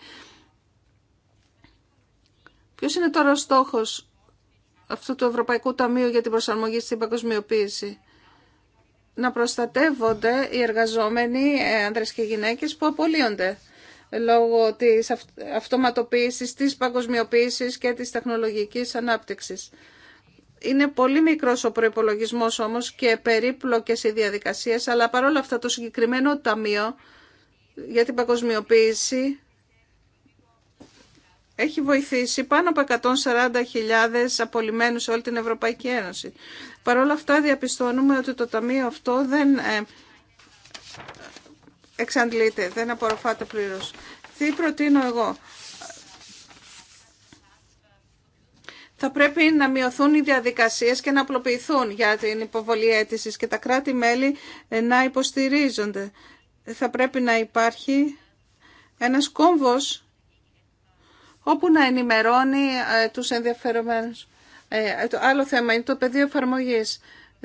Ποιο είναι τώρα ο στόχο αυτού του Ευρωπαϊκού Ταμείου για την προσαρμογή στην παγκοσμιοποίηση να προστατεύονται οι εργαζόμενοι ε, άνδρες και γυναίκες που απολύονται λόγω της αυτοματοποίησης, της παγκοσμιοποίησης και της τεχνολογικής ανάπτυξης. Είναι πολύ μικρός ο προϋπολογισμός όμως και περίπλοκες οι διαδικασίες, αλλά παρόλα αυτά το συγκεκριμένο ταμείο για την παγκοσμιοποίηση έχει βοηθήσει πάνω από 140.000 απολυμμένους σε όλη την Ευρωπαϊκή Ένωση. Παρ' όλα αυτά διαπιστώνουμε ότι το Ταμείο αυτό δεν ε, εξαντλείται, δεν απορροφάται πλήρως. Τι προτείνω εγώ. θα πρέπει να μειωθούν οι διαδικασίες και να απλοποιηθούν για την υποβολή αίτησης και τα κράτη-μέλη ε, να υποστηρίζονται. Θα πρέπει να υπάρχει ένας κόμβος όπου να ενημερώνει ε, τους ενδιαφερομένους. Ε, το άλλο θέμα είναι το πεδίο εφαρμογή.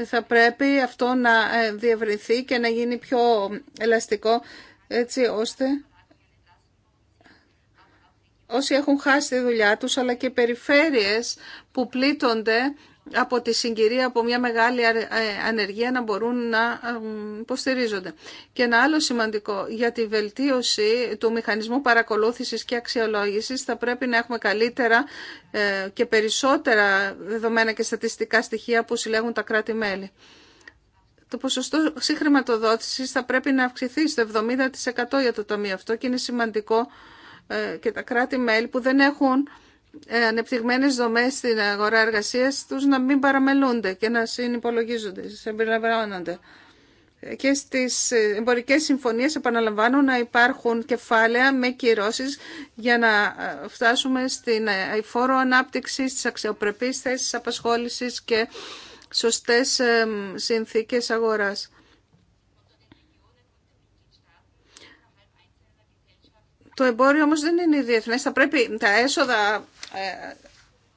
Θα πρέπει αυτό να ε, διευρυνθεί και να γίνει πιο ελαστικό, έτσι ώστε όσοι έχουν χάσει τη δουλειά τους, αλλά και περιφέρειες που πλήττονται από τη συγκυρία από μια μεγάλη ε, ανεργία να μπορούν να ε, υποστηρίζονται. Και ένα άλλο σημαντικό, για τη βελτίωση του μηχανισμού παρακολούθησης και αξιολόγησης θα πρέπει να έχουμε καλύτερα ε, και περισσότερα δεδομένα και στατιστικά στοιχεία που συλλέγουν τα κράτη-μέλη. Το ποσοστό συγχρηματοδότηση θα πρέπει να αυξηθεί στο 70% για το ταμείο αυτό και είναι σημαντικό και τα κράτη-μέλη που δεν έχουν ε, ανεπτυγμένες δομές στην αγορά εργασίας τους να μην παραμελούνται και να συνυπολογίζονται, συμπεριλαμβάνονται. Ε, και στις εμπορικές συμφωνίες επαναλαμβάνω να υπάρχουν κεφάλαια με κυρώσεις για να ε, φτάσουμε στην φόρο ανάπτυξη, στις αξιοπρεπείς θέσεις απασχόλησης και σωστές συνθήκες αγοράς. Το εμπόριο όμως δεν είναι διεθνές. Θα πρέπει τα έσοδα ε,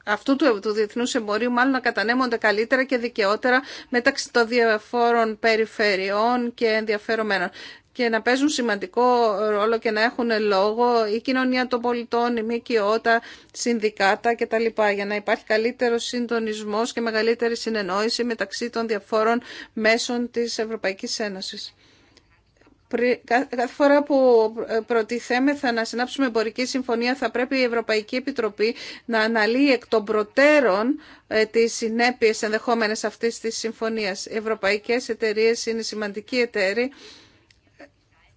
αυτού του, του διεθνούς εμπορίου μάλλον να κατανέμονται καλύτερα και δικαιότερα μεταξύ των διαφόρων περιφερειών και ενδιαφερομένων και να παίζουν σημαντικό ρόλο και να έχουν λόγο η κοινωνία των πολιτών, η ΜΚΟΤΑ, συνδικάτα κτλ. για να υπάρχει καλύτερο συντονισμός και μεγαλύτερη συνεννόηση μεταξύ των διαφόρων μέσων της Ευρωπαϊκής Ένωσης. Κάθε φορά που ε, προτιθέμεθα να συνάψουμε εμπορική συμφωνία θα πρέπει η Ευρωπαϊκή Επιτροπή να αναλύει εκ των προτέρων ε, τις συνέπειες ενδεχόμενες αυτής της συμφωνίας. Οι ευρωπαϊκές εταιρείες είναι σημαντικοί εταίροι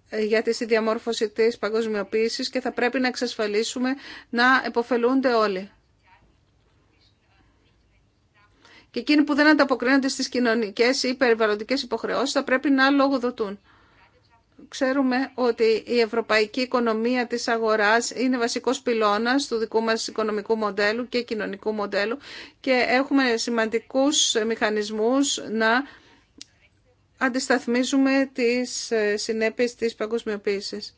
ε, για τη διαμόρφωση της παγκοσμιοποίησης και θα πρέπει να εξασφαλίσουμε να επωφελούνται όλοι. Και εκείνοι που δεν ανταποκρίνονται στις κοινωνικές ή περιβαλλοντικές υποχρεώσεις θα πρέπει να λογοδοτούν. Ξέρουμε ότι η ευρωπαϊκή οικονομία της αγοράς είναι βασικός πυλώνας του δικού μας οικονομικού μοντέλου και κοινωνικού μοντέλου και έχουμε σημαντικούς μηχανισμούς να αντισταθμίζουμε τις συνέπειες της παγκοσμιοποίησης.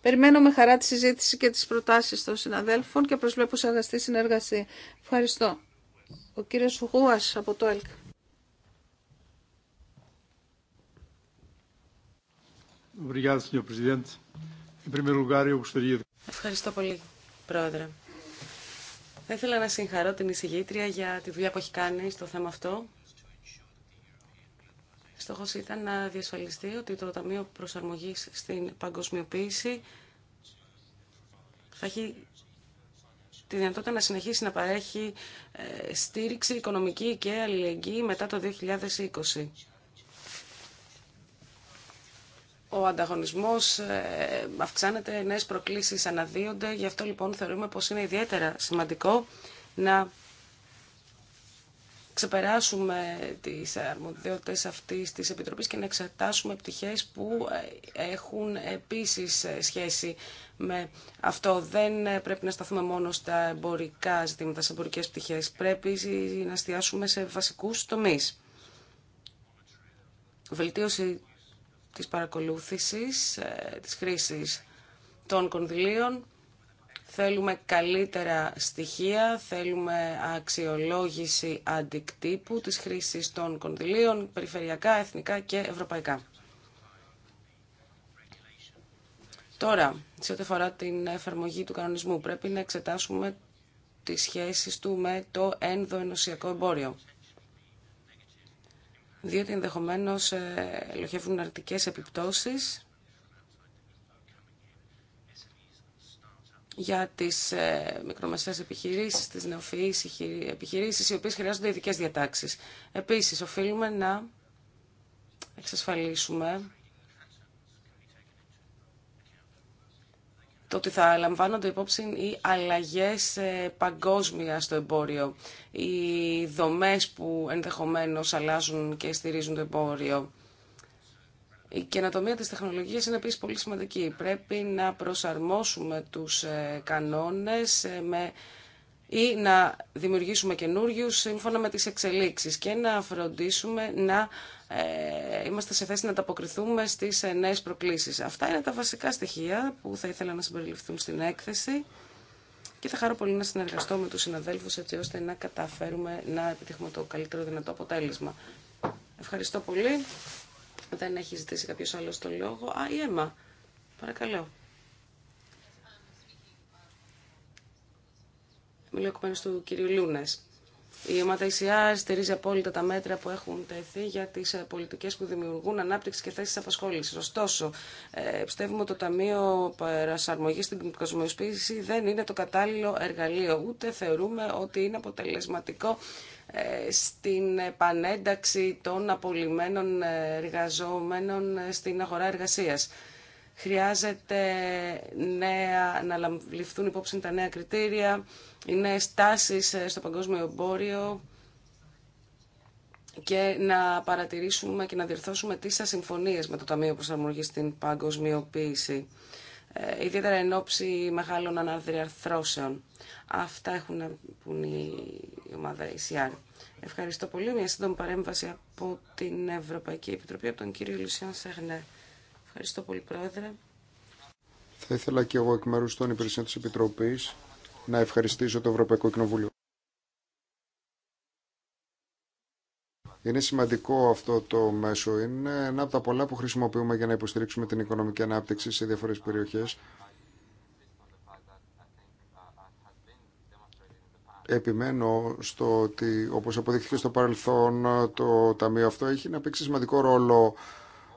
Περιμένω με χαρά τη συζήτηση και τις προτάσεις των συναδέλφων και προσβλέπω σε αγαστή συνεργασία. Ευχαριστώ. Ο κύριος Φουγούας από το ΕΛΚ. Ευχαριστώ πολύ, Πρόεδρε. Θα ήθελα να συγχαρώ την εισηγήτρια για τη δουλειά που έχει κάνει στο θέμα αυτό. Στόχο ήταν να διασφαλιστεί ότι το Ταμείο προσαρμογή στην Παγκοσμιοποίηση θα έχει τη δυνατότητα να συνεχίσει να παρέχει ε, στήριξη οικονομική και αλληλεγγύη μετά το 2020 ο ανταγωνισμός ε, αυξάνεται, νέες προκλήσεις αναδύονται, γι' αυτό λοιπόν θεωρούμε πως είναι ιδιαίτερα σημαντικό να ξεπεράσουμε τις αρμοδιότητες αυτής της Επιτροπής και να εξετάσουμε πτυχές που ε, έχουν επίσης ε, σχέση με αυτό. Δεν πρέπει να σταθούμε μόνο στα εμπορικά ζητήματα, σε εμπορικές πτυχές. Πρέπει να εστιάσουμε σε βασικούς τομείς. Βελτίωση της παρακολούθησης, ε, της χρήσης των κονδυλίων. Θέλουμε καλύτερα στοιχεία, θέλουμε αξιολόγηση αντικτύπου της χρήσης των κονδυλίων, περιφερειακά, εθνικά και ευρωπαϊκά. Τώρα, σε ό,τι αφορά την εφαρμογή του κανονισμού, πρέπει να εξετάσουμε τις σχέσεις του με το ενδοενωσιακό εμπόριο διότι ενδεχομένως ε, ελοχεύουν αρτικές επιπτώσεις για τις ε, μικρομεσαίες επιχειρήσεις, τις νεοφυείς επιχειρήσεις, οι οποίες χρειάζονται ειδικές διατάξεις. Επίσης, οφείλουμε να εξασφαλίσουμε το ότι θα λαμβάνονται υπόψη οι αλλαγές ε, παγκόσμια στο εμπόριο, οι δομές που ενδεχομένως αλλάζουν και στηρίζουν το εμπόριο. Η καινοτομία της τεχνολογίας είναι επίσης πολύ σημαντική. Πρέπει να προσαρμόσουμε τους ε, κανόνες ε, με ή να δημιουργήσουμε καινούριου σύμφωνα με τις εξελίξεις και να φροντίσουμε να ε, είμαστε σε θέση να ανταποκριθούμε στις ε, νέες προκλήσεις. Αυτά είναι τα βασικά στοιχεία που θα ήθελα να συμπεριληφθούν στην έκθεση και θα χαρώ πολύ να συνεργαστώ με τους συναδέλφου έτσι ώστε να καταφέρουμε να επιτύχουμε το καλύτερο δυνατό αποτέλεσμα. Ευχαριστώ πολύ. Δεν έχει ζητήσει κάποιο άλλο το λόγο. Α, η Έμα. Παρακαλώ. Μιλώ εκ του κυρίου Λούνες. Η ομάδα στηρίζει απόλυτα τα μέτρα που έχουν τεθεί για τι ε, πολιτικέ που δημιουργούν ανάπτυξη και θέσει απασχόληση. Ωστόσο, ε, πιστεύουμε ότι το Ταμείο Παρασαρμογή στην Κοσμοσπίση δεν είναι το κατάλληλο εργαλείο, ούτε θεωρούμε ότι είναι αποτελεσματικό ε, στην επανένταξη των απολυμένων εργαζόμενων στην αγορά εργασίας. Χρειάζεται νέα, να ληφθούν υπόψη τα νέα κριτήρια, οι νέε τάσει ε, στο παγκόσμιο εμπόριο και να παρατηρήσουμε και να διορθώσουμε τις ασυμφωνίε με το Ταμείο Προσαρμογής στην Παγκοσμιοποίηση ε, ιδιαίτερα εν ώψη μεγάλων αναδριαρθρώσεων. Αυτά έχουν να πούν η ομάδα ECR. Ευχαριστώ πολύ. Μια σύντομη παρέμβαση από την Ευρωπαϊκή Επιτροπή, από τον κύριο Λουσιάν Σεγνέ. Ευχαριστώ πολύ, Πρόεδρε. Θα ήθελα και εγώ εκ μέρου των υπηρεσιών τη Επιτροπή να ευχαριστήσω το Ευρωπαϊκό Κοινοβούλιο. Είναι σημαντικό αυτό το μέσο. Είναι ένα από τα πολλά που χρησιμοποιούμε για να υποστηρίξουμε την οικονομική ανάπτυξη σε διαφορέ περιοχές. Επιμένω στο ότι, όπως αποδείχθηκε στο παρελθόν, το Ταμείο αυτό έχει να παίξει σημαντικό ρόλο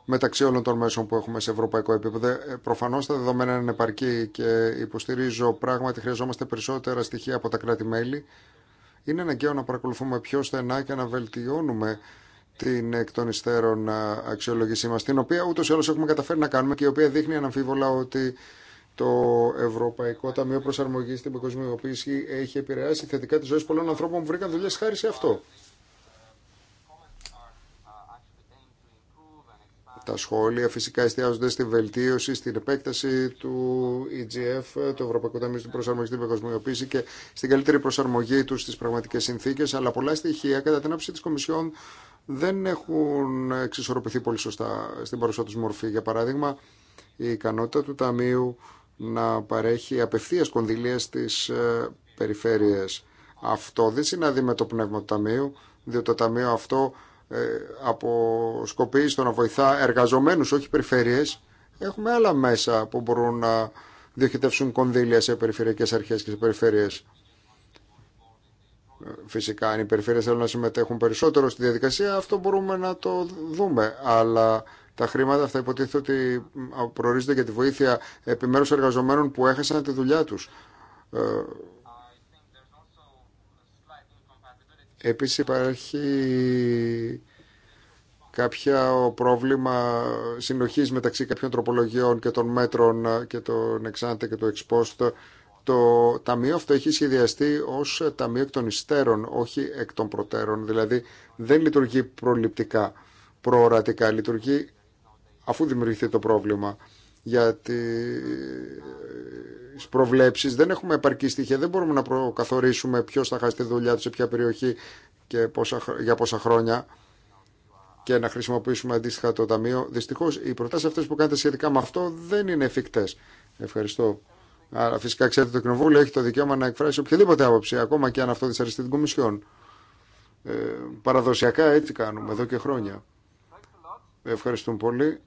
μεταξύ όλων των μέσων που έχουμε σε ευρωπαϊκό επίπεδο. Ε, Προφανώ τα δεδομένα είναι επαρκή και υποστηρίζω πράγματι χρειαζόμαστε περισσότερα στοιχεία από τα κράτη-μέλη. Είναι αναγκαίο να παρακολουθούμε πιο στενά και να βελτιώνουμε την εκ των υστέρων αξιολόγησή μα, την οποία ούτω ή άλλω έχουμε καταφέρει να κάνουμε και η οποία δείχνει αναμφίβολα ότι το Ευρωπαϊκό Ταμείο Προσαρμογή στην Παγκοσμιοποίηση έχει επηρεάσει θετικά τη ζωή πολλών ανθρώπων που βρήκαν δουλειέ χάρη σε αυτό. Τα σχόλια φυσικά εστιάζονται στη βελτίωση, στην επέκταση του EGF, του Ευρωπαϊκού Ταμείου στην Προσαρμογή στην Παγκοσμιοποίηση και στην καλύτερη προσαρμογή του στι πραγματικέ συνθήκε. Αλλά πολλά στοιχεία, κατά την άποψη τη Κομισιόν, δεν έχουν εξισορροπηθεί πολύ σωστά στην παρουσία του μορφή. Για παράδειγμα, η ικανότητα του Ταμείου να παρέχει απευθεία κονδυλία στι ε, περιφέρειες. Αυτό δεν συνάδει με το πνεύμα του Ταμείου, διότι το Ταμείο αυτό ε, από σκοπή στο να βοηθά εργαζομένους, όχι περιφέρειες. Έχουμε άλλα μέσα που μπορούν να διοχετεύσουν κονδύλια σε περιφερειακές αρχές και σε περιφέρειες. Ε, φυσικά, αν οι περιφέρειες θέλουν να συμμετέχουν περισσότερο στη διαδικασία, αυτό μπορούμε να το δούμε. Αλλά τα χρήματα αυτά υποτίθεται ότι προορίζονται για τη βοήθεια επιμέρους εργαζομένων που έχασαν τη δουλειά τους. Ε, Επίσης υπάρχει κάποιο πρόβλημα συνοχής μεταξύ κάποιων τροπολογιών και των μέτρων και των εξάντε και του εξπόστ. Το ταμείο αυτό έχει σχεδιαστεί ως ταμείο εκ των υστέρων, όχι εκ των προτέρων. Δηλαδή δεν λειτουργεί προληπτικά, προορατικά. Λειτουργεί αφού δημιουργηθεί το πρόβλημα. Γιατί προβλέψεις, δεν έχουμε επαρκή στοιχεία, δεν μπορούμε να προκαθορίσουμε ποιο θα χάσει τη δουλειά του σε ποια περιοχή και πόσα, για πόσα χρόνια και να χρησιμοποιήσουμε αντίστοιχα το Ταμείο. Δυστυχώ, οι προτάσει αυτέ που κάνετε σχετικά με αυτό δεν είναι εφικτέ. Ευχαριστώ. Άρα φυσικά ξέρετε το Κοινοβούλιο έχει το δικαίωμα να εκφράσει οποιαδήποτε άποψη, ακόμα και αν αυτό δυσαρεστεί την Κομισιόν. Ε, παραδοσιακά έτσι κάνουμε εδώ και χρόνια. Ευχαριστούμε πολύ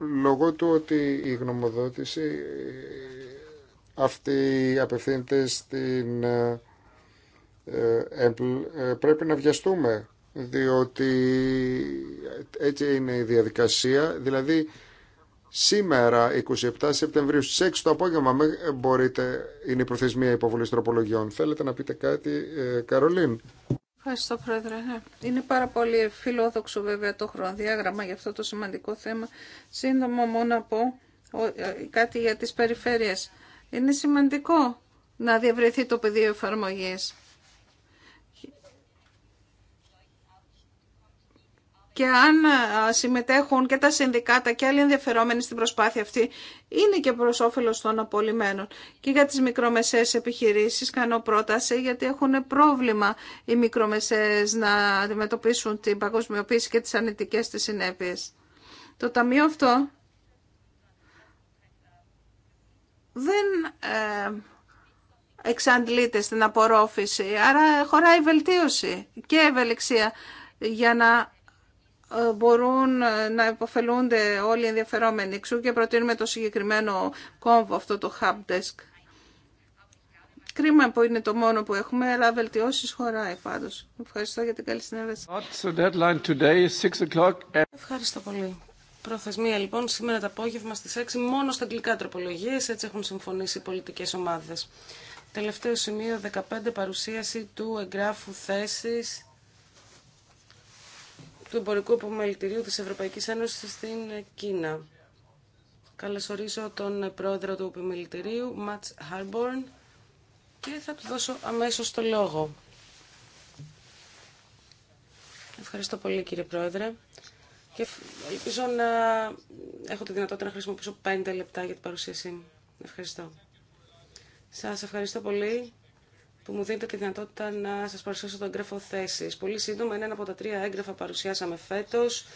λόγω του ότι η γνωμοδότηση ε, αυτή απευθύνεται στην ε, ε, πρέπει να βιαστούμε διότι έτσι είναι η διαδικασία δηλαδή σήμερα 27 Σεπτεμβρίου στις 6 το απόγευμα μπορείτε, είναι η προθεσμία υποβολής τροπολογιών θέλετε να πείτε κάτι Καρολίν Ευχαριστώ, Πρόεδρε. Ναι. Είναι πάρα πολύ φιλόδοξο βέβαια το χρονοδιάγραμμα για αυτό το σημαντικό θέμα. Σύντομα μόνο να πω ε, κάτι για τις περιφέρειες. Είναι σημαντικό να διευρεθεί το πεδίο εφαρμογής και αν συμμετέχουν και τα συνδικάτα και άλλοι ενδιαφερόμενοι στην προσπάθεια αυτή, είναι και προ όφελο των απολυμένων. Και για τις μικρομεσαίες επιχειρήσεις κάνω πρόταση, γιατί έχουν πρόβλημα οι μικρομεσαίες να αντιμετωπίσουν την παγκοσμιοποίηση και τις ανετικές της συνέπειες. Το ταμείο αυτό δεν ε, εξαντλείται στην απορρόφηση, άρα χωράει βελτίωση και ευελιξία για να μπορούν ε, να υποφελούνται όλοι οι ενδιαφερόμενοι. Εξού και προτείνουμε το συγκεκριμένο κόμβο, αυτό το hub desk. Κρίμα που είναι το μόνο που έχουμε, αλλά βελτιώσει χωράει πάντω. Ευχαριστώ για την καλή συνέντευξη. Ευχαριστώ πολύ. Προθεσμία λοιπόν σήμερα το απόγευμα στι 6 μόνο στα αγγλικά τροπολογίε, έτσι έχουν συμφωνήσει οι πολιτικέ ομάδε. Τελευταίο σημείο 15 παρουσίαση του εγγράφου θέσης του εμπορικού επιμελητηρίου της Ευρωπαϊκής Ένωσης στην Κίνα. Καλωσορίζω τον πρόεδρο του επιμελητηρίου, Ματς Χάρμπορν, και θα του δώσω αμέσως το λόγο. Ευχαριστώ πολύ κύριε πρόεδρε και ελπίζω να έχω τη δυνατότητα να χρησιμοποιήσω πέντε λεπτά για την παρουσίασή Ευχαριστώ. Σας ευχαριστώ πολύ που μου δίνετε τη δυνατότητα να σας παρουσιάσω τον έγγραφο θέση. Πολύ σύντομα, είναι ένα από τα τρία έγγραφα παρουσιάσαμε φέτος.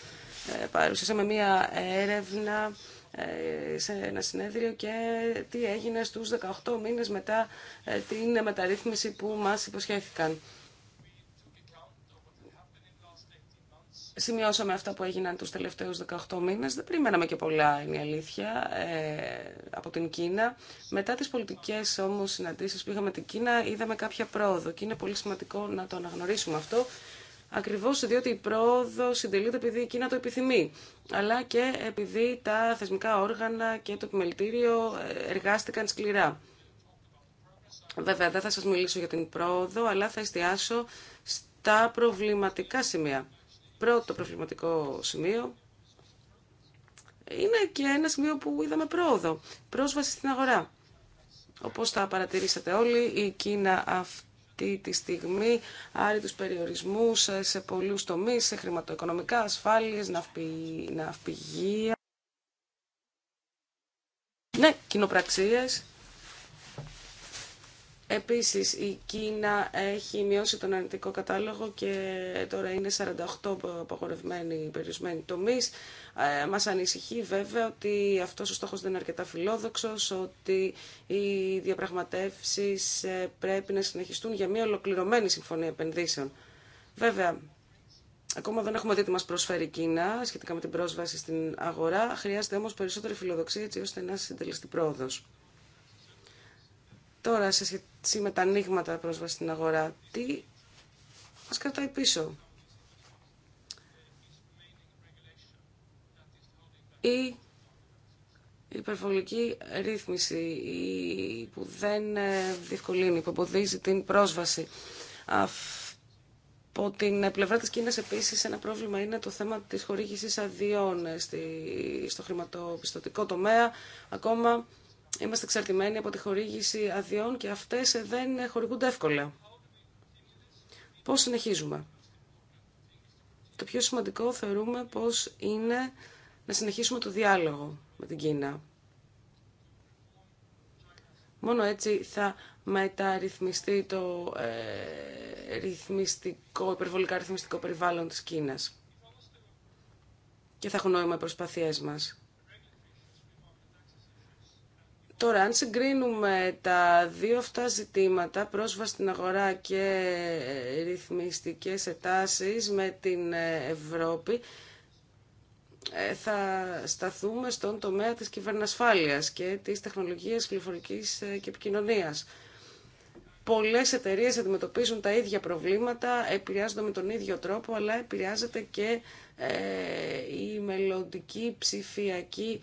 Ε, παρουσιάσαμε μία έρευνα ε, σε ένα συνέδριο και τι έγινε στους 18 μήνες μετά ε, την μεταρρύθμιση που μας υποσχέθηκαν. Σημειώσαμε αυτά που έγιναν τους τελευταίους 18 μήνες. Δεν περιμέναμε και πολλά, είναι η αλήθεια, ε, από την Κίνα. Μετά τις πολιτικές όμως συναντήσεις που είχαμε την Κίνα, είδαμε κάποια πρόοδο και είναι πολύ σημαντικό να το αναγνωρίσουμε αυτό. Ακριβώ, διότι η πρόοδο συντελείται επειδή η Κίνα το επιθυμεί, αλλά και επειδή τα θεσμικά όργανα και το επιμελητήριο ε, εργάστηκαν σκληρά. Βέβαια, δεν θα σα μιλήσω για την πρόοδο, αλλά θα εστιάσω στα προβληματικά σημεία. Πρώτο προβληματικό σημείο είναι και ένα σημείο που είδαμε πρόοδο. Πρόσβαση στην αγορά. Όπως θα παρατηρήσατε όλοι, η Κίνα αυτή τη στιγμή άρει τους περιορισμούς σε πολλούς τομείς, σε χρηματοοικονομικά, ασφάλειες, ναυπηγεία. Ναι, κοινοπραξίες Επίσης, η Κίνα έχει μειώσει τον αρνητικό κατάλογο και τώρα είναι 48 απαγορευμένοι περιορισμένοι τομεί. Ε, μας ανησυχεί βέβαια ότι αυτός ο στόχος δεν είναι αρκετά φιλόδοξος, ότι οι διαπραγματεύσεις ε, πρέπει να συνεχιστούν για μια ολοκληρωμένη συμφωνία επενδύσεων. Βέβαια, Ακόμα δεν έχουμε δει τι μα προσφέρει η Κίνα σχετικά με την πρόσβαση στην αγορά. Χρειάζεται όμω περισσότερη φιλοδοξία έτσι ώστε να συντελεστεί πρόοδο. Τώρα, σε σχέση με τα ανοίγματα πρόσβαση στην αγορά, τι μας κρατάει πίσω. Η υπερβολική ρύθμιση που δεν ε, διευκολύνει, που εμποδίζει την πρόσβαση. Από την πλευρά της Κίνας επίσης ένα πρόβλημα είναι το θέμα της χορήγησης αδειών ε, στο χρηματοπιστωτικό τομέα. Ακόμα είμαστε εξαρτημένοι από τη χορήγηση αδειών και αυτές δεν χορηγούνται εύκολα. Πώς συνεχίζουμε. Το πιο σημαντικό θεωρούμε πως είναι να συνεχίσουμε το διάλογο με την Κίνα. Μόνο έτσι θα μεταρρυθμιστεί το ε, ρυθμιστικό, υπερβολικά ρυθμιστικό περιβάλλον της Κίνας. Και θα έχουν νόημα οι προσπαθίες μας. Τώρα, αν συγκρίνουμε τα δύο αυτά ζητήματα, πρόσβαση στην αγορά και ρυθμιστικές ετάσεις με την Ευρώπη, ε, θα σταθούμε στον τομέα της κυβερνασφάλειας και της τεχνολογίας πληροφορικής ε, και επικοινωνίας. Πολλές εταιρείες αντιμετωπίζουν τα ίδια προβλήματα, επηρεάζονται με τον ίδιο τρόπο, αλλά επηρεάζεται και ε, η μελλοντική ψηφιακή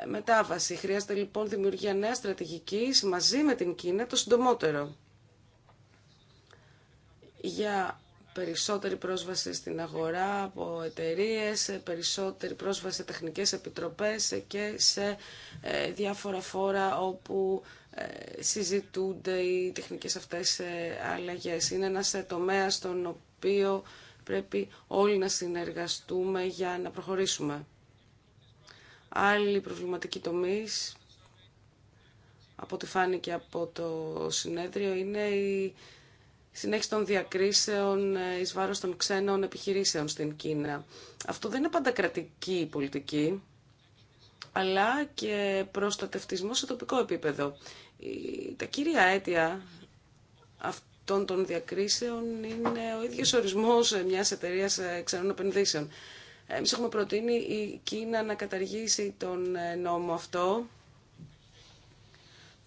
ε, μετάβαση. Χρειάζεται λοιπόν δημιουργία νέα στρατηγική μαζί με την Κίνα το συντομότερο. Για περισσότερη πρόσβαση στην αγορά από εταιρείε, περισσότερη πρόσβαση σε τεχνικές επιτροπές και σε ε, διάφορα φόρα όπου ε, συζητούνται οι τεχνικές αυτές αλλαγές. Είναι ένας τομέα στον οποίο πρέπει όλοι να συνεργαστούμε για να προχωρήσουμε. Άλλη προβληματική τομείς, από ό,τι φάνηκε από το συνέδριο, είναι η συνέχιση των διακρίσεων ε, εις βάρος των ξένων επιχειρήσεων στην Κίνα. Αυτό δεν είναι πάντα κρατική πολιτική, αλλά και προστατευτισμό σε τοπικό επίπεδο. Τα κύρια αίτια αυτών των διακρίσεων είναι ο ίδιος ορισμός μιας εταιρείας ε, ξένων επενδύσεων. Εμείς έχουμε προτείνει η Κίνα να καταργήσει τον ε, νόμο αυτό,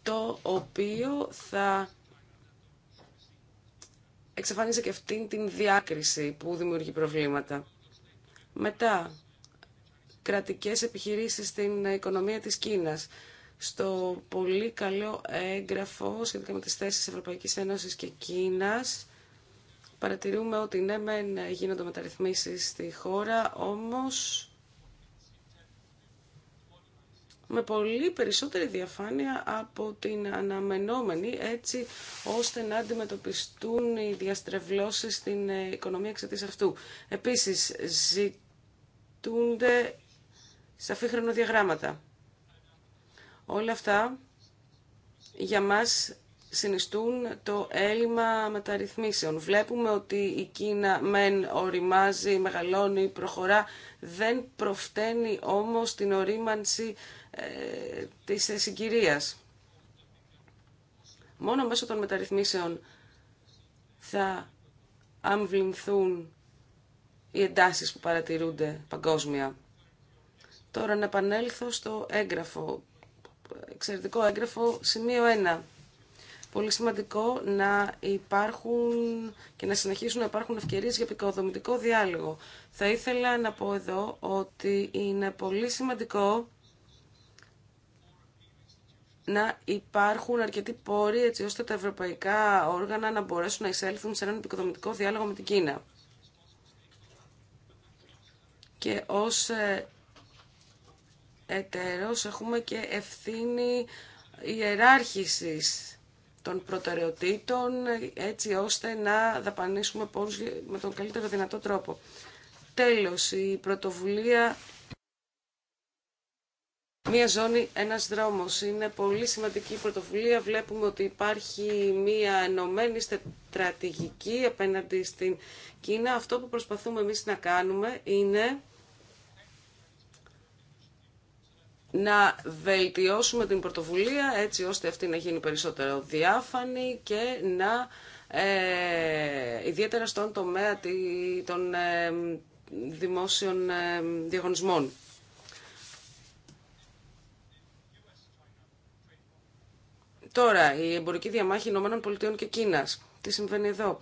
το οποίο θα εξαφάνισε και αυτήν την διάκριση που δημιουργεί προβλήματα. Μετά, κρατικές επιχειρήσεις στην οικονομία της Κίνας. Στο πολύ καλό έγγραφο σχετικά με τις θέσεις Ευρωπαϊκής Ένωσης και Κίνας, παρατηρούμε ότι ναι, μεν γίνονται μεταρρυθμίσεις στη χώρα, όμως με πολύ περισσότερη διαφάνεια από την αναμενόμενη, έτσι ώστε να αντιμετωπιστούν οι διαστρεβλώσεις στην οικονομία εξαιτίας αυτού. Επίσης, ζητούνται σαφή χρονοδιαγράμματα. Όλα αυτά για μας συνιστούν το έλλειμμα μεταρρυθμίσεων. Βλέπουμε ότι η Κίνα μεν οριμάζει, μεγαλώνει, προχωρά, δεν προφταίνει όμως την ορίμανση ε, της συγκυρίας. Μόνο μέσω των μεταρρυθμίσεων θα αμβλημθούν οι εντάσεις που παρατηρούνται παγκόσμια. Τώρα να επανέλθω στο έγγραφο, εξαιρετικό έγγραφο, σημείο 1 πολύ σημαντικό να υπάρχουν και να συνεχίσουν να υπάρχουν ευκαιρίες για επικοδομητικό διάλογο. Θα ήθελα να πω εδώ ότι είναι πολύ σημαντικό να υπάρχουν αρκετοί πόροι έτσι ώστε τα ευρωπαϊκά όργανα να μπορέσουν να εισέλθουν σε έναν επικοδομητικό διάλογο με την Κίνα. Και ως ε, εταίρος έχουμε και ευθύνη ιεράρχησης των προτεραιοτήτων έτσι ώστε να δαπανίσουμε πόρους με τον καλύτερο δυνατό τρόπο. Τέλος, η πρωτοβουλία Μία ζώνη, ένας δρόμος. Είναι πολύ σημαντική η πρωτοβουλία. Βλέπουμε ότι υπάρχει μία ενωμένη στρατηγική απέναντι στην Κίνα. Αυτό που προσπαθούμε εμείς να κάνουμε είναι να βελτιώσουμε την πρωτοβουλία έτσι ώστε αυτή να γίνει περισσότερο διάφανη και να ε, ιδιαίτερα στον τομέα των ε, δημόσιων ε, διαγωνισμών. Τώρα, η εμπορική διαμάχη Ηνωμένων Πολιτειών και Κίνας. Τι συμβαίνει εδώ.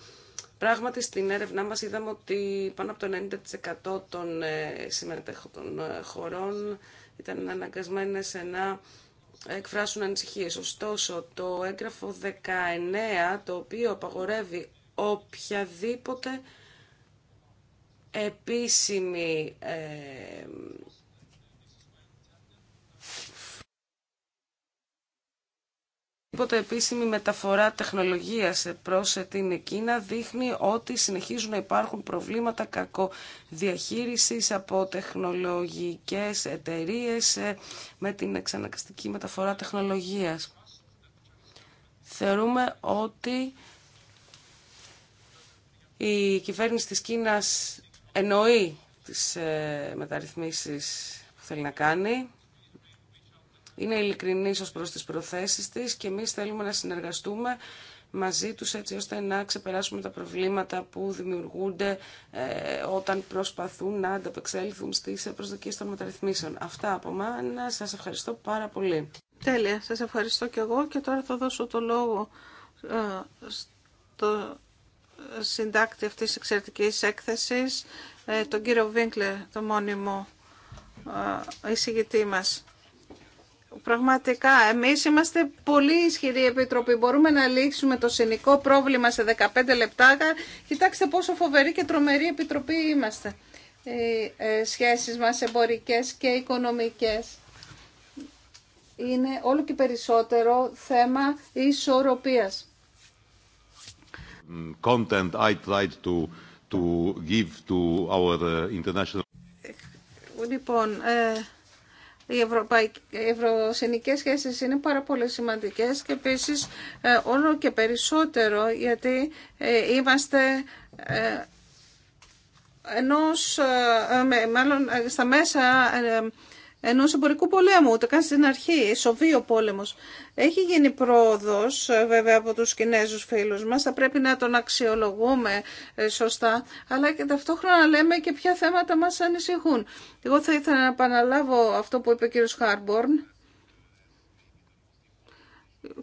Πράγματι, στην έρευνά μας είδαμε ότι πάνω από το 90% των ε, συμμετέχοντων χωρών ήταν αναγκασμένες να εκφράσουν ανησυχίες. Ωστόσο, το έγγραφο 19, το οποίο απαγορεύει οποιαδήποτε επίσημη ε, Οπότε επίσημη μεταφορά τεχνολογίας προς την Κίνα δείχνει ότι συνεχίζουν να υπάρχουν προβλήματα κακοδιαχείρισης από τεχνολογικές εταιρείες ε, με την εξαναγκαστική μεταφορά τεχνολογίας. Θεωρούμε ότι η κυβέρνηση της Κίνας εννοεί τις ε, μεταρρυθμίσεις που θέλει να κάνει είναι ειλικρινή ω προς τις προθέσεις της και εμεί θέλουμε να συνεργαστούμε μαζί τους έτσι ώστε να ξεπεράσουμε τα προβλήματα που δημιουργούνται ε, όταν προσπαθούν να ανταπεξέλθουν στις προσδοκίες των μεταρρυθμίσεων. Αυτά από μένα. Σας ευχαριστώ πάρα πολύ. Τέλεια. Σας ευχαριστώ και εγώ και τώρα θα δώσω το λόγο ε, στο συντάκτη αυτής της εξαιρετικής έκθεσης, ε, τον κύριο Βίνκλερ, το μόνιμο εισηγητή μας. Πραγματικά, εμείς είμαστε πολύ ισχυρή επιτροπή. Μπορούμε να λύσουμε το συνικό πρόβλημα σε 15 λεπτά. Κοιτάξτε πόσο φοβερή και τρομερή επιτροπή είμαστε. Οι ε, σχέσεις μας εμπορικές και οικονομικές είναι όλο και περισσότερο θέμα ισορροπίας. Content to, to give to our uh, international... Λοιπόν, ε οι ευρωπαϊκές, ευρωσυνικές σχέσεις είναι πάρα πολύ σημαντικές και επίσης ε, όλο και περισσότερο γιατί ε, είμαστε ε, ενός, μάλλον στα μέσα ενό εμπορικού πολέμου, ούτε καν στην αρχή, σοβεί ο πόλεμος. Έχει γίνει πρόοδος ε, βέβαια από τους Κινέζους φίλους μας, θα πρέπει να τον αξιολογούμε ε, σωστά, αλλά και ταυτόχρονα λέμε και ποια θέματα μας ανησυχούν. Εγώ θα ήθελα να επαναλάβω αυτό που είπε ο κύριος Χάρμπορν,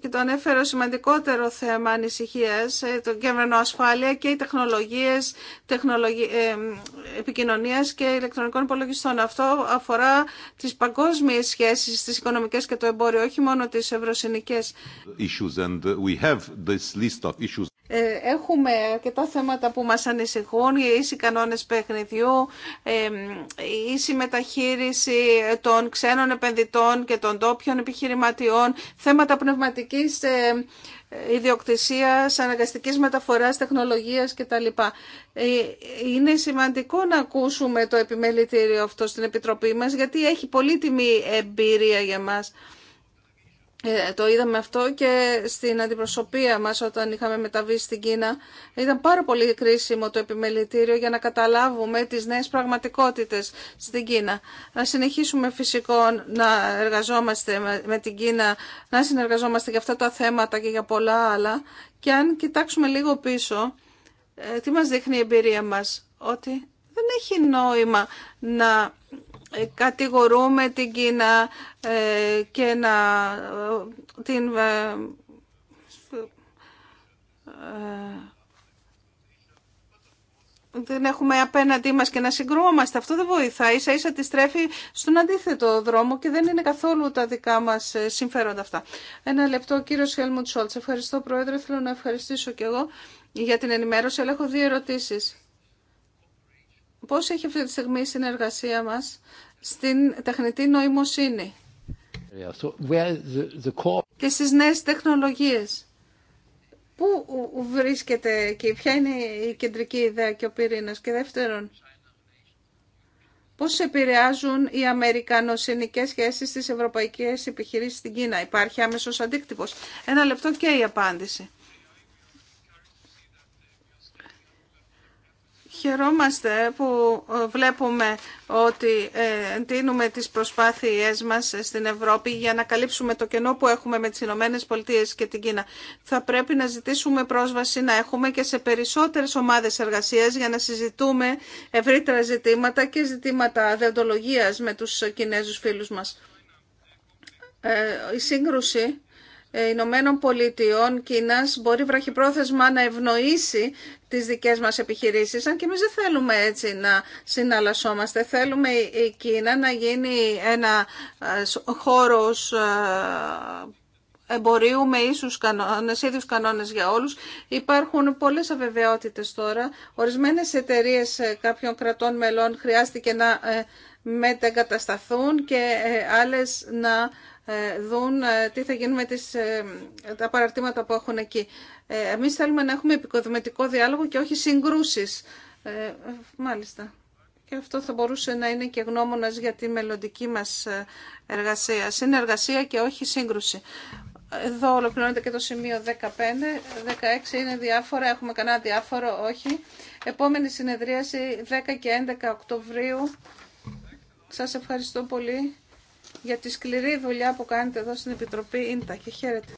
και το ανέφερα σημαντικότερο θέμα ανησυχίας, ε, το κείμενο ασφάλεια και οι τεχνολογίες τεχνολογι... Ε, επικοινωνίας και ηλεκτρονικών υπολογιστών. Αυτό αφορά τις παγκόσμιες σχέσεις, τις οικονομικές και το εμπόριο, όχι μόνο τις ευρωσυνικές. Ε, έχουμε αρκετά θέματα που μας ανησυχούν, οι ίσοι κανόνες παιχνιδιού, η ίση μεταχείριση των ξένων επενδυτών και των τόπιων επιχειρηματιών, θέματα πνευματικής πνευματικής ε, ε, ιδιοκτησίας, αναγκαστικής μεταφοράς, τεχνολογίας κτλ. Ε, είναι σημαντικό να ακούσουμε το επιμελητήριο αυτό στην Επιτροπή μας, γιατί έχει πολύτιμη εμπειρία για μας. Ε, το είδαμε αυτό και στην αντιπροσωπεία μας όταν είχαμε μεταβεί στην Κίνα. Ήταν πάρα πολύ κρίσιμο το επιμελητήριο για να καταλάβουμε τις νέες πραγματικότητες στην Κίνα. Να συνεχίσουμε φυσικό να εργαζόμαστε με την Κίνα, να συνεργαζόμαστε για αυτά τα θέματα και για πολλά άλλα. Και αν κοιτάξουμε λίγο πίσω, ε, τι μας δείχνει η εμπειρία μας, ότι δεν έχει νόημα να ε, κατηγορούμε την Κίνα ε, και να ε, την δεν έχουμε απέναντί μας και να συγκρούμαστε. Αυτό δεν βοηθάει. Ίσα ίσα τη στρέφει στον αντίθετο δρόμο και δεν είναι καθόλου τα δικά μας συμφέροντα αυτά. Ένα λεπτό, κύριο Χέλμουντ Σόλτς. Ευχαριστώ, Πρόεδρε. Θέλω να ευχαριστήσω κι εγώ για την ενημέρωση, αλλά έχω δύο ερωτήσεις πώς έχει αυτή τη στιγμή η συνεργασία μας στην τεχνητή νοημοσύνη και στις νέες τεχνολογίες. Πού βρίσκεται και ποια είναι η κεντρική ιδέα και ο πυρήνας. Και δεύτερον, πώς επηρεάζουν οι αμερικανοσυνικές σχέσεις στις ευρωπαϊκές επιχειρήσεις στην Κίνα. Υπάρχει άμεσος αντίκτυπος. Ένα λεπτό και η απάντηση. Χαιρόμαστε που ε, βλέπουμε ότι ε, εντείνουμε τις προσπάθειές μας ε, στην Ευρώπη για να καλύψουμε το κενό που έχουμε με τις Ηνωμένε Πολιτείε και την Κίνα. Θα πρέπει να ζητήσουμε πρόσβαση να έχουμε και σε περισσότερες ομάδες εργασίας για να συζητούμε ευρύτερα ζητήματα και ζητήματα δεοντολογίας με τους Κινέζους φίλους μας. η σύγκρουση ε, Ηνωμένων Πολιτειών, Κίνας, μπορεί βραχυπρόθεσμα να ευνοήσει τις δικές μας επιχειρήσεις, αν και εμείς δεν θέλουμε έτσι να συναλλασσόμαστε. Θέλουμε η Κίνα να γίνει ένα χώρος ε, εμπορίου με ίσους κανόνες, ίδιους κανόνες για όλους. Υπάρχουν πολλές αβεβαιότητες τώρα. Ορισμένες εταιρείε ε, κάποιων κρατών μελών χρειάστηκε να μετεγκατασταθούν και άλλες να ε, δουν ε, τι θα γίνει με τις, ε, τα παραρτήματα που έχουν εκεί. Εμείς θέλουμε να έχουμε επικοδομητικό διάλογο και όχι συγκρούσεις. μάλιστα. Και αυτό θα μπορούσε να είναι και γνώμονας για τη μελλοντική μας εργασία. Συνεργασία και όχι σύγκρουση. Εδώ ολοκληρώνεται και το σημείο 15. 16 είναι διάφορα, έχουμε κανένα διάφορο, όχι. Επόμενη συνεδρίαση 10 και 11 Οκτωβρίου. Σας ευχαριστώ πολύ για τη σκληρή δουλειά που κάνετε εδώ στην Επιτροπή ΙΝΤΑ και χαίρετε.